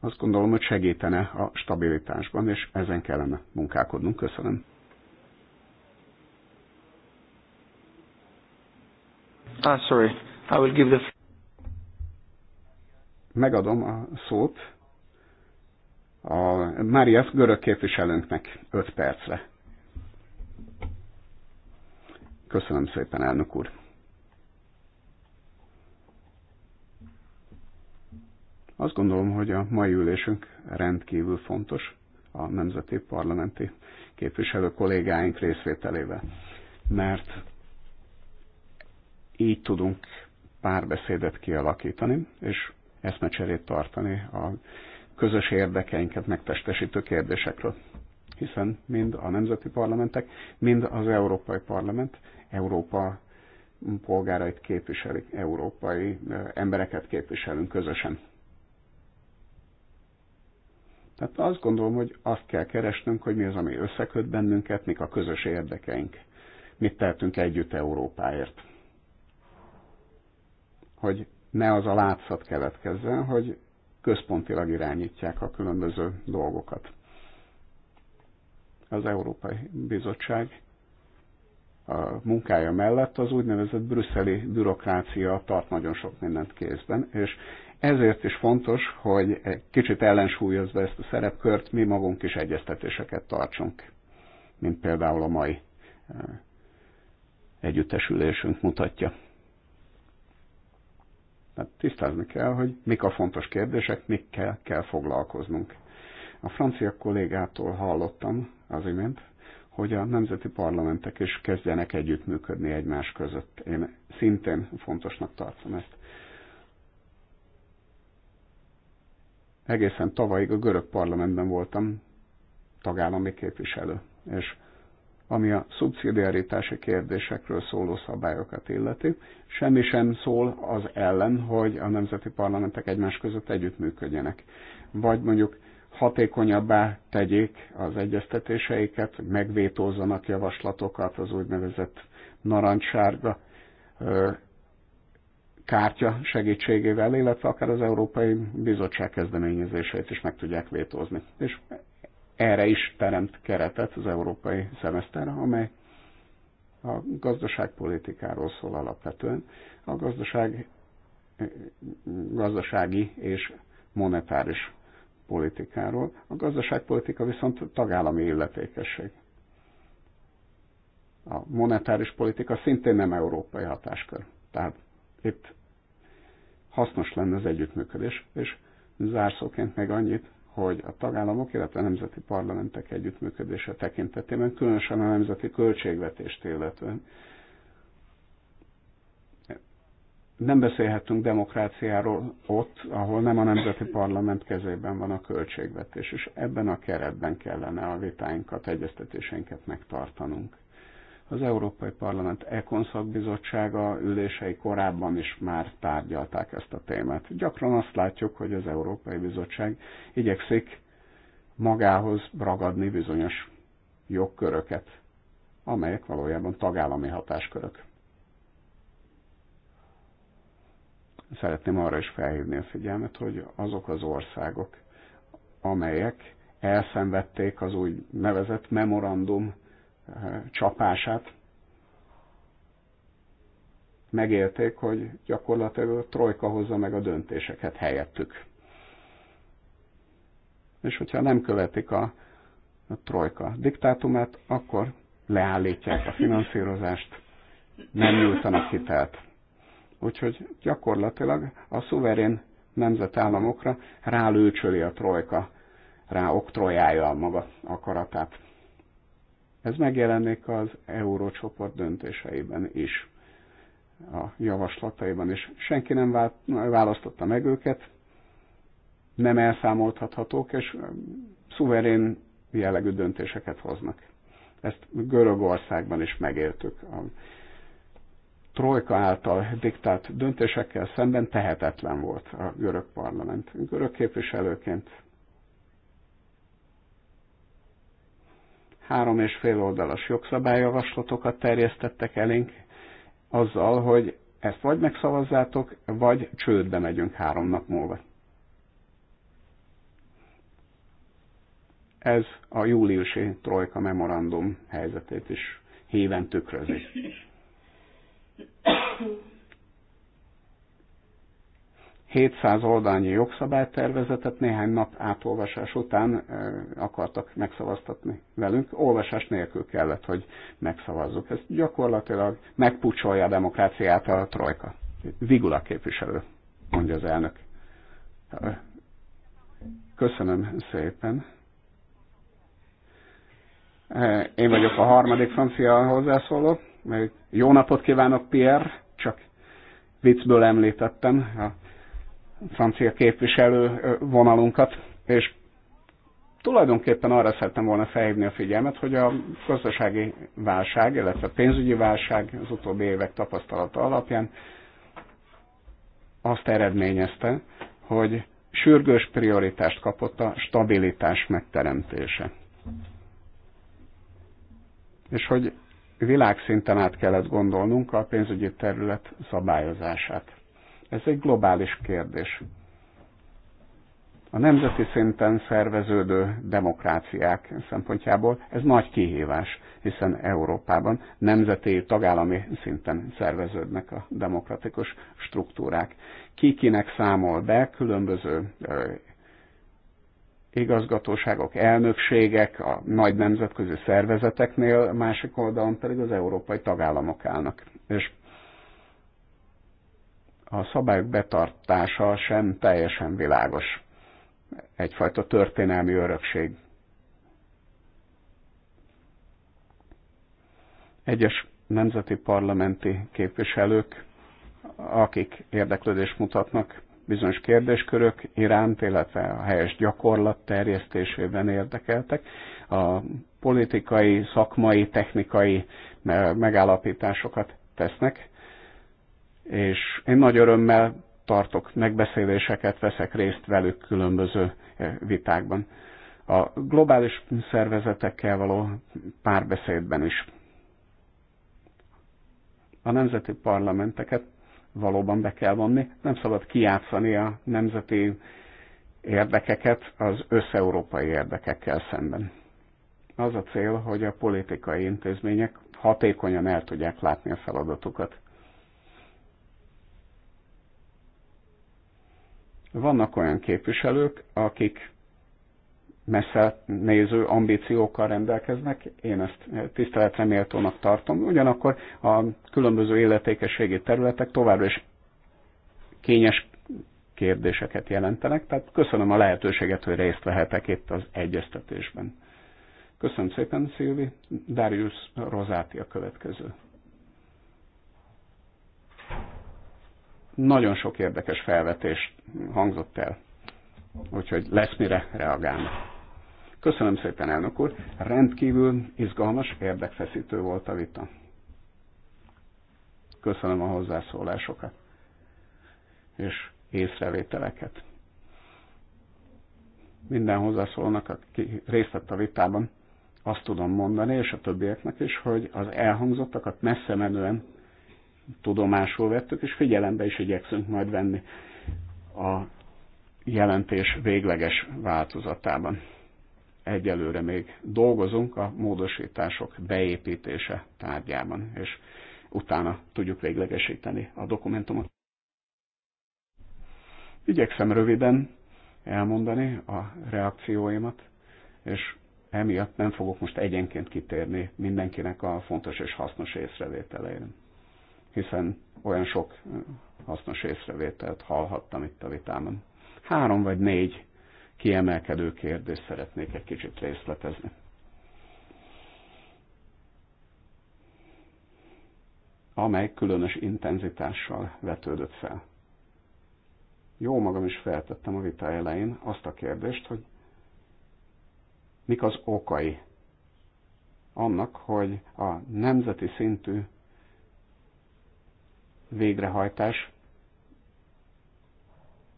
azt gondolom, hogy segítene a stabilitásban, és ezen kellene munkálkodnunk. Köszönöm. Ah, sorry. I will give the... Megadom a szót a Márias görög képviselőnknek 5 percre. Köszönöm szépen, elnök úr. Azt gondolom, hogy a mai ülésünk rendkívül fontos a nemzeti parlamenti képviselő kollégáink részvételével, mert így tudunk párbeszédet kialakítani, és eszmecserét tartani a közös érdekeinket megtestesítő kérdésekről. Hiszen mind a nemzeti parlamentek, mind az Európai Parlament Európa polgárait képviselik, európai eh, embereket képviselünk közösen. Tehát azt gondolom, hogy azt kell keresnünk, hogy mi az, ami összeköt bennünket, mik a közös érdekeink, mit tehetünk együtt Európáért hogy ne az a látszat keletkezzen, hogy központilag irányítják a különböző dolgokat. Az Európai Bizottság a munkája mellett az úgynevezett brüsszeli bürokrácia tart nagyon sok mindent kézben, és ezért is fontos, hogy egy kicsit ellensúlyozva ezt a szerepkört, mi magunk is egyeztetéseket tartsunk, mint például a mai eh, együttesülésünk mutatja. Tehát tisztázni kell, hogy mik a fontos kérdések, mikkel kell foglalkoznunk. A francia kollégától hallottam az imént, hogy a nemzeti parlamentek is kezdjenek együttműködni egymás között. Én szintén fontosnak tartom ezt. Egészen tavalyig a görög parlamentben voltam tagállami képviselő, és ami a szubszidiaritási kérdésekről szóló szabályokat illeti. Semmi sem szól az ellen, hogy a nemzeti parlamentek egymás között együttműködjenek. Vagy mondjuk hatékonyabbá tegyék az egyeztetéseiket, hogy megvétózzanak javaslatokat az úgynevezett narancssárga kártya segítségével, illetve akár az Európai Bizottság kezdeményezéseit is meg tudják vétózni. És erre is teremt keretet az európai szemeszter, amely a gazdaságpolitikáról szól alapvetően. A gazdaság, gazdasági és monetáris politikáról. A gazdaságpolitika viszont tagállami illetékesség. A monetáris politika szintén nem európai hatáskör. Tehát itt hasznos lenne az együttműködés, és zárszóként meg annyit, hogy a tagállamok, illetve a nemzeti parlamentek együttműködése tekintetében, különösen a nemzeti költségvetést illetően, nem beszélhetünk demokráciáról ott, ahol nem a nemzeti parlament kezében van a költségvetés, és ebben a keretben kellene a vitáinkat, egyeztetéseinket megtartanunk. Az Európai Parlament Ekon szakbizottsága ülései korábban is már tárgyalták ezt a témát. Gyakran azt látjuk, hogy az Európai Bizottság igyekszik magához ragadni bizonyos jogköröket, amelyek valójában tagállami hatáskörök. Szeretném arra is felhívni a figyelmet, hogy azok az országok, amelyek elszenvedték az úgynevezett memorandum csapását megélték, hogy gyakorlatilag a trojka hozza meg a döntéseket helyettük. És hogyha nem követik a, a trojka diktátumát, akkor leállítják a finanszírozást, nem nyújtanak hitelt. Úgyhogy gyakorlatilag a szuverén nemzetállamokra rálőcsöli a trojka, ráoktrojálja a maga akaratát. Ez megjelenik az eurócsoport döntéseiben is, a javaslataiban is. Senki nem választotta meg őket, nem elszámoltathatók, és szuverén jellegű döntéseket hoznak. Ezt Görögországban is megéltük. A trojka által diktált döntésekkel szemben tehetetlen volt a görög parlament. Görög képviselőként három és fél oldalas jogszabályjavaslatokat terjesztettek elénk azzal, hogy ezt vagy megszavazzátok, vagy csődbe megyünk három nap múlva. Ez a júliusi trojka memorandum helyzetét is híven tükrözi. 700 oldalnyi jogszabálytervezetet néhány nap átolvasás után akartak megszavaztatni velünk. Olvasás nélkül kellett, hogy megszavazzuk. Ez gyakorlatilag megpucsolja a demokráciát a trojka. Vigula képviselő, mondja az elnök. Köszönöm szépen. Én vagyok a harmadik francia hozzászóló. Jó napot kívánok, Pierre! Csak viccből említettem a francia képviselő vonalunkat, és tulajdonképpen arra szerettem volna felhívni a figyelmet, hogy a gazdasági válság, illetve a pénzügyi válság az utóbbi évek tapasztalata alapján azt eredményezte, hogy sürgős prioritást kapott a stabilitás megteremtése. És hogy világszinten át kellett gondolnunk a pénzügyi terület szabályozását. Ez egy globális kérdés. A nemzeti szinten szerveződő demokráciák szempontjából ez nagy kihívás, hiszen Európában nemzeti, tagállami szinten szerveződnek a demokratikus struktúrák. Ki kinek számol be különböző igazgatóságok, elnökségek, a nagy nemzetközi szervezeteknél, másik oldalon pedig az európai tagállamok állnak. És a szabályok betartása sem teljesen világos. Egyfajta történelmi örökség. Egyes nemzeti parlamenti képviselők, akik érdeklődést mutatnak bizonyos kérdéskörök iránt, illetve a helyes gyakorlat terjesztésében érdekeltek. A politikai, szakmai, technikai megállapításokat tesznek, és én nagy örömmel tartok megbeszéléseket, veszek részt velük különböző eh, vitákban. A globális szervezetekkel való párbeszédben is. A nemzeti parlamenteket valóban be kell vonni, nem szabad kiátszani a nemzeti érdekeket az összeurópai érdekekkel szemben. Az a cél, hogy a politikai intézmények hatékonyan el tudják látni a feladatukat Vannak olyan képviselők, akik messze néző ambíciókkal rendelkeznek, én ezt tiszteletre méltónak tartom, ugyanakkor a különböző életékességi területek továbbra is kényes kérdéseket jelentenek, tehát köszönöm a lehetőséget, hogy részt vehetek itt az egyeztetésben. Köszönöm szépen, Szilvi. Darius Rozáti a következő. Nagyon sok érdekes felvetés hangzott el, úgyhogy lesz mire reagálni. Köszönöm szépen, elnök úr. Rendkívül izgalmas, érdekfeszítő volt a vita. Köszönöm a hozzászólásokat és észrevételeket. Minden hozzászólónak, aki részt vett a vitában, azt tudom mondani, és a többieknek is, hogy az elhangzottakat messze menően tudomásul vettük, és figyelembe is igyekszünk majd venni a jelentés végleges változatában. Egyelőre még dolgozunk a módosítások beépítése tárgyában, és utána tudjuk véglegesíteni a dokumentumot. Igyekszem röviden elmondani a reakcióimat, és emiatt nem fogok most egyenként kitérni mindenkinek a fontos és hasznos észrevételeire hiszen olyan sok hasznos észrevételt hallhattam itt a vitámon. Három vagy négy kiemelkedő kérdést szeretnék egy kicsit részletezni. amely különös intenzitással vetődött fel. Jó magam is feltettem a vita elején azt a kérdést, hogy mik az okai annak, hogy a nemzeti szintű végrehajtás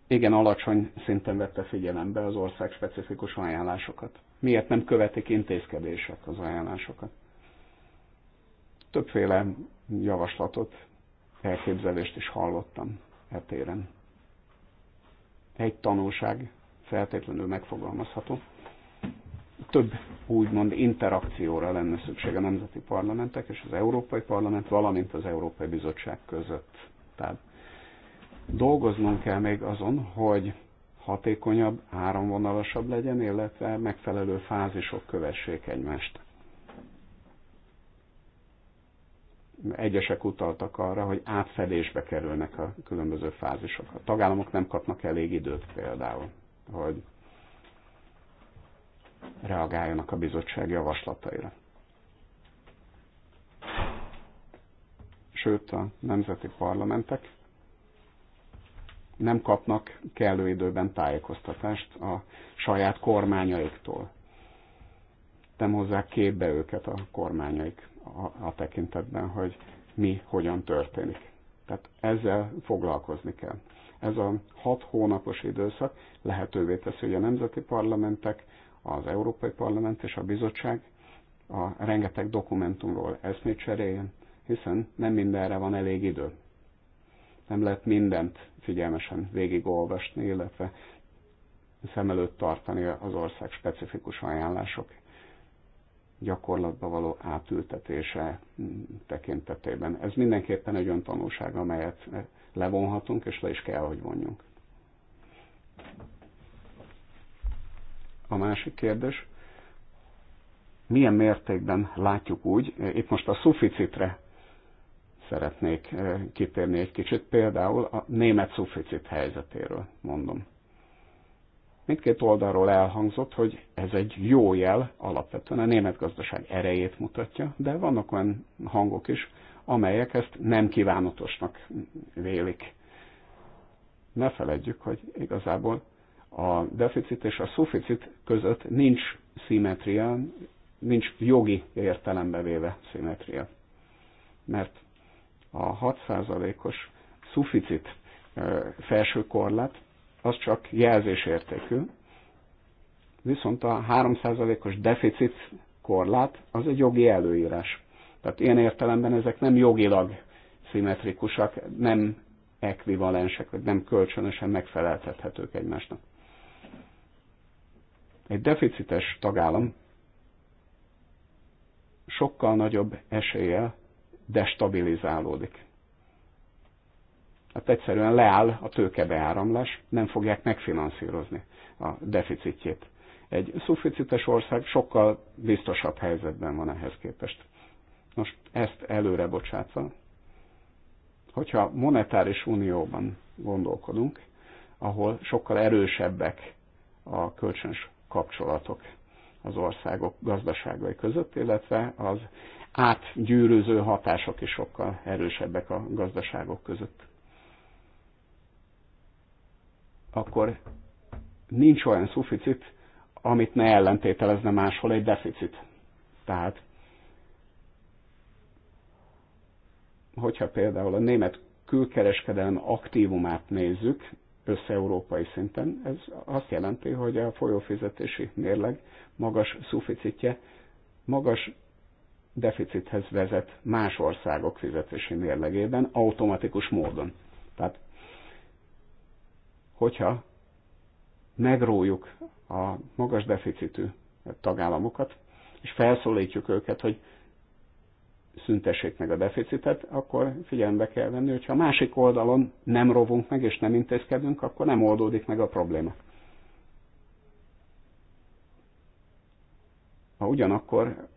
igen alacsony szinten vette figyelembe az ország specifikus ajánlásokat. Miért nem követik intézkedések az ajánlásokat? Többféle javaslatot, elképzelést is hallottam etéren. Egy tanulság feltétlenül megfogalmazható több úgymond interakcióra lenne szükség a nemzeti parlamentek és az Európai Parlament, valamint az Európai Bizottság között. Tehát dolgoznunk kell még azon, hogy hatékonyabb, áramvonalasabb legyen, illetve megfelelő fázisok kövessék egymást. Egyesek utaltak arra, hogy átfedésbe kerülnek a különböző fázisok. A tagállamok nem kapnak elég időt például, hogy reagáljanak a bizottság javaslataira. Sőt, a nemzeti parlamentek nem kapnak kellő időben tájékoztatást a saját kormányaiktól. Nem hozzák képbe őket a kormányaik a, a tekintetben, hogy mi hogyan történik. Tehát ezzel foglalkozni kell. Ez a hat hónapos időszak lehetővé teszi, hogy a nemzeti parlamentek az Európai Parlament és a Bizottság a rengeteg dokumentumról eszmét cseréljen, hiszen nem mindenre van elég idő. Nem lehet mindent figyelmesen végigolvasni, illetve szem előtt tartani az ország specifikus ajánlások gyakorlatba való átültetése tekintetében. Ez mindenképpen egy olyan tanulság, amelyet levonhatunk, és le is kell, hogy vonjunk. A másik kérdés, milyen mértékben látjuk úgy, itt most a szuficitre szeretnék eh, kitérni egy kicsit, például a német szuficit helyzetéről mondom. Mindkét oldalról elhangzott, hogy ez egy jó jel, alapvetően a német gazdaság erejét mutatja, de vannak olyan hangok is, amelyek ezt nem kívánatosnak vélik. Ne feledjük, hogy igazából a deficit és a szuficit között nincs szimetria, nincs jogi értelembe véve szimetria. Mert a 6%-os szuficit felső korlát az csak jelzésértékű, viszont a 3%-os deficit korlát az egy jogi előírás. Tehát ilyen értelemben ezek nem jogilag szimmetrikusak, nem ekvivalensek, vagy nem kölcsönösen megfeleltethetők egymásnak. Egy deficites tagállam sokkal nagyobb eséllyel destabilizálódik. Hát egyszerűen leáll a tőkebeáramlás, nem fogják megfinanszírozni a deficitjét. Egy szuficites ország sokkal biztosabb helyzetben van ehhez képest. Most ezt előre bocsátva, hogyha monetáris unióban gondolkodunk, ahol sokkal erősebbek a kölcsönös kapcsolatok az országok gazdaságai között, illetve az átgyűrűző hatások is sokkal erősebbek a gazdaságok között. Akkor nincs olyan szuficit, amit ne ellentételezne máshol egy deficit. Tehát, hogyha például a német külkereskedelem aktívumát nézzük, össze-európai szinten. Ez azt jelenti, hogy a folyófizetési mérleg magas szuficitje magas deficithez vezet más országok fizetési mérlegében automatikus módon. Tehát, hogyha megrójuk a magas deficitű tagállamokat, és felszólítjuk őket, hogy szüntessék meg a deficitet, akkor figyelembe kell venni, hogyha a másik oldalon nem rovunk meg és nem intézkedünk, akkor nem oldódik meg a probléma. Ha ugyanakkor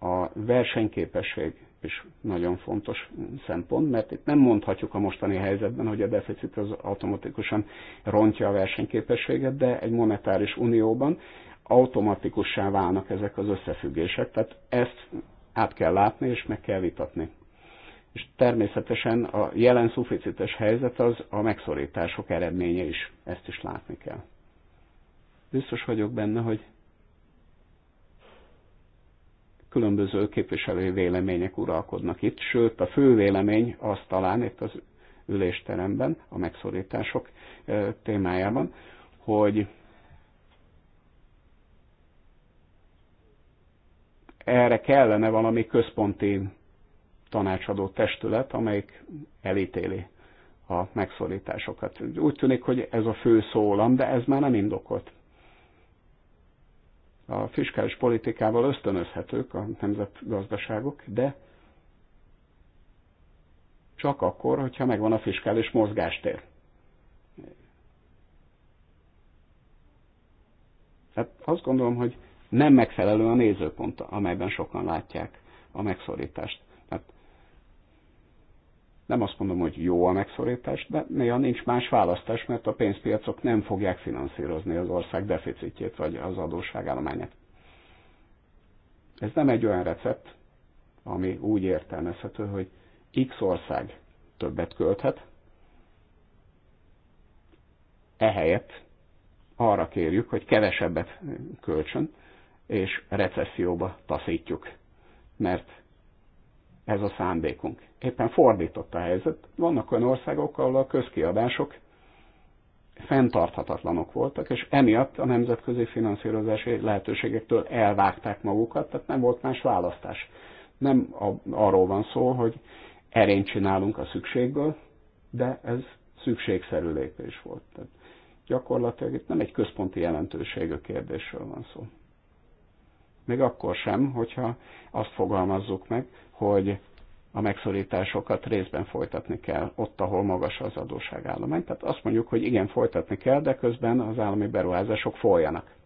a versenyképesség is nagyon fontos szempont, mert itt nem mondhatjuk a mostani helyzetben, hogy a deficit az automatikusan rontja a versenyképességet, de egy monetáris unióban automatikussá válnak ezek az összefüggések, tehát ezt át kell látni és meg kell vitatni. És természetesen a jelen szuficites helyzet az a megszorítások eredménye is, ezt is látni kell. Biztos vagyok benne, hogy különböző képviselői vélemények uralkodnak itt, sőt a fő vélemény az talán itt az ülésteremben, a megszorítások témájában, hogy erre kellene valami központi tanácsadó testület, amelyik elítéli a megszorításokat. Úgy tűnik, hogy ez a fő szólam, de ez már nem indokolt. A fiskális politikával ösztönözhetők a nemzetgazdaságok, de csak akkor, hogyha megvan a fiskális mozgástér. Tehát azt gondolom, hogy nem megfelelő a nézőpont, amelyben sokan látják a megszorítást. Tehát nem azt mondom, hogy jó a megszorítás, de néha nincs más választás, mert a pénzpiacok nem fogják finanszírozni az ország deficitjét vagy az adósságállományát. Ez nem egy olyan recept, ami úgy értelmezhető, hogy X ország többet költhet, ehelyett arra kérjük, hogy kevesebbet költsön, és recesszióba taszítjuk, mert ez a szándékunk. Éppen fordított a helyzet. Vannak olyan országok, ahol a közkiadások fenntarthatatlanok voltak, és emiatt a nemzetközi finanszírozási lehetőségektől elvágták magukat, tehát nem volt más választás. Nem a, arról van szó, hogy erényt csinálunk a szükségből, de ez szükségszerű lépés volt. Tehát gyakorlatilag itt nem egy központi jelentőségű kérdésről van szó még akkor sem, hogyha azt fogalmazzuk meg, hogy a megszorításokat részben folytatni kell, ott, ahol magas az adósságállomány. Tehát azt mondjuk, hogy igen, folytatni kell, de közben az állami beruházások folyanak.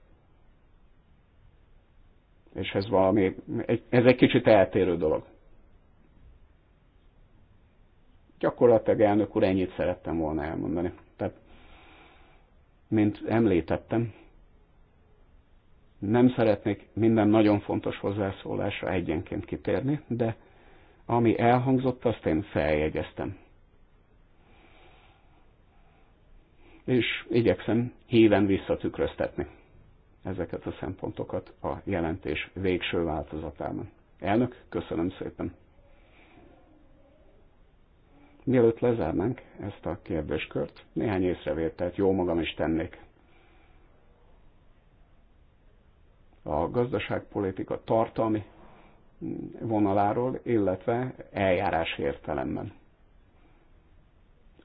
És ez valami, ez egy kicsit eltérő dolog. Gyakorlatilag elnök úr, ennyit szerettem volna elmondani. Tehát, mint említettem, nem szeretnék minden nagyon fontos hozzászólásra egyenként kitérni, de ami elhangzott, azt én feljegyeztem. És igyekszem híven visszatükröztetni ezeket a szempontokat a jelentés végső változatában. Elnök, köszönöm szépen! Mielőtt lezárnánk ezt a kérdéskört, néhány észrevételt jó magam is tennék. a gazdaságpolitika tartalmi vonaláról, illetve eljárás értelemben.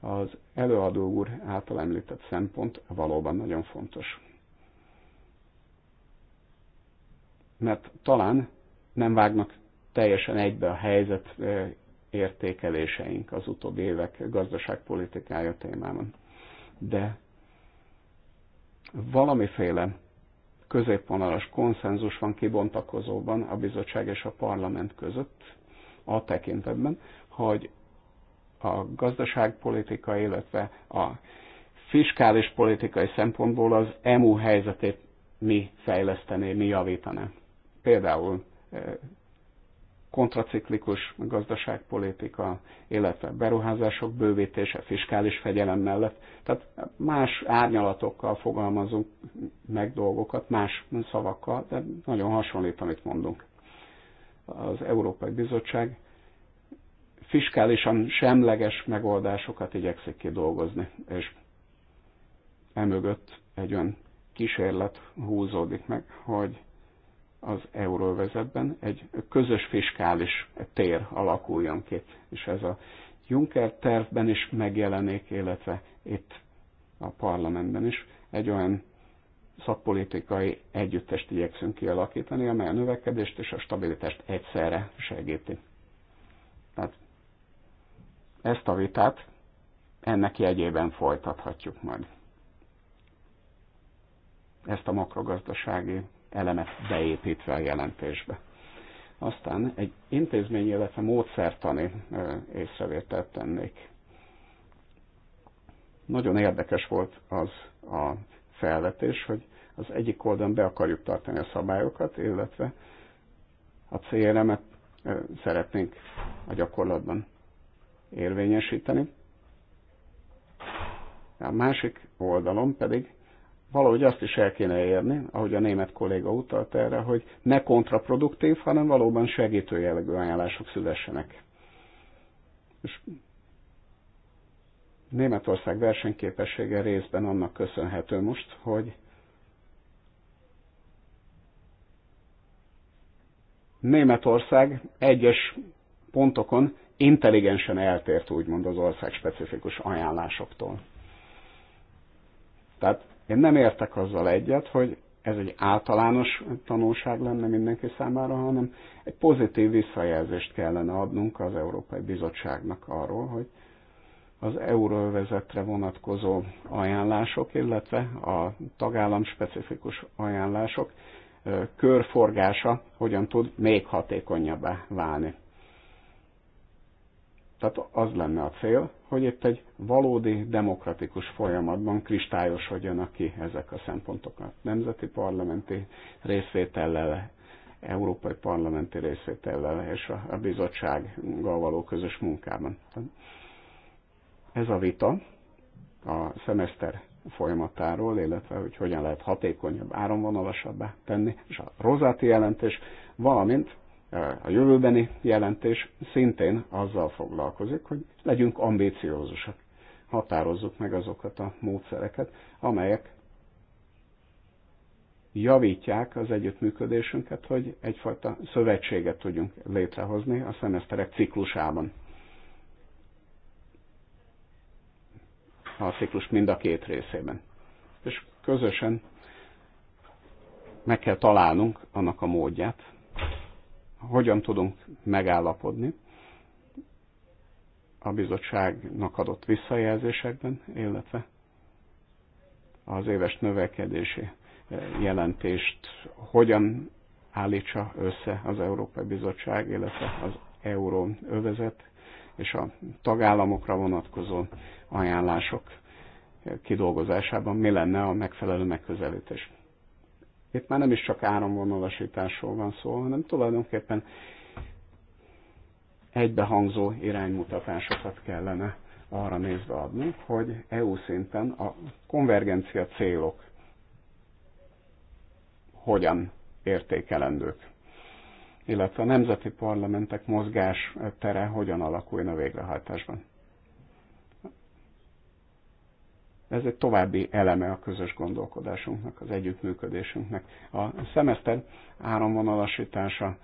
Az előadó úr által említett szempont valóban nagyon fontos. Mert talán nem vágnak teljesen egybe a helyzet értékeléseink az utóbbi évek gazdaságpolitikája témában. De valamiféle középvonalas konszenzus van kibontakozóban a bizottság és a parlament között a tekintetben, hogy a gazdaságpolitika, illetve a fiskális politikai szempontból az EMU helyzetét mi fejlesztené, mi javítaná. Például eh, kontraciklikus gazdaságpolitika, illetve beruházások bővítése, fiskális fegyelem mellett. Tehát más árnyalatokkal fogalmazunk meg dolgokat, más szavakkal, de nagyon hasonlít, amit mondunk. Az Európai Bizottság fiskálisan semleges megoldásokat igyekszik kidolgozni, és emögött egy olyan kísérlet húzódik meg, hogy az euróvezetben egy közös fiskális tér alakuljon ki, és ez a Juncker tervben is megjelenik, illetve itt a parlamentben is egy olyan szakpolitikai együttest igyekszünk kialakítani, amely a növekedést és a stabilitást egyszerre segíti. Tehát ezt a vitát ennek jegyében folytathatjuk majd. Ezt a makrogazdasági elemet beépítve a jelentésbe. Aztán egy intézmény, illetve módszertani észrevételt tennék. Nagyon érdekes volt az a felvetés, hogy az egyik oldalon be akarjuk tartani a szabályokat, illetve a CRM-et szeretnénk a gyakorlatban érvényesíteni. A másik oldalon pedig valahogy azt is el kéne érni, ahogy a német kolléga utalt erre, hogy ne kontraproduktív, hanem valóban segítő jellegű ajánlások szülessenek. És Németország versenyképessége részben annak köszönhető most, hogy Németország egyes pontokon intelligensen eltért úgymond az ország specifikus ajánlásoktól. Tehát én nem értek azzal egyet, hogy ez egy általános tanulság lenne mindenki számára, hanem egy pozitív visszajelzést kellene adnunk az Európai Bizottságnak arról, hogy az euróvezetre vonatkozó ajánlások, illetve a tagállam specifikus ajánlások körforgása hogyan tud még hatékonyabbá válni. Tehát az lenne a cél, hogy itt egy valódi demokratikus folyamatban kristályosodjanak ki ezek a szempontok a nemzeti parlamenti részvétellel, európai parlamenti részvétellel és a bizottsággal való közös munkában. Ez a vita a szemeszter folyamatáról, illetve hogy hogyan lehet hatékonyabb, áramvonalasabbá tenni, és a rozáti jelentés, valamint a jövőbeni jelentés szintén azzal foglalkozik, hogy legyünk ambíciózusak. Határozzuk meg azokat a módszereket, amelyek javítják az együttműködésünket, hogy egyfajta szövetséget tudjunk létrehozni a szemeszterek ciklusában. A ciklus mind a két részében. És közösen meg kell találnunk annak a módját, hogyan tudunk megállapodni a bizottságnak adott visszajelzésekben, illetve az éves növekedési eh, jelentést hogyan állítsa össze az Európai Bizottság, illetve az euró övezet és a tagállamokra vonatkozó ajánlások eh, kidolgozásában mi lenne a megfelelő megközelítés. Itt már nem is csak áramvonalasításról van szó, hanem tulajdonképpen egybehangzó iránymutatásokat kellene arra nézve adni, hogy EU szinten a konvergencia célok hogyan értékelendők, illetve a nemzeti parlamentek mozgás tere hogyan alakuljon a végrehajtásban. Ez egy további eleme a közös gondolkodásunknak, az együttműködésünknek. A szemeszter áramvonalasítása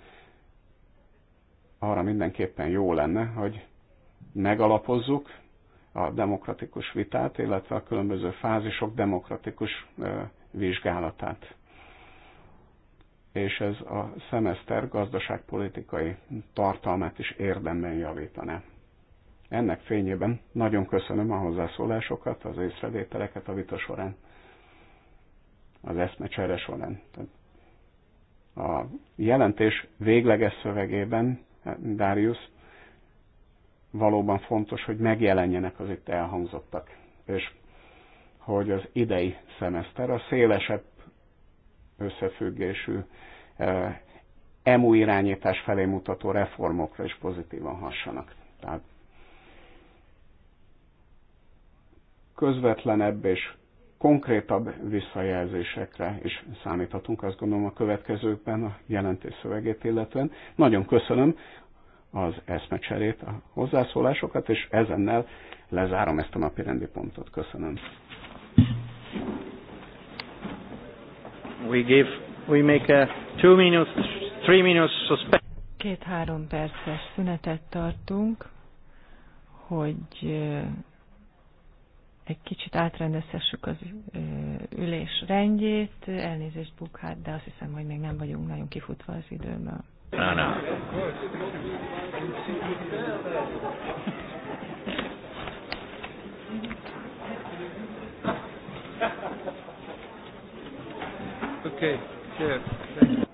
arra mindenképpen jó lenne, hogy megalapozzuk a demokratikus vitát, illetve a különböző fázisok demokratikus vizsgálatát. És ez a szemeszter gazdaságpolitikai tartalmát is érdemben javítaná. Ennek fényében nagyon köszönöm a hozzászólásokat, az észrevételeket a vita során, az eszmecsere során. A jelentés végleges szövegében, Darius, valóban fontos, hogy megjelenjenek az itt elhangzottak, és hogy az idei szemeszter a szélesebb összefüggésű e, EMU irányítás felé mutató reformokra is pozitívan hassanak. Tehát közvetlenebb és konkrétabb visszajelzésekre is számíthatunk, azt gondolom a következőkben a jelentés szövegét illetően. Nagyon köszönöm az eszmecserét, a hozzászólásokat, és ezennel lezárom ezt a napi rendi pontot. Köszönöm. We give, we make a two minutes, three minutes Két-három perces szünetet tartunk, hogy egy kicsit átrendezhessük az ülés rendjét. Elnézést, Bukhát, de azt hiszem, hogy még nem vagyunk nagyon kifutva az időből. Na na. Okay, sure. Thank you.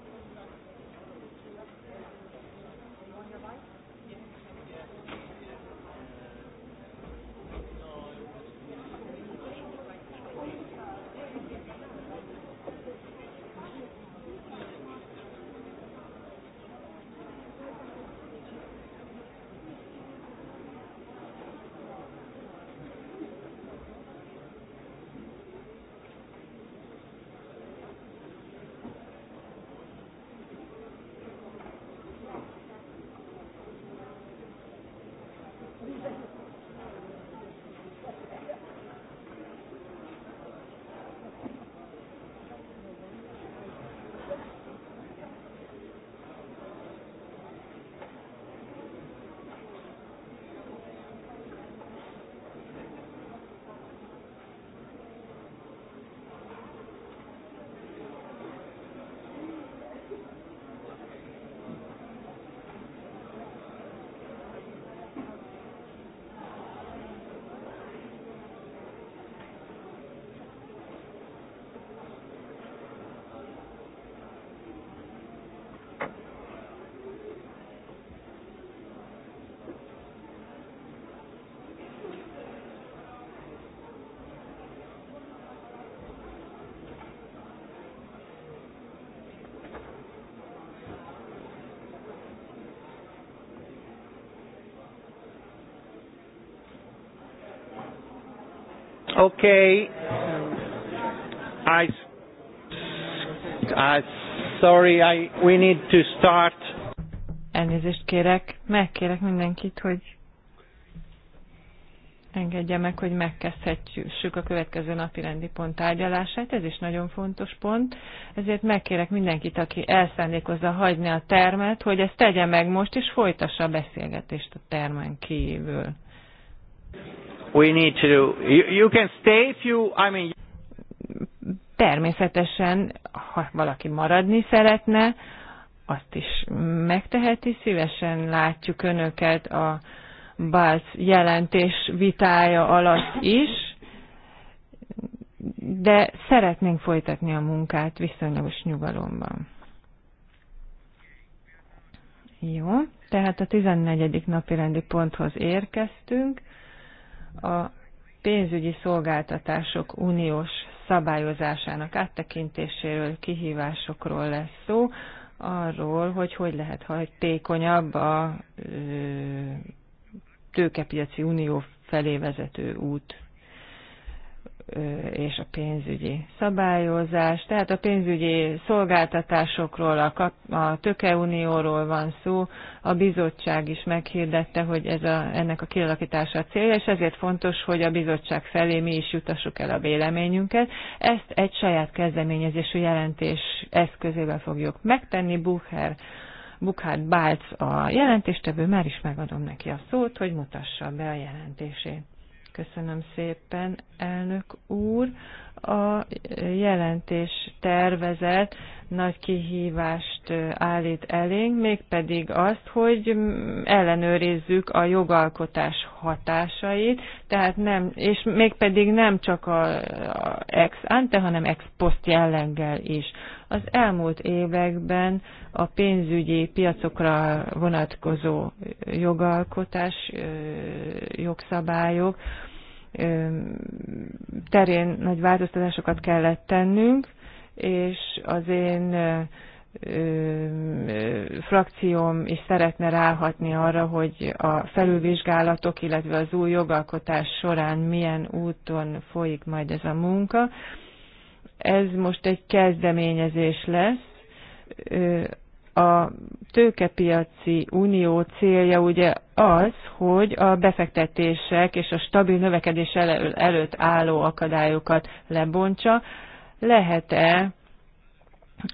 Okay. I, I sorry, I, we need to start. Elnézést kérek, megkérek mindenkit, hogy engedje meg, hogy megkezdhetjük a következő napi rendi pont tárgyalását. Ez is nagyon fontos pont. Ezért megkérek mindenkit, aki elszándékozza hagyni a termet, hogy ezt tegye meg most, és folytassa a beszélgetést a termen kívül we need to do. You, you can stay if you, I mean... Természetesen, ha valaki maradni szeretne, azt is megteheti, szívesen látjuk önöket a bals jelentés vitája alatt is, de szeretnénk folytatni a munkát viszonylagos nyugalomban. Jó, tehát a 14. napi rendi ponthoz érkeztünk a pénzügyi szolgáltatások uniós szabályozásának áttekintéséről, kihívásokról lesz szó, arról, hogy hogy lehet hajtékonyabb a tőkepiaci unió felé vezető út és a pénzügyi szabályozás. Tehát a pénzügyi szolgáltatásokról, a, kap, a tökeunióról van szó, a bizottság is meghirdette, hogy ez a, ennek a kialakítása a célja, és ezért fontos, hogy a bizottság felé mi is jutassuk el a véleményünket. Ezt egy saját kezdeményezésű jelentés eszközével fogjuk megtenni. Bucher, Bukhár Bálc a jelentéstevő, már is megadom neki a szót, hogy mutassa be a jelentését. Köszönöm szépen, elnök úr. A jelentés tervezet nagy kihívást állít elénk, mégpedig azt, hogy ellenőrizzük a jogalkotás hatásait, tehát nem, és mégpedig nem csak a, a ex ante, hanem ex post jelleggel is. Az elmúlt években a pénzügyi piacokra vonatkozó jogalkotás, jogszabályok terén nagy változtatásokat kellett tennünk, és az én frakcióm is szeretne ráhatni arra, hogy a felülvizsgálatok, illetve az új jogalkotás során milyen úton folyik majd ez a munka. Ez most egy kezdeményezés lesz. A tőkepiaci unió célja ugye az, hogy a befektetések és a stabil növekedés előtt álló akadályokat lebontsa. Lehet-e,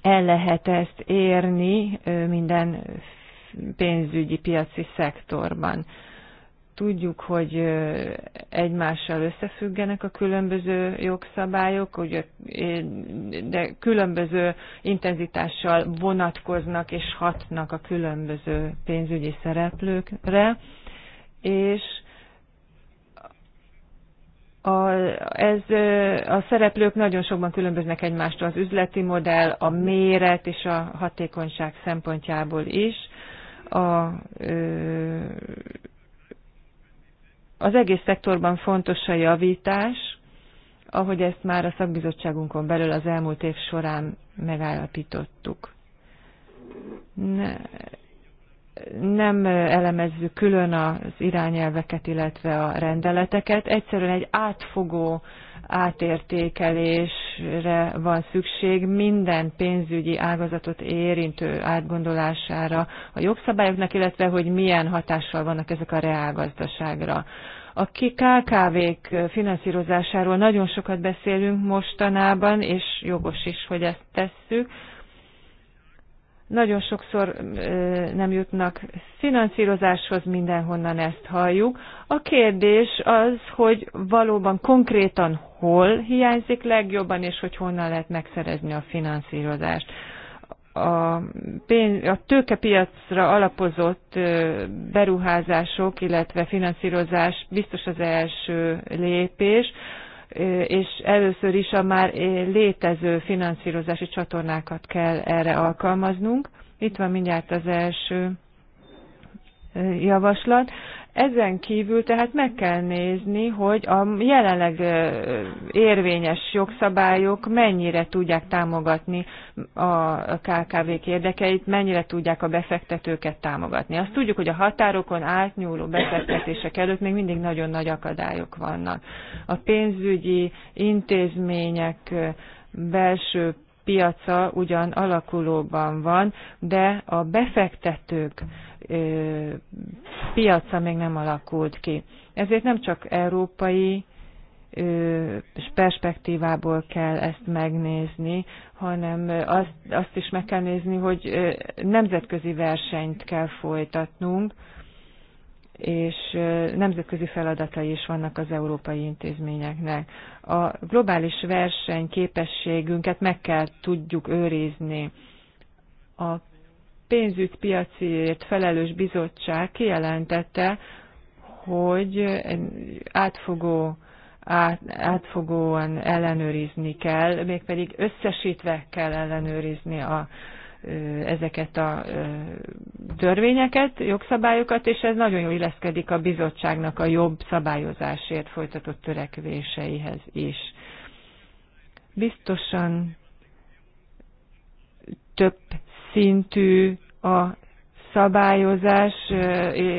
el lehet ezt érni minden pénzügyi piaci szektorban? tudjuk, hogy egymással összefüggenek a különböző jogszabályok, ugye, de különböző intenzitással vonatkoznak és hatnak a különböző pénzügyi szereplőkre, és a, ez, a szereplők nagyon sokban különböznek egymástól az üzleti modell, a méret és a hatékonyság szempontjából is. A, ö, az egész szektorban fontos a javítás, ahogy ezt már a szakbizottságunkon belül az elmúlt év során megállapítottuk. Ne, nem elemezzük külön az irányelveket, illetve a rendeleteket, egyszerűen egy átfogó átértékelésre van szükség, minden pénzügyi ágazatot érintő átgondolására a jogszabályoknak, illetve hogy milyen hatással vannak ezek a reálgazdaságra. A KKV-k finanszírozásáról nagyon sokat beszélünk mostanában, és jogos is, hogy ezt tesszük nagyon sokszor nem jutnak finanszírozáshoz, mindenhonnan ezt halljuk. A kérdés az, hogy valóban konkrétan hol hiányzik legjobban, és hogy honnan lehet megszerezni a finanszírozást. A, pénz, a tőkepiacra alapozott beruházások, illetve finanszírozás biztos az első lépés, és először is a már létező finanszírozási csatornákat kell erre alkalmaznunk. Itt van mindjárt az első eh, javaslat. Ezen kívül tehát meg kell nézni, hogy a jelenleg érvényes jogszabályok mennyire tudják támogatni a KKV-k érdekeit, mennyire tudják a befektetőket támogatni. Azt tudjuk, hogy a határokon átnyúló befektetések előtt még mindig nagyon nagy akadályok vannak. A pénzügyi intézmények belső piaca ugyan alakulóban van, de a befektetők piaca még nem alakult ki. Ezért nem csak európai perspektívából kell ezt megnézni, hanem azt, azt is meg kell nézni, hogy nemzetközi versenyt kell folytatnunk, és nemzetközi feladatai is vannak az európai intézményeknek. A globális képességünket meg kell tudjuk őrizni. A pénzügypiaciért felelős bizottság kijelentette, hogy átfogó át, átfogóan ellenőrizni kell, mégpedig összesítve kell ellenőrizni a ezeket a törvényeket, jogszabályokat, és ez nagyon jól illeszkedik a bizottságnak a jobb szabályozásért folytatott törekvéseihez is. Biztosan több szintű a szabályozás,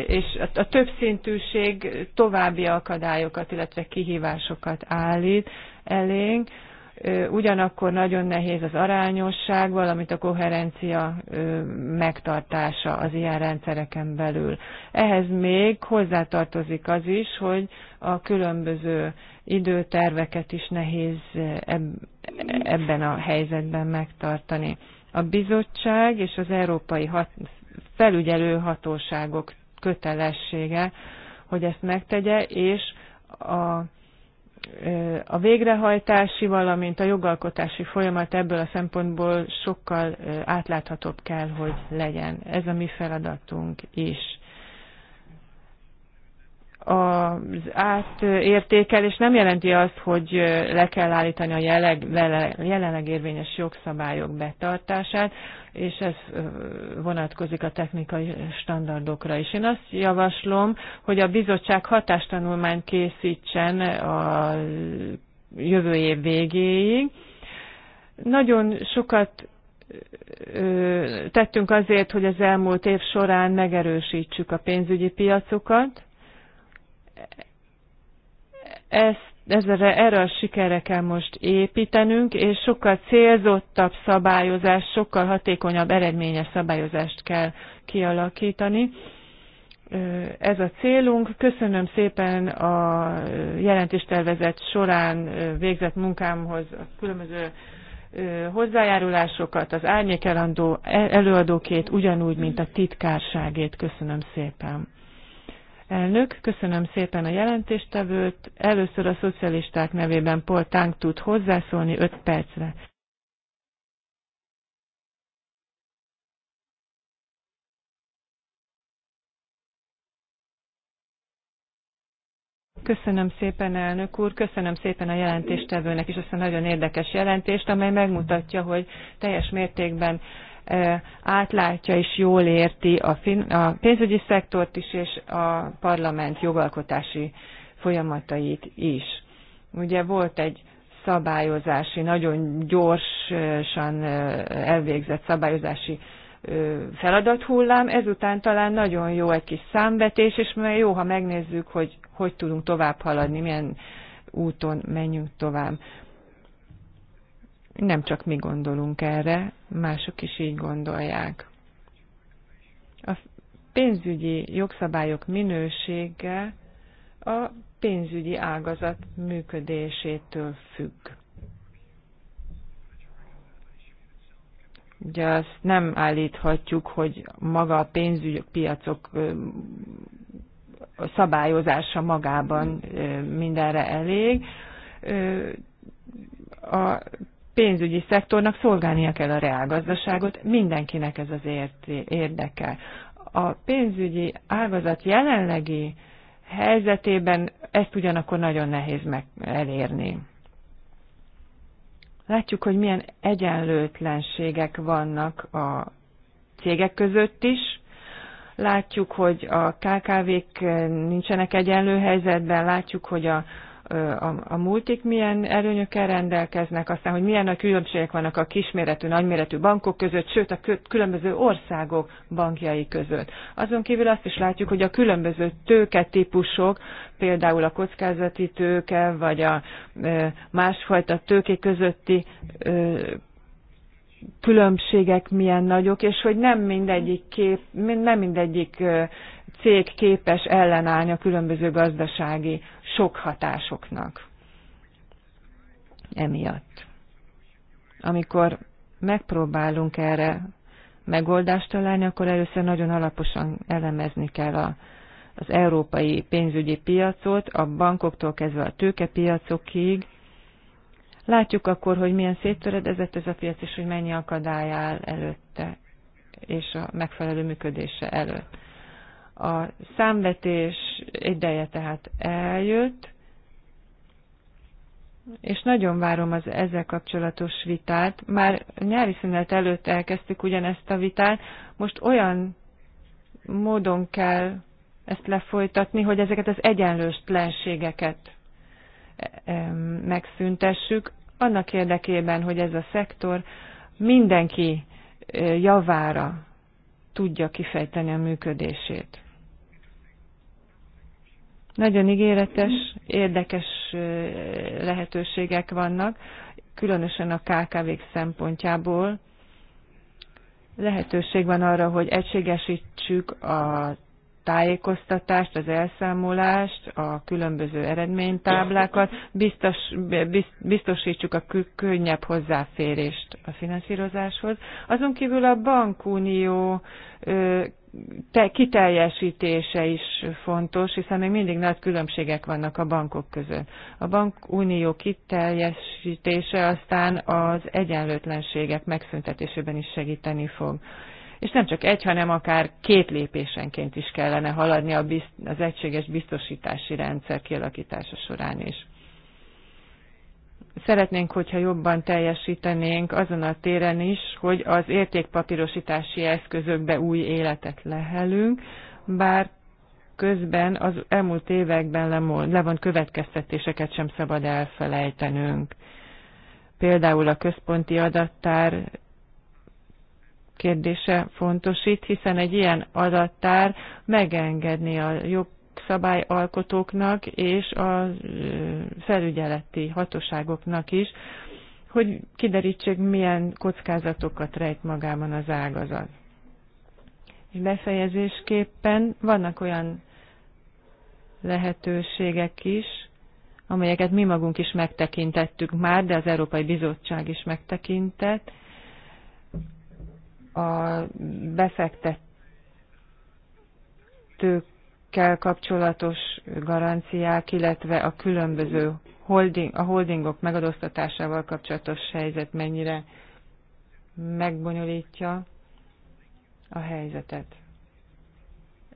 és a többszintűség további akadályokat, illetve kihívásokat állít elénk ugyanakkor nagyon nehéz az arányosság, valamint a koherencia megtartása az ilyen rendszereken belül. Ehhez még hozzátartozik az is, hogy a különböző időterveket is nehéz ebben a helyzetben megtartani. A bizottság és az európai hat, felügyelő hatóságok kötelessége, hogy ezt megtegye, és a a végrehajtási, valamint a jogalkotási folyamat ebből a szempontból sokkal átláthatóbb kell, hogy legyen. Ez a mi feladatunk is az átértékelés nem jelenti azt, hogy le kell állítani a jelenleg, jelenleg érvényes jogszabályok betartását, és ez vonatkozik a technikai standardokra is. Én azt javaslom, hogy a bizottság hatástanulmányt készítsen a jövő év végéig. Nagyon sokat tettünk azért, hogy az elmúlt év során megerősítsük a pénzügyi piacokat, ezt ezre, erre a sikerre kell most építenünk, és sokkal célzottabb szabályozást, sokkal hatékonyabb, eredményes szabályozást kell kialakítani. Ez a célunk. Köszönöm szépen a jelentéstervezet során végzett munkámhoz a különböző hozzájárulásokat, az árnyékelandó e-, előadókét, ugyanúgy, mint a titkárságét. Köszönöm szépen. Elnök, köszönöm szépen a jelentéstevőt. Először a szocialisták nevében Paul Tang tud hozzászólni 5 percre. Köszönöm szépen, elnök úr, köszönöm szépen a jelentéstevőnek is azt a nagyon érdekes jelentést, amely megmutatja, hogy teljes mértékben átlátja és jól érti a, fin- a pénzügyi szektort is, és a parlament jogalkotási folyamatait is. Ugye volt egy szabályozási, nagyon gyorsan elvégzett szabályozási feladathullám, ezután talán nagyon jó egy kis számvetés, és mert jó, ha megnézzük, hogy hogy tudunk tovább haladni, milyen úton menjünk tovább nem csak mi gondolunk erre, mások is így gondolják. A pénzügyi jogszabályok minősége a pénzügyi ágazat működésétől függ. Ugye azt nem állíthatjuk, hogy maga a pénzügypiacok szabályozása magában mindenre elég. A pénzügyi szektornak szolgálnia kell a reálgazdaságot, mindenkinek ez az érdeke. A pénzügyi ágazat jelenlegi helyzetében ezt ugyanakkor nagyon nehéz meg elérni. Látjuk, hogy milyen egyenlőtlenségek vannak a cégek között is, látjuk, hogy a KKV-k nincsenek egyenlő helyzetben, látjuk, hogy a a, a multik milyen előnyökkel rendelkeznek, aztán, hogy milyen nagy különbségek vannak a kisméretű, nagyméretű bankok között, sőt a különböző országok bankjai között. Azon kívül azt is látjuk, hogy a különböző tőketípusok, például a kockázati tőke, vagy a másfajta tőké közötti különbségek milyen nagyok, és hogy nem mindegyik kép, nem mindegyik cég képes ellenállni a különböző gazdasági sok hatásoknak. Emiatt. Amikor megpróbálunk erre megoldást találni, akkor először nagyon alaposan elemezni kell a, az európai pénzügyi piacot, a bankoktól kezdve a tőkepiacokig. Látjuk akkor, hogy milyen széttöredezett ez a piac, és hogy mennyi akadály áll előtte, és a megfelelő működése előtt. A számvetés ideje tehát eljött, és nagyon várom az ezzel kapcsolatos vitát. Már nyári szünet előtt elkezdtük ugyanezt a vitát, most olyan módon kell ezt lefolytatni, hogy ezeket az egyenlőstlenségeket e, e, megszüntessük, annak érdekében, hogy ez a szektor mindenki e, javára tudja kifejteni a működését. Nagyon ígéretes, érdekes lehetőségek vannak, különösen a KKV-k szempontjából. Lehetőség van arra, hogy egységesítsük a tájékoztatást, az elszámolást, a különböző eredménytáblákat, biztos, biztosítsuk a könnyebb hozzáférést a finanszírozáshoz. Azon kívül a bankunió te, kiteljesítése is fontos, hiszen még mindig nagy különbségek vannak a bankok között. A bankunió kiteljesítése aztán az egyenlőtlenségek megszüntetésében is segíteni fog. És nem csak egy, hanem akár két lépésenként is kellene haladni az egységes biztosítási rendszer kialakítása során is szeretnénk, hogyha jobban teljesítenénk azon a téren is, hogy az értékpapírosítási eszközökbe új életet lehelünk, bár közben az elmúlt években levont következtetéseket sem szabad elfelejtenünk. Például a központi adattár kérdése fontos itt, hiszen egy ilyen adattár megengedni a jobb szabályalkotóknak és a felügyeleti hatóságoknak is, hogy kiderítsék, milyen kockázatokat rejt magában az ágazat. És befejezésképpen vannak olyan lehetőségek is, amelyeket mi magunk is megtekintettük már, de az Európai Bizottság is megtekintett, a befektetők kell kapcsolatos garanciák, illetve a különböző holding, a holdingok megadóztatásával kapcsolatos helyzet mennyire megbonyolítja a helyzetet.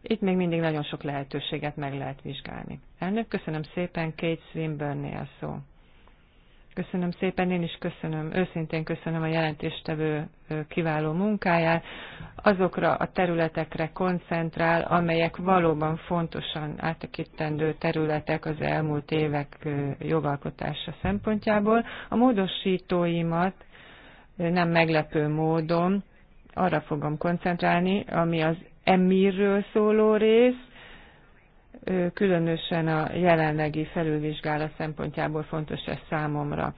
Itt még mindig nagyon sok lehetőséget meg lehet vizsgálni. Elnök, köszönöm szépen, Kate Swinburne a szó. Köszönöm szépen, én is köszönöm, őszintén köszönöm a jelentéstevő kiváló munkáját. Azokra a területekre koncentrál, amelyek valóban fontosan átekintendő területek az elmúlt évek jogalkotása szempontjából. A módosítóimat nem meglepő módon arra fogom koncentrálni, ami az emírről szóló rész, különösen a jelenlegi felülvizsgálat szempontjából fontos ez számomra.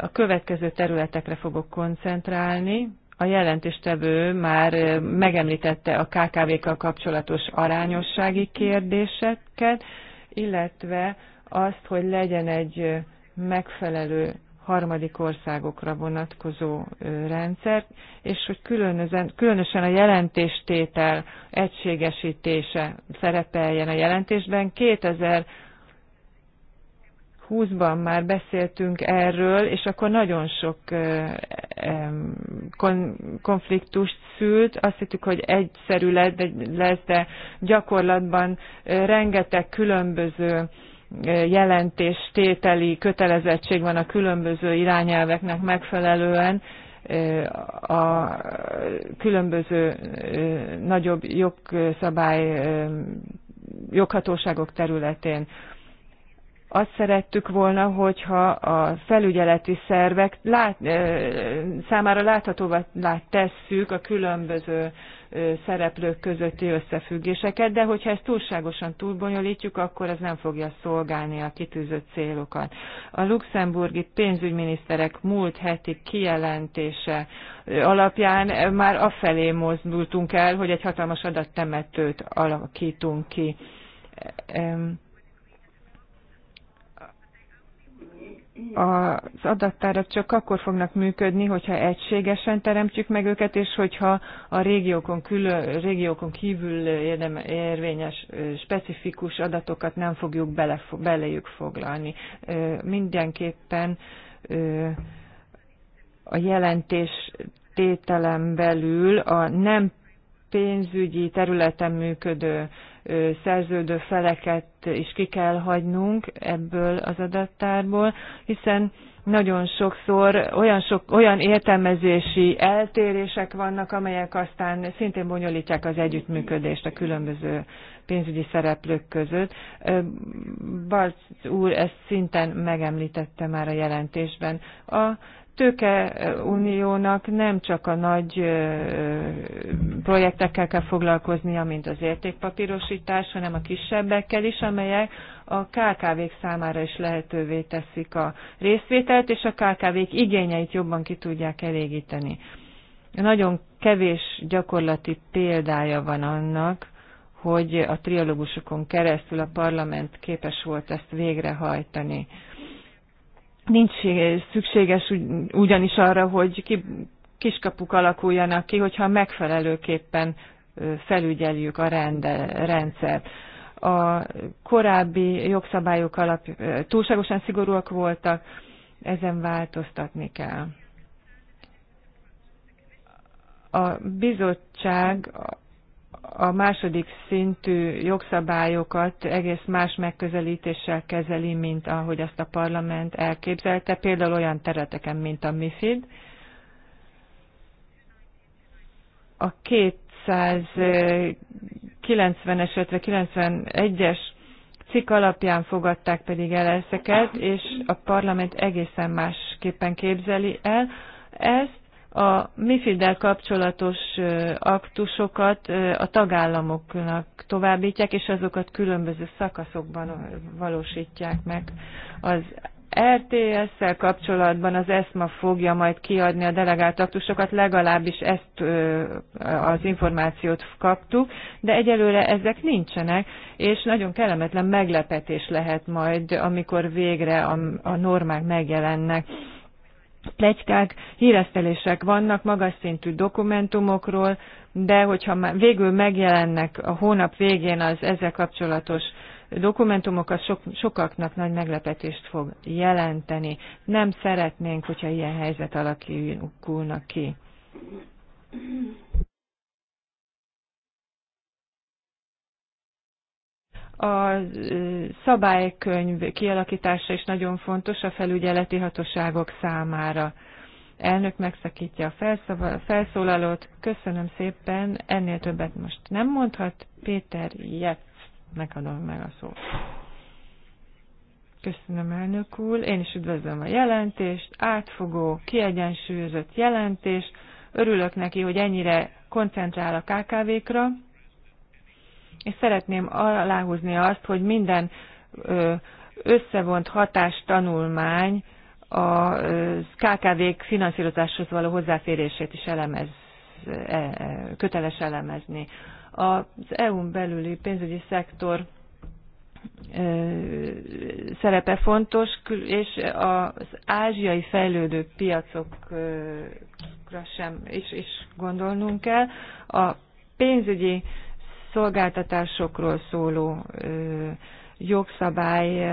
A következő területekre fogok koncentrálni. A jelentéstevő már megemlítette a KKV-kkal kapcsolatos arányossági kérdéseket, illetve azt, hogy legyen egy megfelelő harmadik országokra vonatkozó rendszert, és hogy különösen a jelentéstétel egységesítése szerepeljen a jelentésben. 2020 ban már beszéltünk erről, és akkor nagyon sok konfliktust szült. Azt hittük, hogy egyszerű lesz, de gyakorlatban rengeteg különböző Jelentés tételi kötelezettség van a különböző irányelveknek megfelelően a különböző nagyobb jogszabály joghatóságok területén azt szerettük volna, hogyha a felügyeleti szervek lát, számára láthatóvá tesszük a különböző szereplők közötti összefüggéseket, de hogyha ezt túlságosan túlbonyolítjuk, akkor ez nem fogja szolgálni a kitűzött célokat. A luxemburgi pénzügyminiszterek múlt heti kijelentése alapján már afelé mozdultunk el, hogy egy hatalmas adattemetőt alakítunk ki az adattárak csak akkor fognak működni, hogyha egységesen teremtjük meg őket, és hogyha a régiókon, külön, régiókon kívül érvényes, specifikus adatokat nem fogjuk bele, belejük foglalni. Mindenképpen a jelentés tételem belül a nem pénzügyi területen működő szerződő feleket is ki kell hagynunk ebből az adattárból, hiszen nagyon sokszor olyan, sok, olyan értelmezési eltérések vannak, amelyek aztán szintén bonyolítják az együttműködést a különböző pénzügyi szereplők között. Balc úr ezt szinten megemlítette már a jelentésben. A tőkeuniónak nem csak a nagy projektekkel kell foglalkoznia, mint az értékpapírosítás, hanem a kisebbekkel is, amelyek a KKV-k számára is lehetővé teszik a részvételt, és a KKV-k igényeit jobban ki tudják elégíteni. Nagyon kevés gyakorlati példája van annak, hogy a trialógusokon keresztül a parlament képes volt ezt végrehajtani. Nincs szükséges ugyanis arra, hogy ki, kiskapuk alakuljanak ki, hogyha megfelelőképpen felügyeljük a rende, rendszert. A korábbi jogszabályok alap túlságosan szigorúak voltak, ezen változtatni kell. A bizottság a második szintű jogszabályokat egész más megközelítéssel kezeli, mint ahogy azt a parlament elképzelte, például olyan területeken, mint a MIFID. A 290-es, illetve 91-es cikk alapján fogadták pedig el ezeket, és a parlament egészen másképpen képzeli el ezt, a MIFID-del kapcsolatos aktusokat a tagállamoknak továbbítják, és azokat különböző szakaszokban valósítják meg. Az RTS-szel kapcsolatban az ESMA fogja majd kiadni a delegált aktusokat, legalábbis ezt az információt kaptuk, de egyelőre ezek nincsenek, és nagyon kellemetlen meglepetés lehet majd, amikor végre a, a normák megjelennek plegykák, híresztelések vannak magas szintű dokumentumokról, de hogyha már végül megjelennek a hónap végén az ezzel kapcsolatos dokumentumok, az sok, sokaknak nagy meglepetést fog jelenteni. Nem szeretnénk, hogyha ilyen helyzet alakulnak ki. A szabálykönyv kialakítása is nagyon fontos a felügyeleti hatóságok számára. Elnök megszakítja a felszólalót. Köszönöm szépen, ennél többet most nem mondhat. Péter Jetsz, adom meg a szót. Köszönöm, elnök úr. Én is üdvözlöm a jelentést. Átfogó, kiegyensúlyozott jelentés. Örülök neki, hogy ennyire koncentrál a KKV-kra. És szeretném aláhúzni azt, hogy minden összevont hatástanulmány a KKV-k finanszírozáshoz való hozzáférését is elemez, e, e, köteles elemezni. Az EU-n belüli pénzügyi szektor szerepe fontos, és az ázsiai fejlődő piacokra sem is, is gondolnunk kell. A pénzügyi szolgáltatásokról szóló jogszabály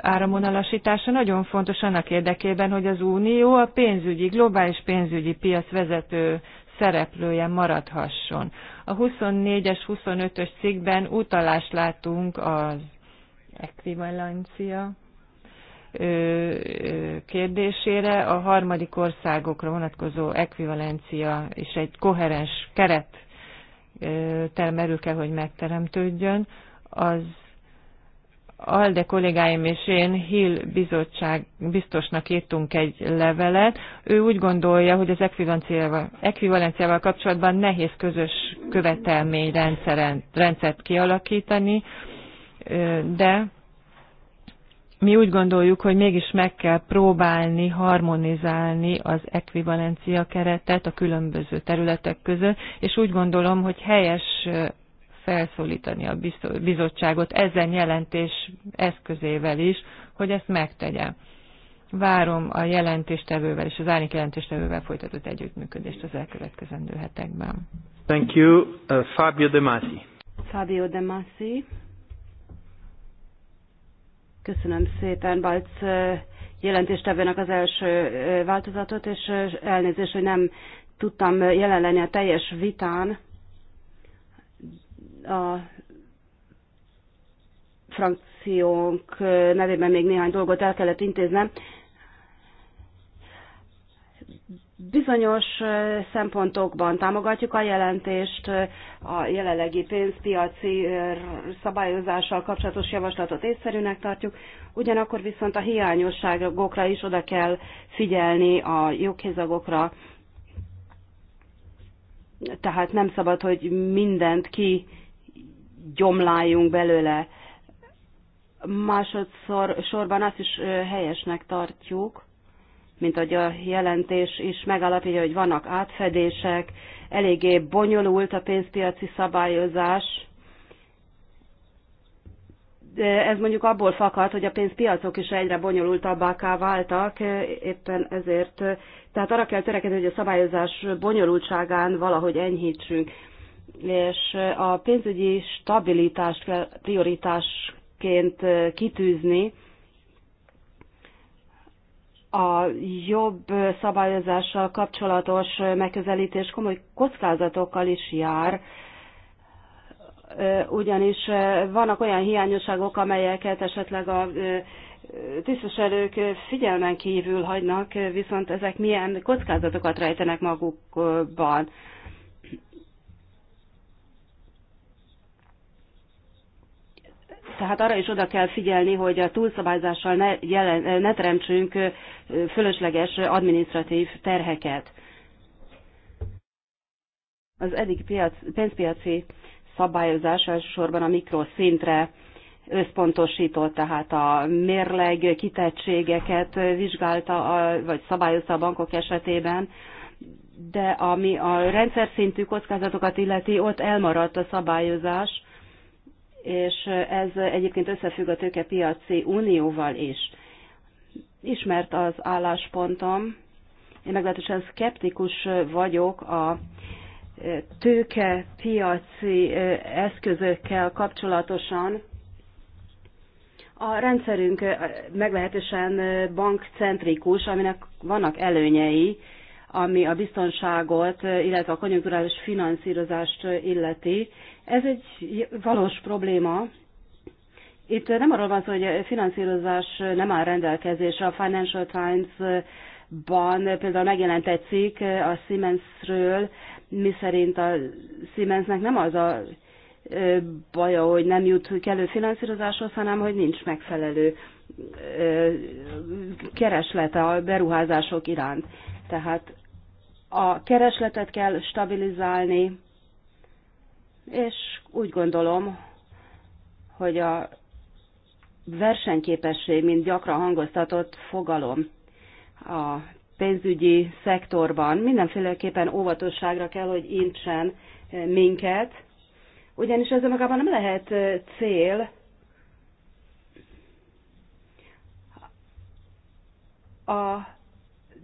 áramonalasítása nagyon fontos annak érdekében, hogy az Unió a pénzügyi, globális pénzügyi piac vezető szereplője maradhasson. A 24-es, 25-ös cikkben utalást látunk az ekvivalencia kérdésére, a harmadik országokra vonatkozó ekvivalencia és egy koherens keret termelő kell, hogy megteremtődjön, az Alde kollégáim és én Hill bizottság biztosnak írtunk egy levelet. Ő úgy gondolja, hogy az ekvivalenciával, ekvivalenciával kapcsolatban nehéz közös követelményrendszert kialakítani, de mi úgy gondoljuk, hogy mégis meg kell próbálni harmonizálni az ekvivalencia keretet a különböző területek között, és úgy gondolom, hogy helyes felszólítani a bizottságot ezen jelentés eszközével is, hogy ezt megtegye. Várom a jelentéstevővel és az árnyék jelentéstevővel folytatott együttműködést az elkövetkezendő hetekben. Thank you, uh, Fabio De Masi. Fabio De Masi. Köszönöm szépen Balc jelentéstevőnek az első változatot, és elnézést, hogy nem tudtam jelen lenni a teljes vitán. A frakciónk nevében még néhány dolgot el kellett intéznem. Bizonyos szempontokban támogatjuk a jelentést, a jelenlegi pénzpiaci szabályozással kapcsolatos javaslatot észszerűnek tartjuk, ugyanakkor viszont a hiányosságokra is oda kell figyelni, a joghézagokra, tehát nem szabad, hogy mindent ki gyomláljunk belőle. Másodszor sorban azt is helyesnek tartjuk, mint ahogy a jelentés is megállapítja, hogy vannak átfedések, eléggé bonyolult a pénzpiaci szabályozás. De ez mondjuk abból fakad, hogy a pénzpiacok is egyre bonyolultabbáká váltak, éppen ezért, tehát arra kell törekedni, hogy a szabályozás bonyolultságán valahogy enyhítsünk. És a pénzügyi stabilitást kell prioritásként kitűzni, a jobb szabályozással kapcsolatos megközelítés komoly kockázatokkal is jár, ugyanis vannak olyan hiányosságok, amelyeket esetleg a tisztviselők figyelmen kívül hagynak, viszont ezek milyen kockázatokat rejtenek magukban. tehát arra is oda kell figyelni, hogy a túlszabályzással ne, jelen, ne teremtsünk fölösleges administratív terheket. Az eddig piac, pénzpiaci szabályozás elsősorban a mikroszintre összpontosított, tehát a mérleg kitettségeket vizsgálta, vagy szabályozta a bankok esetében, de ami a rendszer szintű kockázatokat illeti, ott elmaradt a szabályozás, és ez egyébként összefügg a tőkepiaci unióval is. Ismert az álláspontom, én meglehetősen szkeptikus vagyok a e, tőkepiaci e, eszközökkel kapcsolatosan. A rendszerünk e, meglehetősen bankcentrikus, aminek vannak előnyei, ami a biztonságot, illetve a konjunkturális finanszírozást illeti, ez egy valós probléma. Itt nem arról van szó, hogy finanszírozás nem áll rendelkezésre. A Financial Times ban például megjelent egy cikk a Siemensről, szerint a Siemensnek nem az a baja, hogy nem jut kellő finanszírozáshoz, hanem hogy nincs megfelelő kereslete a beruházások iránt. Tehát a keresletet kell stabilizálni, és úgy gondolom, hogy a versenyképesség, mint gyakran hangoztatott fogalom a pénzügyi szektorban mindenféleképpen óvatosságra kell, hogy intsen eh, minket, ugyanis ez magában nem lehet eh, cél, a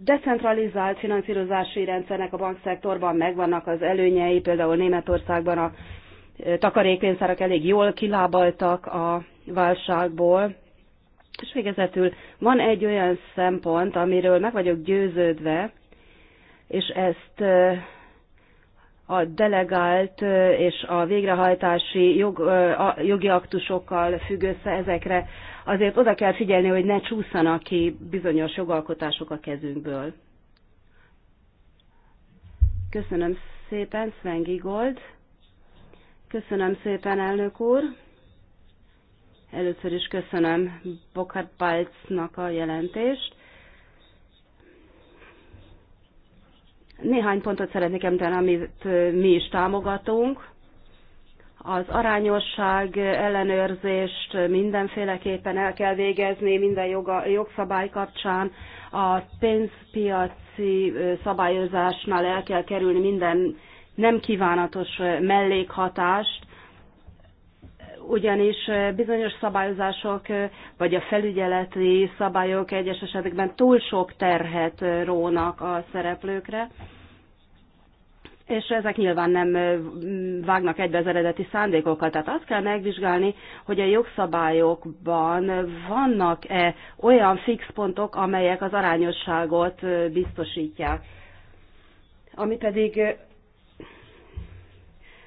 decentralizált finanszírozási rendszernek a bankszektorban megvannak az előnyei, például Németországban a takarékpénzárak elég jól kilábaltak a válságból, és végezetül van egy olyan szempont, amiről meg vagyok győződve, és ezt a delegált és a végrehajtási jog, a jogi aktusokkal függ össze, ezekre azért oda kell figyelni, hogy ne csúszanak ki bizonyos jogalkotások a kezünkből. Köszönöm szépen, Sven Gigold. Köszönöm szépen, elnök úr. Először is köszönöm Bokhard Balcnak a jelentést. Néhány pontot szeretnék említeni, amit mi is támogatunk. Az arányosság ellenőrzést mindenféleképpen el kell végezni minden joga, jogszabály kapcsán. A pénzpiaci szabályozásnál el kell kerülni minden nem kívánatos mellékhatást, ugyanis bizonyos szabályozások vagy a felügyeleti szabályok egyes esetekben túl sok terhet rónak a szereplőkre és ezek nyilván nem vágnak egybe az eredeti szándékokkal. Tehát azt kell megvizsgálni, hogy a jogszabályokban vannak-e olyan fix pontok, amelyek az arányosságot biztosítják. Ami pedig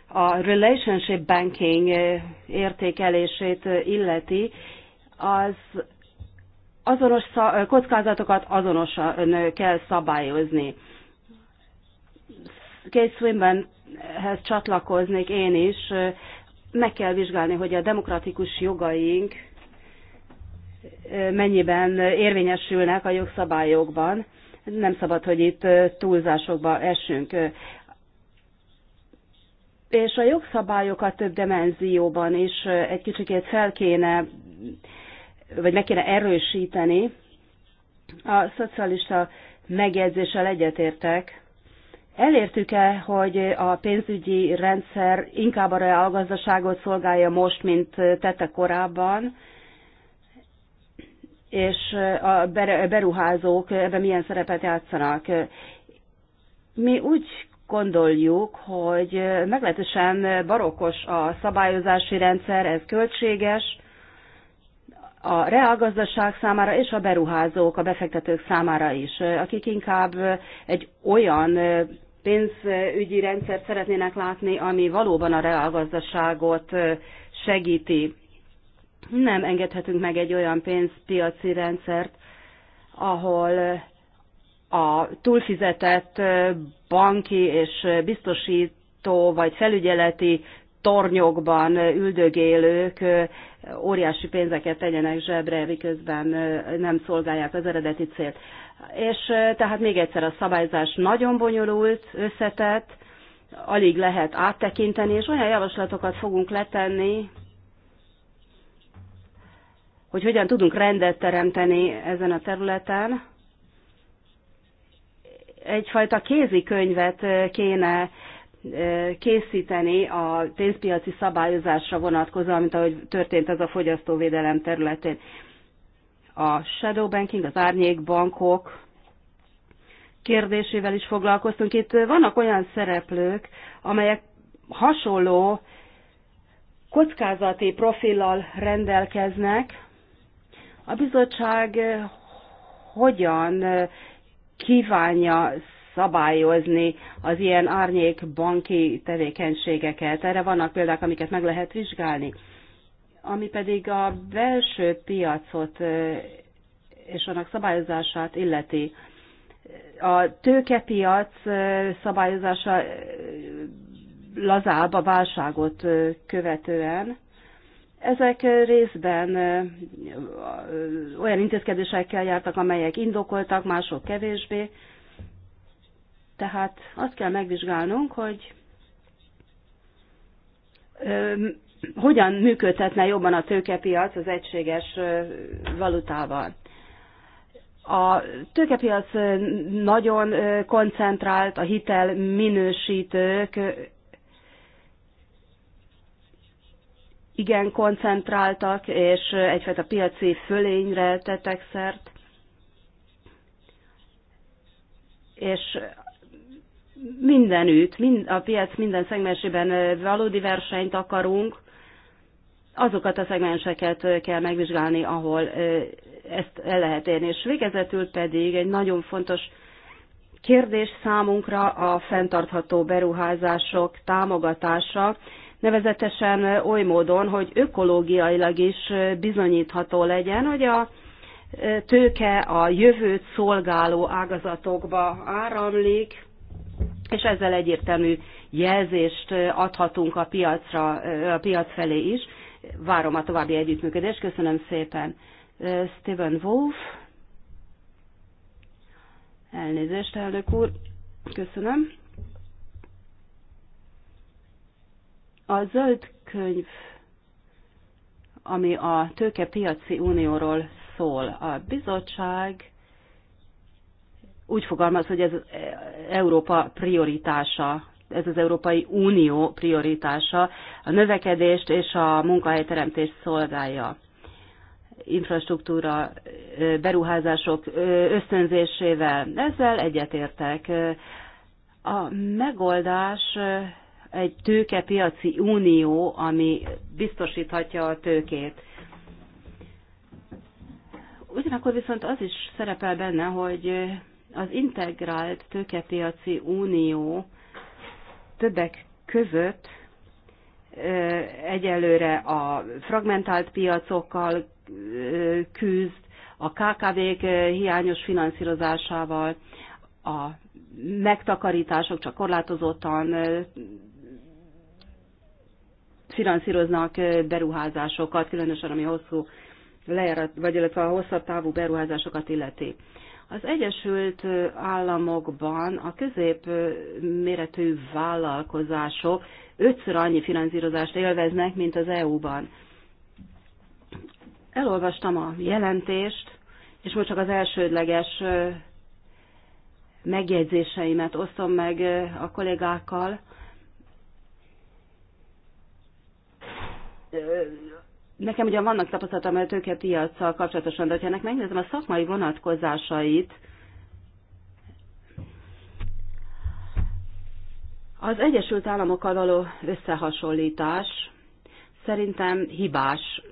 a relationship banking értékelését illeti, az azonos kockázatokat azonosan kell szabályozni. Kate Swinbanhez csatlakoznék én is. Meg kell vizsgálni, hogy a demokratikus jogaink mennyiben érvényesülnek a jogszabályokban. Nem szabad, hogy itt túlzásokba esünk. És a jogszabályokat több dimenzióban is egy kicsikét fel kéne, vagy meg kéne erősíteni. A szocialista megjegyzéssel egyetértek, Elértük-e, hogy a pénzügyi rendszer inkább a reálgazdaságot szolgálja most, mint tette korábban, és a beruházók ebben milyen szerepet játszanak? Mi úgy gondoljuk, hogy meglehetősen barokos a szabályozási rendszer, ez költséges, a reálgazdaság számára és a beruházók, a befektetők számára is, akik inkább egy olyan pénzügyi rendszert szeretnének látni, ami valóban a reálgazdaságot segíti. Nem engedhetünk meg egy olyan pénzpiaci rendszert, ahol a túlfizetett banki és biztosító vagy felügyeleti tornyokban üldögélők óriási pénzeket tegyenek zsebre, miközben nem szolgálják az eredeti célt. És tehát még egyszer a szabályzás nagyon bonyolult, összetett, alig lehet áttekinteni, és olyan javaslatokat fogunk letenni, hogy hogyan tudunk rendet teremteni ezen a területen. Egyfajta kézikönyvet kéne készíteni a pénzpiaci szabályozásra vonatkozóan, mint ahogy történt ez a fogyasztóvédelem területén. A shadow banking, az árnyék bankok kérdésével is foglalkoztunk. Itt vannak olyan szereplők, amelyek hasonló kockázati profillal rendelkeznek. A bizottság hogyan kívánja szabályozni az ilyen árnyék banki tevékenységeket. Erre vannak példák, amiket meg lehet vizsgálni. Ami pedig a belső piacot és annak szabályozását illeti. A tőkepiac szabályozása lazább a válságot követően. Ezek részben olyan intézkedésekkel jártak, amelyek indokoltak, mások kevésbé. Tehát azt kell megvizsgálnunk, hogy hogyan működhetne jobban a tőkepiac az egységes valutával. A tőkepiac nagyon koncentrált, a hitel minősítők igen koncentráltak, és egyfajta piaci fölényre tettek szert. És mindenütt, mind, a piac minden szegmensében valódi versenyt akarunk, azokat a szegmenseket kell megvizsgálni, ahol ezt el lehet érni. És végezetül pedig egy nagyon fontos kérdés számunkra a fenntartható beruházások támogatása, nevezetesen oly módon, hogy ökológiailag is bizonyítható legyen, hogy a tőke a jövőt szolgáló ágazatokba áramlik, és ezzel egyértelmű jelzést adhatunk a piacra, a piac felé is. Várom a további együttműködést. Köszönöm szépen. Steven Wolf. Elnézést, elnök úr. Köszönöm. A zöld könyv, ami a tőkepiaci unióról szól, a bizottság úgy fogalmaz, hogy ez Európa prioritása, ez az Európai Unió prioritása, a növekedést és a munkahelyteremtést szolgálja infrastruktúra beruházások ösztönzésével. Ezzel egyetértek. A megoldás egy tőkepiaci unió, ami biztosíthatja a tőkét. Ugyanakkor viszont az is szerepel benne, hogy az integrált tőkepiaci unió többek között egyelőre a fragmentált piacokkal küzd, a KKV-k hiányos finanszírozásával, a megtakarítások csak korlátozottan finanszíroznak beruházásokat, különösen ami hosszú lejárat, vagy illetve a hosszabb távú beruházásokat illeti. Az Egyesült Államokban a középméretű vállalkozások ötször annyi finanszírozást élveznek, mint az EU-ban. Elolvastam a jelentést, és most csak az elsődleges megjegyzéseimet osztom meg a kollégákkal. Nekem ugyan vannak tapasztalatom a tőkepiacsal kapcsolatosan, de ha ennek megnézem a szakmai vonatkozásait, az Egyesült Államokkal való összehasonlítás szerintem hibás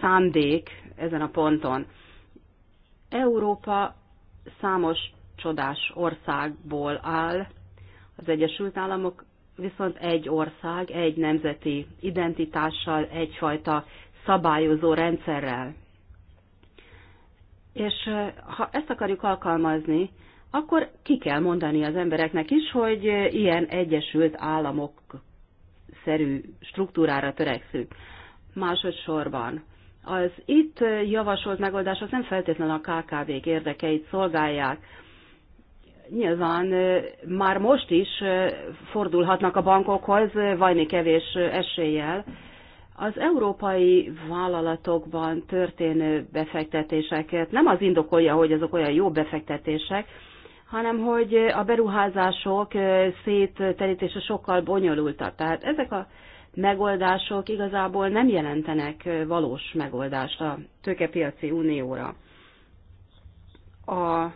szándék ezen a ponton. Európa számos csodás országból áll, az Egyesült Államok viszont egy ország, egy nemzeti identitással, egyfajta szabályozó rendszerrel. És ha ezt akarjuk alkalmazni, akkor ki kell mondani az embereknek is, hogy ilyen Egyesült Államok szerű struktúrára törekszünk. Másodszorban az itt javasolt megoldás az nem feltétlenül a KKV-k érdekeit szolgálják, nyilván már most is fordulhatnak a bankokhoz, vajni kevés eséllyel. Az európai vállalatokban történő befektetéseket nem az indokolja, hogy azok olyan jó befektetések, hanem hogy a beruházások szétterítése sokkal bonyolultabb. Tehát ezek a megoldások igazából nem jelentenek valós megoldást a tőkepiaci unióra. A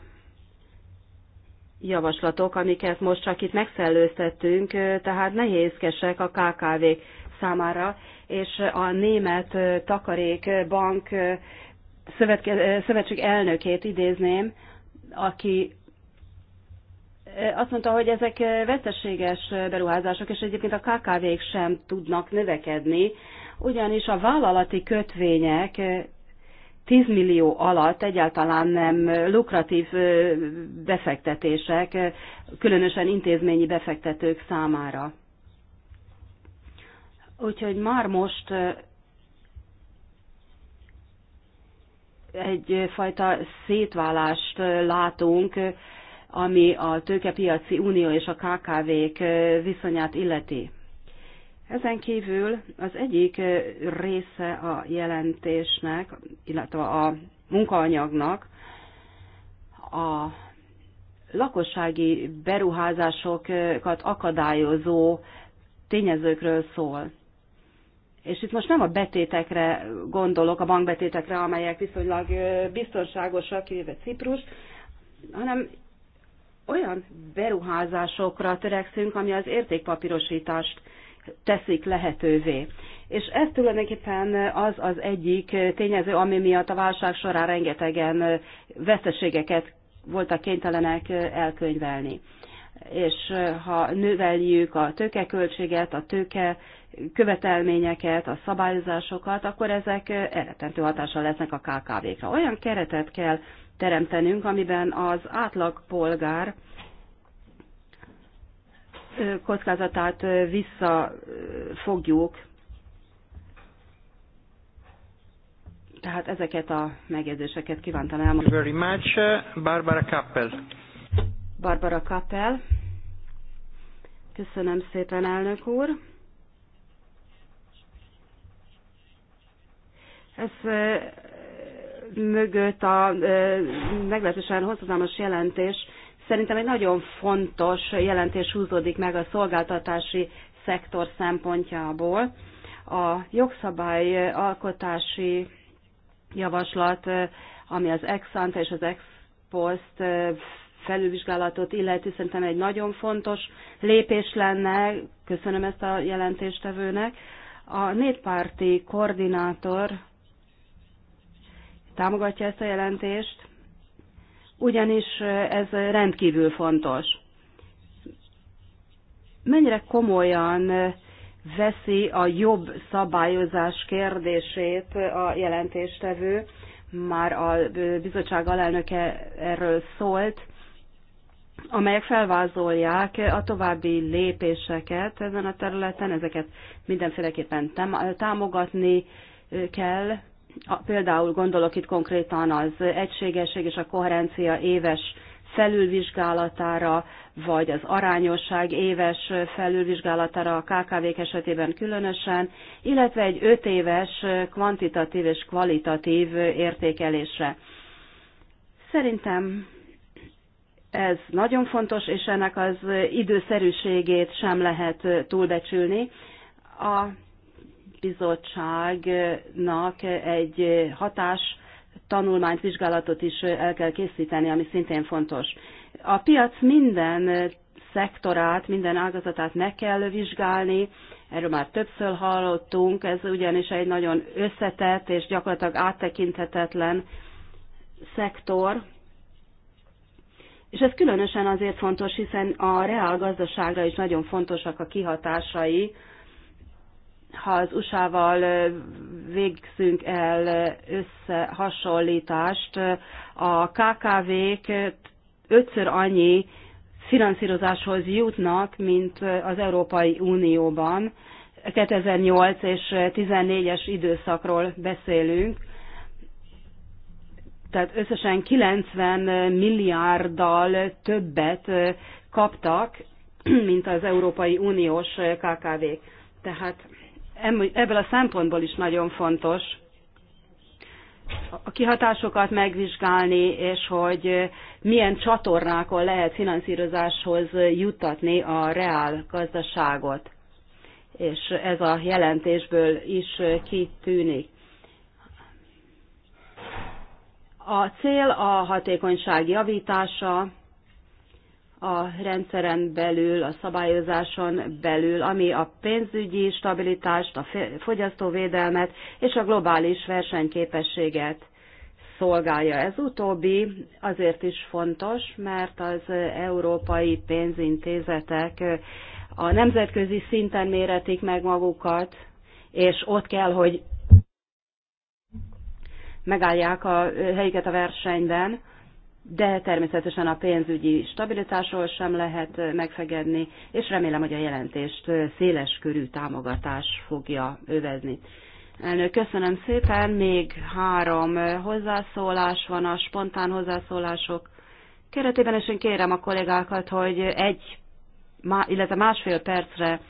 javaslatok, amiket most csak itt megszellőztettünk, tehát nehézkesek a kkv számára, és a német takarékbank szövetség elnökét idézném, aki azt mondta, hogy ezek veszteséges beruházások, és egyébként a KKV-k sem tudnak növekedni, ugyanis a vállalati kötvények 10 millió alatt egyáltalán nem lukratív befektetések, különösen intézményi befektetők számára. Úgyhogy már most egyfajta szétválást látunk, ami a tőkepiaci unió és a KKV-k viszonyát illeti. Ezen kívül az egyik eh, része a jelentésnek, illetve a munkaanyagnak a lakossági beruházásokat akadályozó tényezőkről szól. És itt most nem a betétekre gondolok, a bankbetétekre, amelyek viszonylag eh, biztonságosak, kivéve Ciprus, hanem olyan beruházásokra törekszünk, ami az értékpapírosítást teszik lehetővé. És ez tulajdonképpen az az egyik tényező, ami miatt a válság során rengetegen veszteségeket voltak kénytelenek elkönyvelni. És ha növeljük a tőkeköltséget, a tőke követelményeket, a szabályozásokat, akkor ezek eretentő hatással lesznek a KKV-kra. Olyan keretet kell teremtenünk, amiben az átlagpolgár kockázatát visszafogjuk. Tehát ezeket a megjegyzéseket kívántam elmondani. Very much, uh, Barbara Kappel. Barbara Kappel. Köszönöm szépen, elnök úr. Ez mögött a meglehetősen hosszadalmas jelentés Szerintem egy nagyon fontos jelentés húzódik meg a szolgáltatási szektor szempontjából. A jogszabály alkotási javaslat, ami az ex ante és az ex post felülvizsgálatot illeti, szerintem egy nagyon fontos lépés lenne, köszönöm ezt a jelentéstevőnek. A négypárti koordinátor támogatja ezt a jelentést, ugyanis ez rendkívül fontos. Mennyire komolyan veszi a jobb szabályozás kérdését a jelentéstevő, már a bizottság alelnöke erről szólt, amelyek felvázolják a további lépéseket ezen a területen, ezeket mindenféleképpen támogatni kell, Például gondolok itt konkrétan az egységesség és a koherencia éves felülvizsgálatára, vagy az arányosság éves felülvizsgálatára a KKV-k esetében különösen, illetve egy öt éves kvantitatív és kvalitatív értékelésre. Szerintem ez nagyon fontos, és ennek az időszerűségét sem lehet túlbecsülni. A bizottságnak egy hatás tanulmányt, vizsgálatot is el kell készíteni, ami szintén fontos. A piac minden szektorát, minden ágazatát meg kell vizsgálni, erről már többször hallottunk, ez ugyanis egy nagyon összetett és gyakorlatilag áttekinthetetlen szektor, és ez különösen azért fontos, hiszen a reál gazdaságra is nagyon fontosak a kihatásai ha az USA-val végzünk el összehasonlítást, a KKV-k ötször annyi finanszírozáshoz jutnak, mint az Európai Unióban. 2008 és 2014-es időszakról beszélünk, tehát összesen 90 milliárddal többet kaptak, mint az Európai Uniós KKV-k. Tehát ebből a szempontból is nagyon fontos a kihatásokat megvizsgálni, és hogy milyen csatornákon lehet finanszírozáshoz juttatni a reál gazdaságot. És ez a jelentésből is kitűnik. A cél a hatékonyság javítása, a rendszeren belül, a szabályozáson belül, ami a pénzügyi stabilitást, a fogyasztóvédelmet és a globális versenyképességet szolgálja. Ez utóbbi azért is fontos, mert az európai pénzintézetek a nemzetközi szinten méretik meg magukat, és ott kell, hogy megállják a helyiket a versenyben de természetesen a pénzügyi stabilitásról sem lehet megfegedni, és remélem, hogy a jelentést széles körű támogatás fogja övezni. Elnök, köszönöm szépen. Még három hozzászólás van a spontán hozzászólások keretében, és én kérem a kollégákat, hogy egy, illetve másfél percre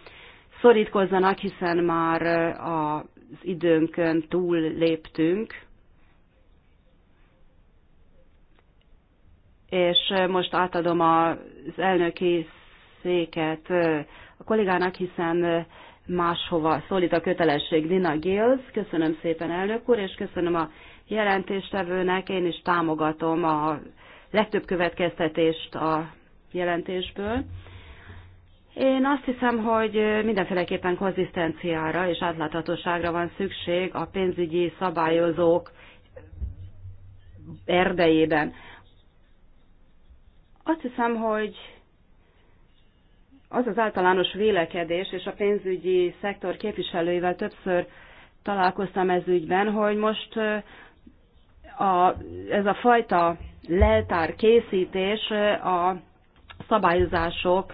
szorítkozzanak, hiszen már az időnkön túl léptünk. és most átadom az elnöki széket a kollégának, hiszen máshova szólít a kötelesség. Dina Gills, köszönöm szépen elnök úr, és köszönöm a jelentéstevőnek, én is támogatom a legtöbb következtetést a jelentésből. Én azt hiszem, hogy mindenféleképpen konzisztenciára és átláthatóságra van szükség a pénzügyi szabályozók erdejében. Azt hiszem, hogy az az általános vélekedés, és a pénzügyi szektor képviselőivel többször találkoztam ez ügyben, hogy most a, ez a fajta leltár készítés a szabályozások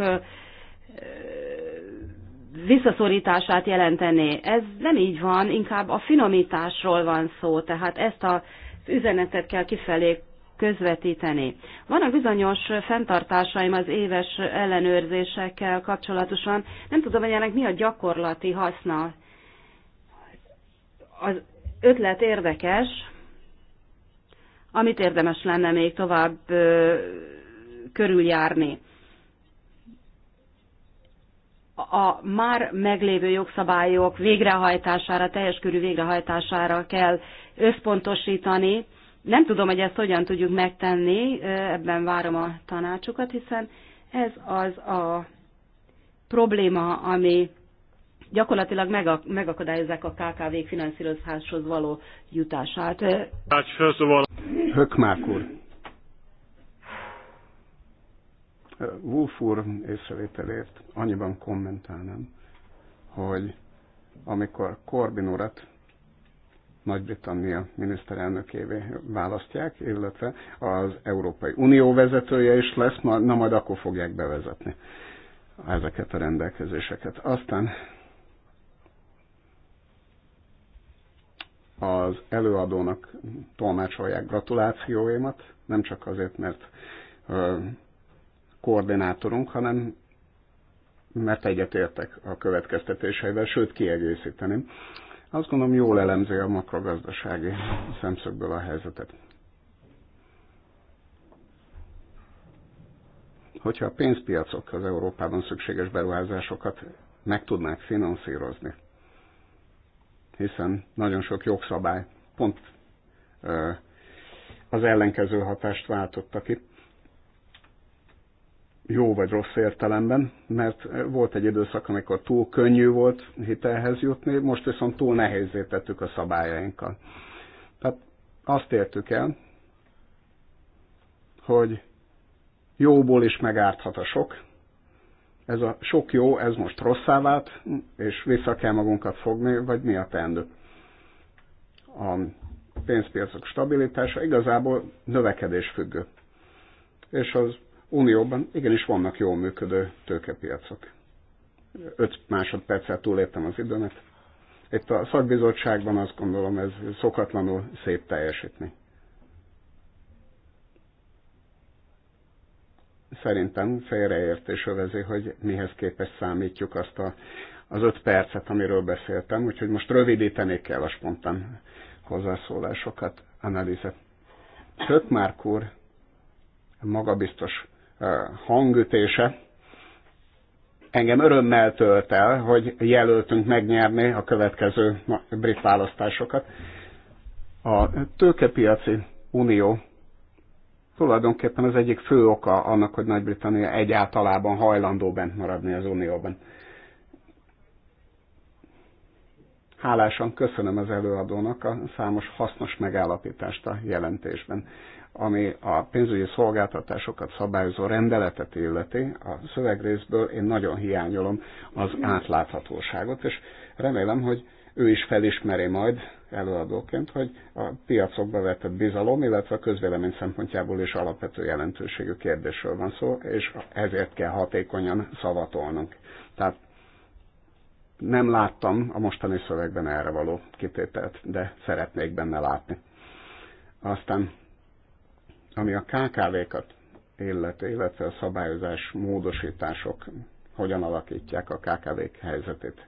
visszaszorítását jelentené. Ez nem így van, inkább a finomításról van szó, tehát ezt az üzenetet kell kifelé közvetíteni. Vannak bizonyos fenntartásaim az éves ellenőrzésekkel kapcsolatosan. Nem tudom, hogy ennek mi a gyakorlati haszna. Az ötlet érdekes, amit érdemes lenne még tovább körüljárni a már meglévő jogszabályok végrehajtására, teljes körű végrehajtására kell összpontosítani, nem tudom, hogy ezt hogyan tudjuk megtenni, ebben várom a tanácsokat, hiszen ez az a probléma, ami gyakorlatilag megakadályozzák a kkv finanszírozáshoz való jutását. Hökmák úr. Wolf úr észrevételért annyiban kommentálnám, hogy amikor Korbin urat nagy-Britannia miniszterelnökévé választják, illetve az Európai Unió vezetője is lesz, na majd akkor fogják bevezetni ezeket a rendelkezéseket. Aztán az előadónak tolmácsolják gratulációimat, nem csak azért, mert ö, koordinátorunk, hanem mert egyetértek a következtetéseivel, sőt kiegészíteném azt gondolom jól elemzi a makrogazdasági szemszögből a helyzetet. Hogyha a pénzpiacok az Európában szükséges beruházásokat meg tudnák finanszírozni, hiszen nagyon sok jogszabály pont az ellenkező hatást váltotta ki, jó vagy rossz értelemben, mert volt egy időszak, amikor túl könnyű volt hitelhez jutni, most viszont túl nehézé tettük a szabályainkkal. Tehát azt értük el, hogy jóból is megárthat a sok. Ez a sok jó, ez most rosszá vált, és vissza kell magunkat fogni, vagy mi a teendő. A pénzpiacok stabilitása igazából növekedés függő. És az Unióban igenis vannak jól működő tőkepiacok. Öt másodperccel túléptem az időmet. Itt a szakbizottságban azt gondolom ez szokatlanul szép teljesítni. Szerintem félreértés övezi, hogy mihez képes számítjuk azt a, az öt percet, amiről beszéltem, úgyhogy most rövidíteni kell a spontán hozzászólásokat, analízet. Márk úr magabiztos hangütése engem örömmel tölt el, hogy jelöltünk megnyerni a következő brit választásokat. A tőkepiaci unió tulajdonképpen az egyik fő oka annak, hogy Nagy-Britannia egyáltalában hajlandó bent maradni az unióban. Hálásan köszönöm az előadónak a számos hasznos megállapítást a jelentésben ami a pénzügyi szolgáltatásokat szabályozó rendeletet illeti, a szövegrészből én nagyon hiányolom az átláthatóságot, és remélem, hogy ő is felismeri majd előadóként, hogy a piacokba vetett bizalom, illetve a közvélemény szempontjából is alapvető jelentőségű kérdésről van szó, és ezért kell hatékonyan szavatolnunk. Tehát nem láttam a mostani szövegben erre való kitételt, de szeretnék benne látni. Aztán ami a KKV-kat illet, illetve a szabályozás módosítások hogyan alakítják a KKV-k helyzetét.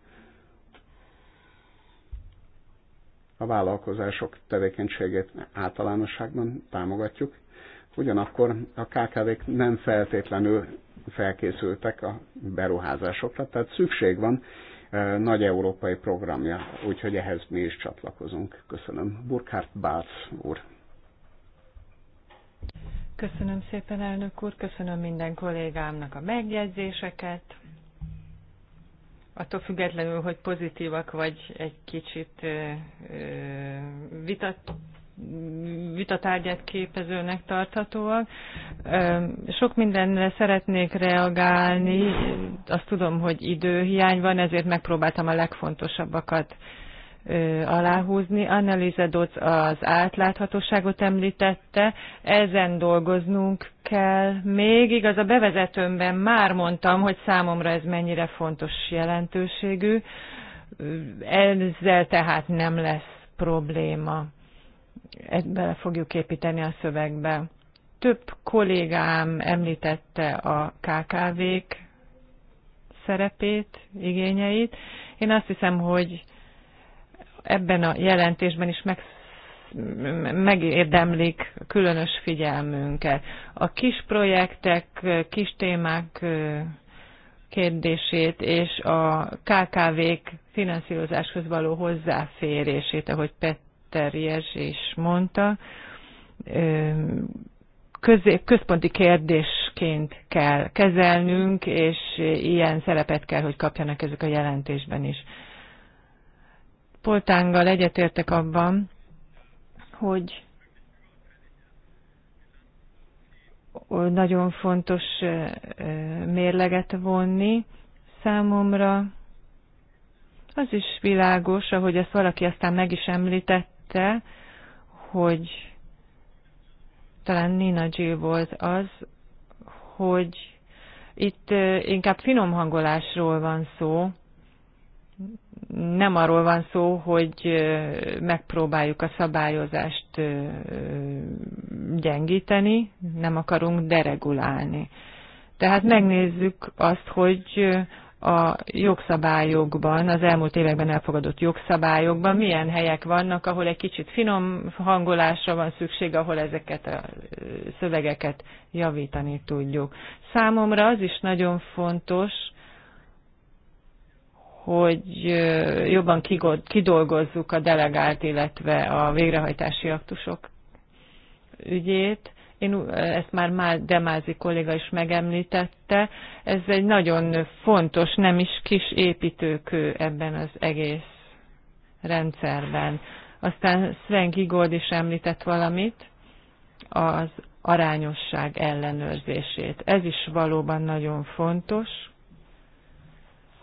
A vállalkozások tevékenységét általánosságban támogatjuk, ugyanakkor a KKV-k nem feltétlenül felkészültek a beruházásokra, tehát szükség van e, nagy európai programja, úgyhogy ehhez mi is csatlakozunk. Köszönöm. Burkhard Bác úr. Köszönöm szépen, elnök úr, köszönöm minden kollégámnak a megjegyzéseket. Attól függetlenül, hogy pozitívak vagy egy kicsit vitat, vitatárgyát képezőnek tarthatóak. Sok mindenre szeretnék reagálni, azt tudom, hogy időhiány van, ezért megpróbáltam a legfontosabbakat aláhúzni. Annelize Doc az átláthatóságot említette, ezen dolgoznunk kell. Még igaz, a bevezetőmben már mondtam, hogy számomra ez mennyire fontos jelentőségű, ezzel tehát nem lesz probléma. Ezt bele fogjuk építeni a szövegbe. Több kollégám említette a KKV-k szerepét, igényeit. Én azt hiszem, hogy ebben a jelentésben is meg, megérdemlik különös figyelmünket. A kis projektek, kis témák kérdését és a KKV-k finanszírozáshoz való hozzáférését, ahogy Petter Jezs is mondta, központi kérdésként kell kezelnünk, és ilyen szerepet kell, hogy kapjanak ezek a jelentésben is. Poltánggal egyetértek abban, hogy nagyon fontos mérleget vonni számomra. Az is világos, ahogy ezt valaki aztán meg is említette, hogy talán Nina G. volt az, hogy itt inkább finom hangolásról van szó, nem arról van szó, hogy megpróbáljuk a szabályozást gyengíteni, nem akarunk deregulálni. Tehát megnézzük azt, hogy a jogszabályokban, az elmúlt években elfogadott jogszabályokban milyen helyek vannak, ahol egy kicsit finom hangolásra van szükség, ahol ezeket a szövegeket javítani tudjuk. Számomra az is nagyon fontos, hogy jobban kidolgozzuk a delegált, illetve a végrehajtási aktusok ügyét. Én ezt már Demázi kolléga is megemlítette. Ez egy nagyon fontos, nem is kis építőkő ebben az egész rendszerben. Aztán Sven Gigold is említett valamit, az arányosság ellenőrzését. Ez is valóban nagyon fontos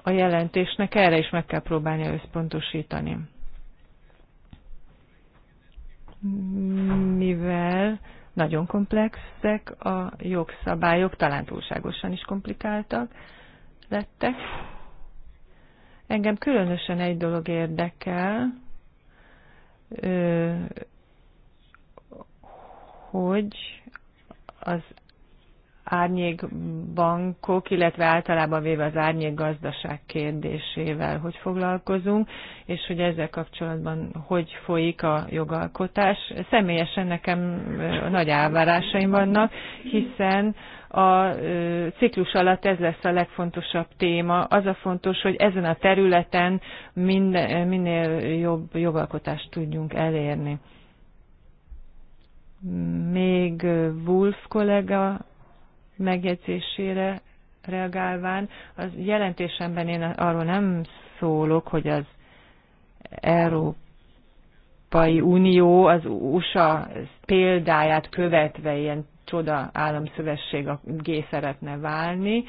a jelentésnek erre is meg kell próbálni összpontosítani. Mivel nagyon komplexek a jogszabályok, talán túlságosan is komplikáltak lettek. Engem különösen egy dolog érdekel, hogy az árnyék bankok, illetve általában véve az árnyék gazdaság kérdésével hogy foglalkozunk, és hogy ezzel kapcsolatban hogy folyik a jogalkotás. Személyesen nekem nagy elvárásaim vannak, hiszen a ciklus alatt ez lesz a legfontosabb téma. Az a fontos, hogy ezen a területen minél jobb jogalkotást tudjunk elérni. Még Wolf kollega megjegyzésére reagálván, az jelentésemben én arról nem szólok, hogy az Európai Unió az USA példáját követve ilyen csoda államszövetség a G szeretne válni.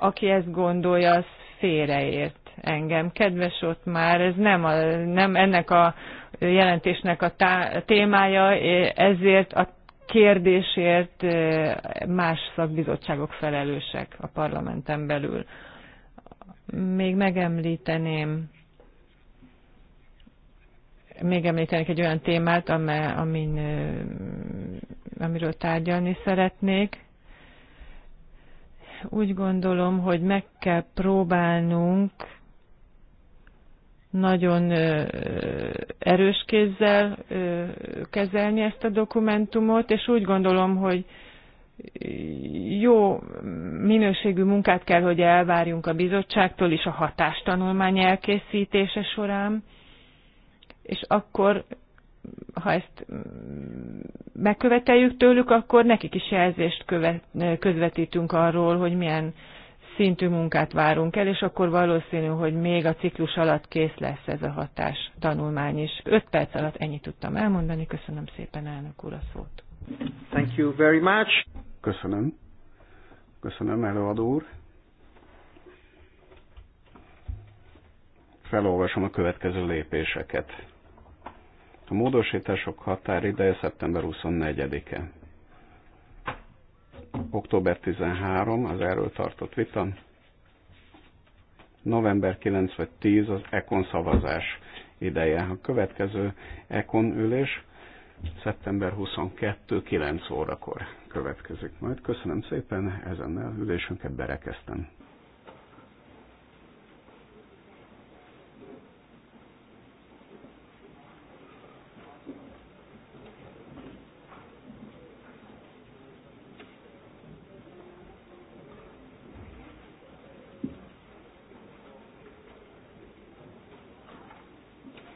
Aki ezt gondolja, az félreért engem. Kedves ott már, ez nem, a, nem ennek a jelentésnek a tá, témája, ezért a kérdésért más szakbizottságok felelősek a parlamenten belül. Még megemlíteném még említenék egy olyan témát, amin, amiről tárgyalni szeretnék. Úgy gondolom, hogy meg kell próbálnunk nagyon erős kézzel kezelni ezt a dokumentumot, és úgy gondolom, hogy jó minőségű munkát kell, hogy elvárjunk a bizottságtól is a hatástanulmány elkészítése során, és akkor, ha ezt megköveteljük tőlük, akkor nekik is jelzést követ, közvetítünk arról, hogy milyen szintű munkát várunk el, és akkor valószínű, hogy még a ciklus alatt kész lesz ez a hatás tanulmány is. Öt perc alatt ennyit tudtam elmondani. Köszönöm szépen, elnök úr, a szót. Thank you very much. Köszönöm. Köszönöm, előadó úr. Felolvasom a következő lépéseket. A módosítások határideje szeptember 24-e október 13 az erről tartott vita, november 9 vagy 10 az ECON szavazás ideje. A következő ECON ülés szeptember 22 9 órakor következik majd. Köszönöm szépen, ezennel ülésünket berekeztem.